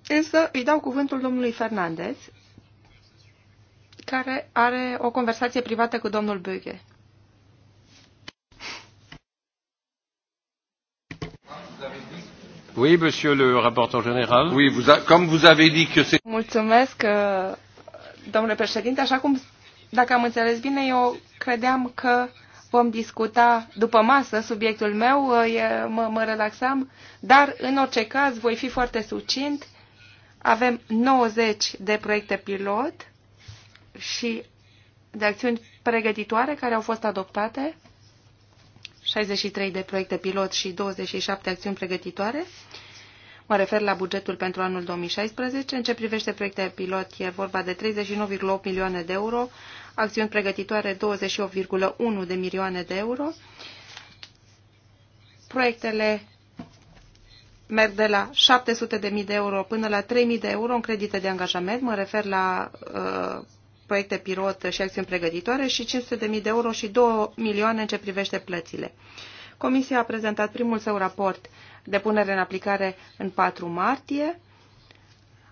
Însă îi dau cuvântul domnului Fernandez, care are o conversație privată cu domnul Böge. Oui, monsieur le rapporteur général. Oui, vous a, comme vous avez dit que c'est... Mulțumesc, uh, domnule președinte. Așa cum, dacă am înțeles bine, eu credeam că vom discuta după masă subiectul meu, uh, e, mă, mă relaxam, dar în orice caz voi fi foarte sucint. Avem 90 de proiecte pilot și de acțiuni pregătitoare care au fost adoptate 63 de proiecte pilot și 27 acțiuni pregătitoare. Mă refer la bugetul pentru anul 2016. În ce privește proiecte pilot, e vorba de 39,8 milioane de euro, acțiuni pregătitoare 28,1 de milioane de euro. Proiectele merg de la 700.000 de euro până la 3.000 de euro în credite de angajament. Mă refer la uh, proiecte pilot și acțiuni pregătitoare și 500.000 de euro și 2 milioane în ce privește plățile. Comisia a prezentat primul său raport de punere în aplicare în 4 martie.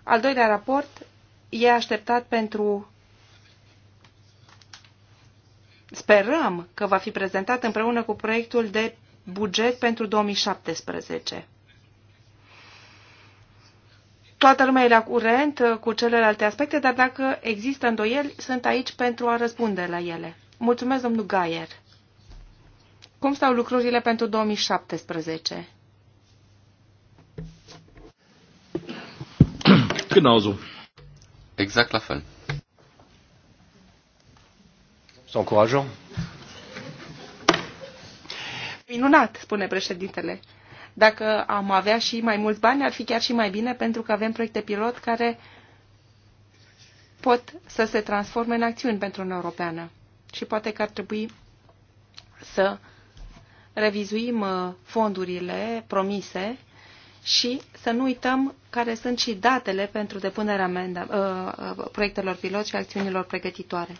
Al doilea raport e așteptat pentru sperăm că va fi prezentat împreună cu proiectul de buget pentru 2017 toată lumea e la curent uh, cu celelalte aspecte, dar dacă există îndoieli, sunt aici pentru a răspunde la ele. Mulțumesc, domnul Gaier. Cum stau lucrurile pentru 2017? Genauso. Exact la fel. Să încurajăm. Minunat, spune președintele. Dacă am avea și mai mulți bani, ar fi chiar și mai bine, pentru că avem proiecte pilot care pot să se transforme în acțiuni pentru Uniunea Europeană. Și poate că ar trebui să revizuim uh, fondurile promise și să nu uităm care sunt și datele pentru depunerea amenda, uh, uh proiectelor pilot și acțiunilor pregătitoare.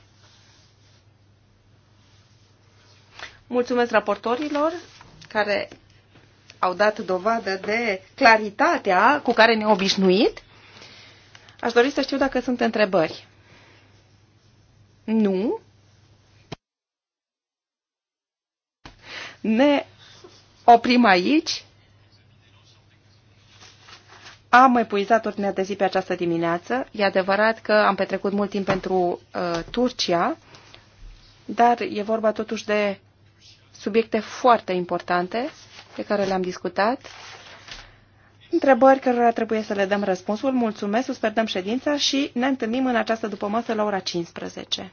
Mulțumesc raportorilor care au dat dovadă de claritatea cu care ne-au obișnuit. Aș dori să știu dacă sunt întrebări. Nu. Ne oprim aici. Am epuizat ordinea de zi pe această dimineață. E adevărat că am petrecut mult timp pentru uh, Turcia, dar e vorba totuși de subiecte foarte importante pe care le-am discutat. Întrebări cărora trebuie să le dăm răspunsul. Mulțumesc, suspendăm ședința și ne întâlnim în această dupămasă la ora 15.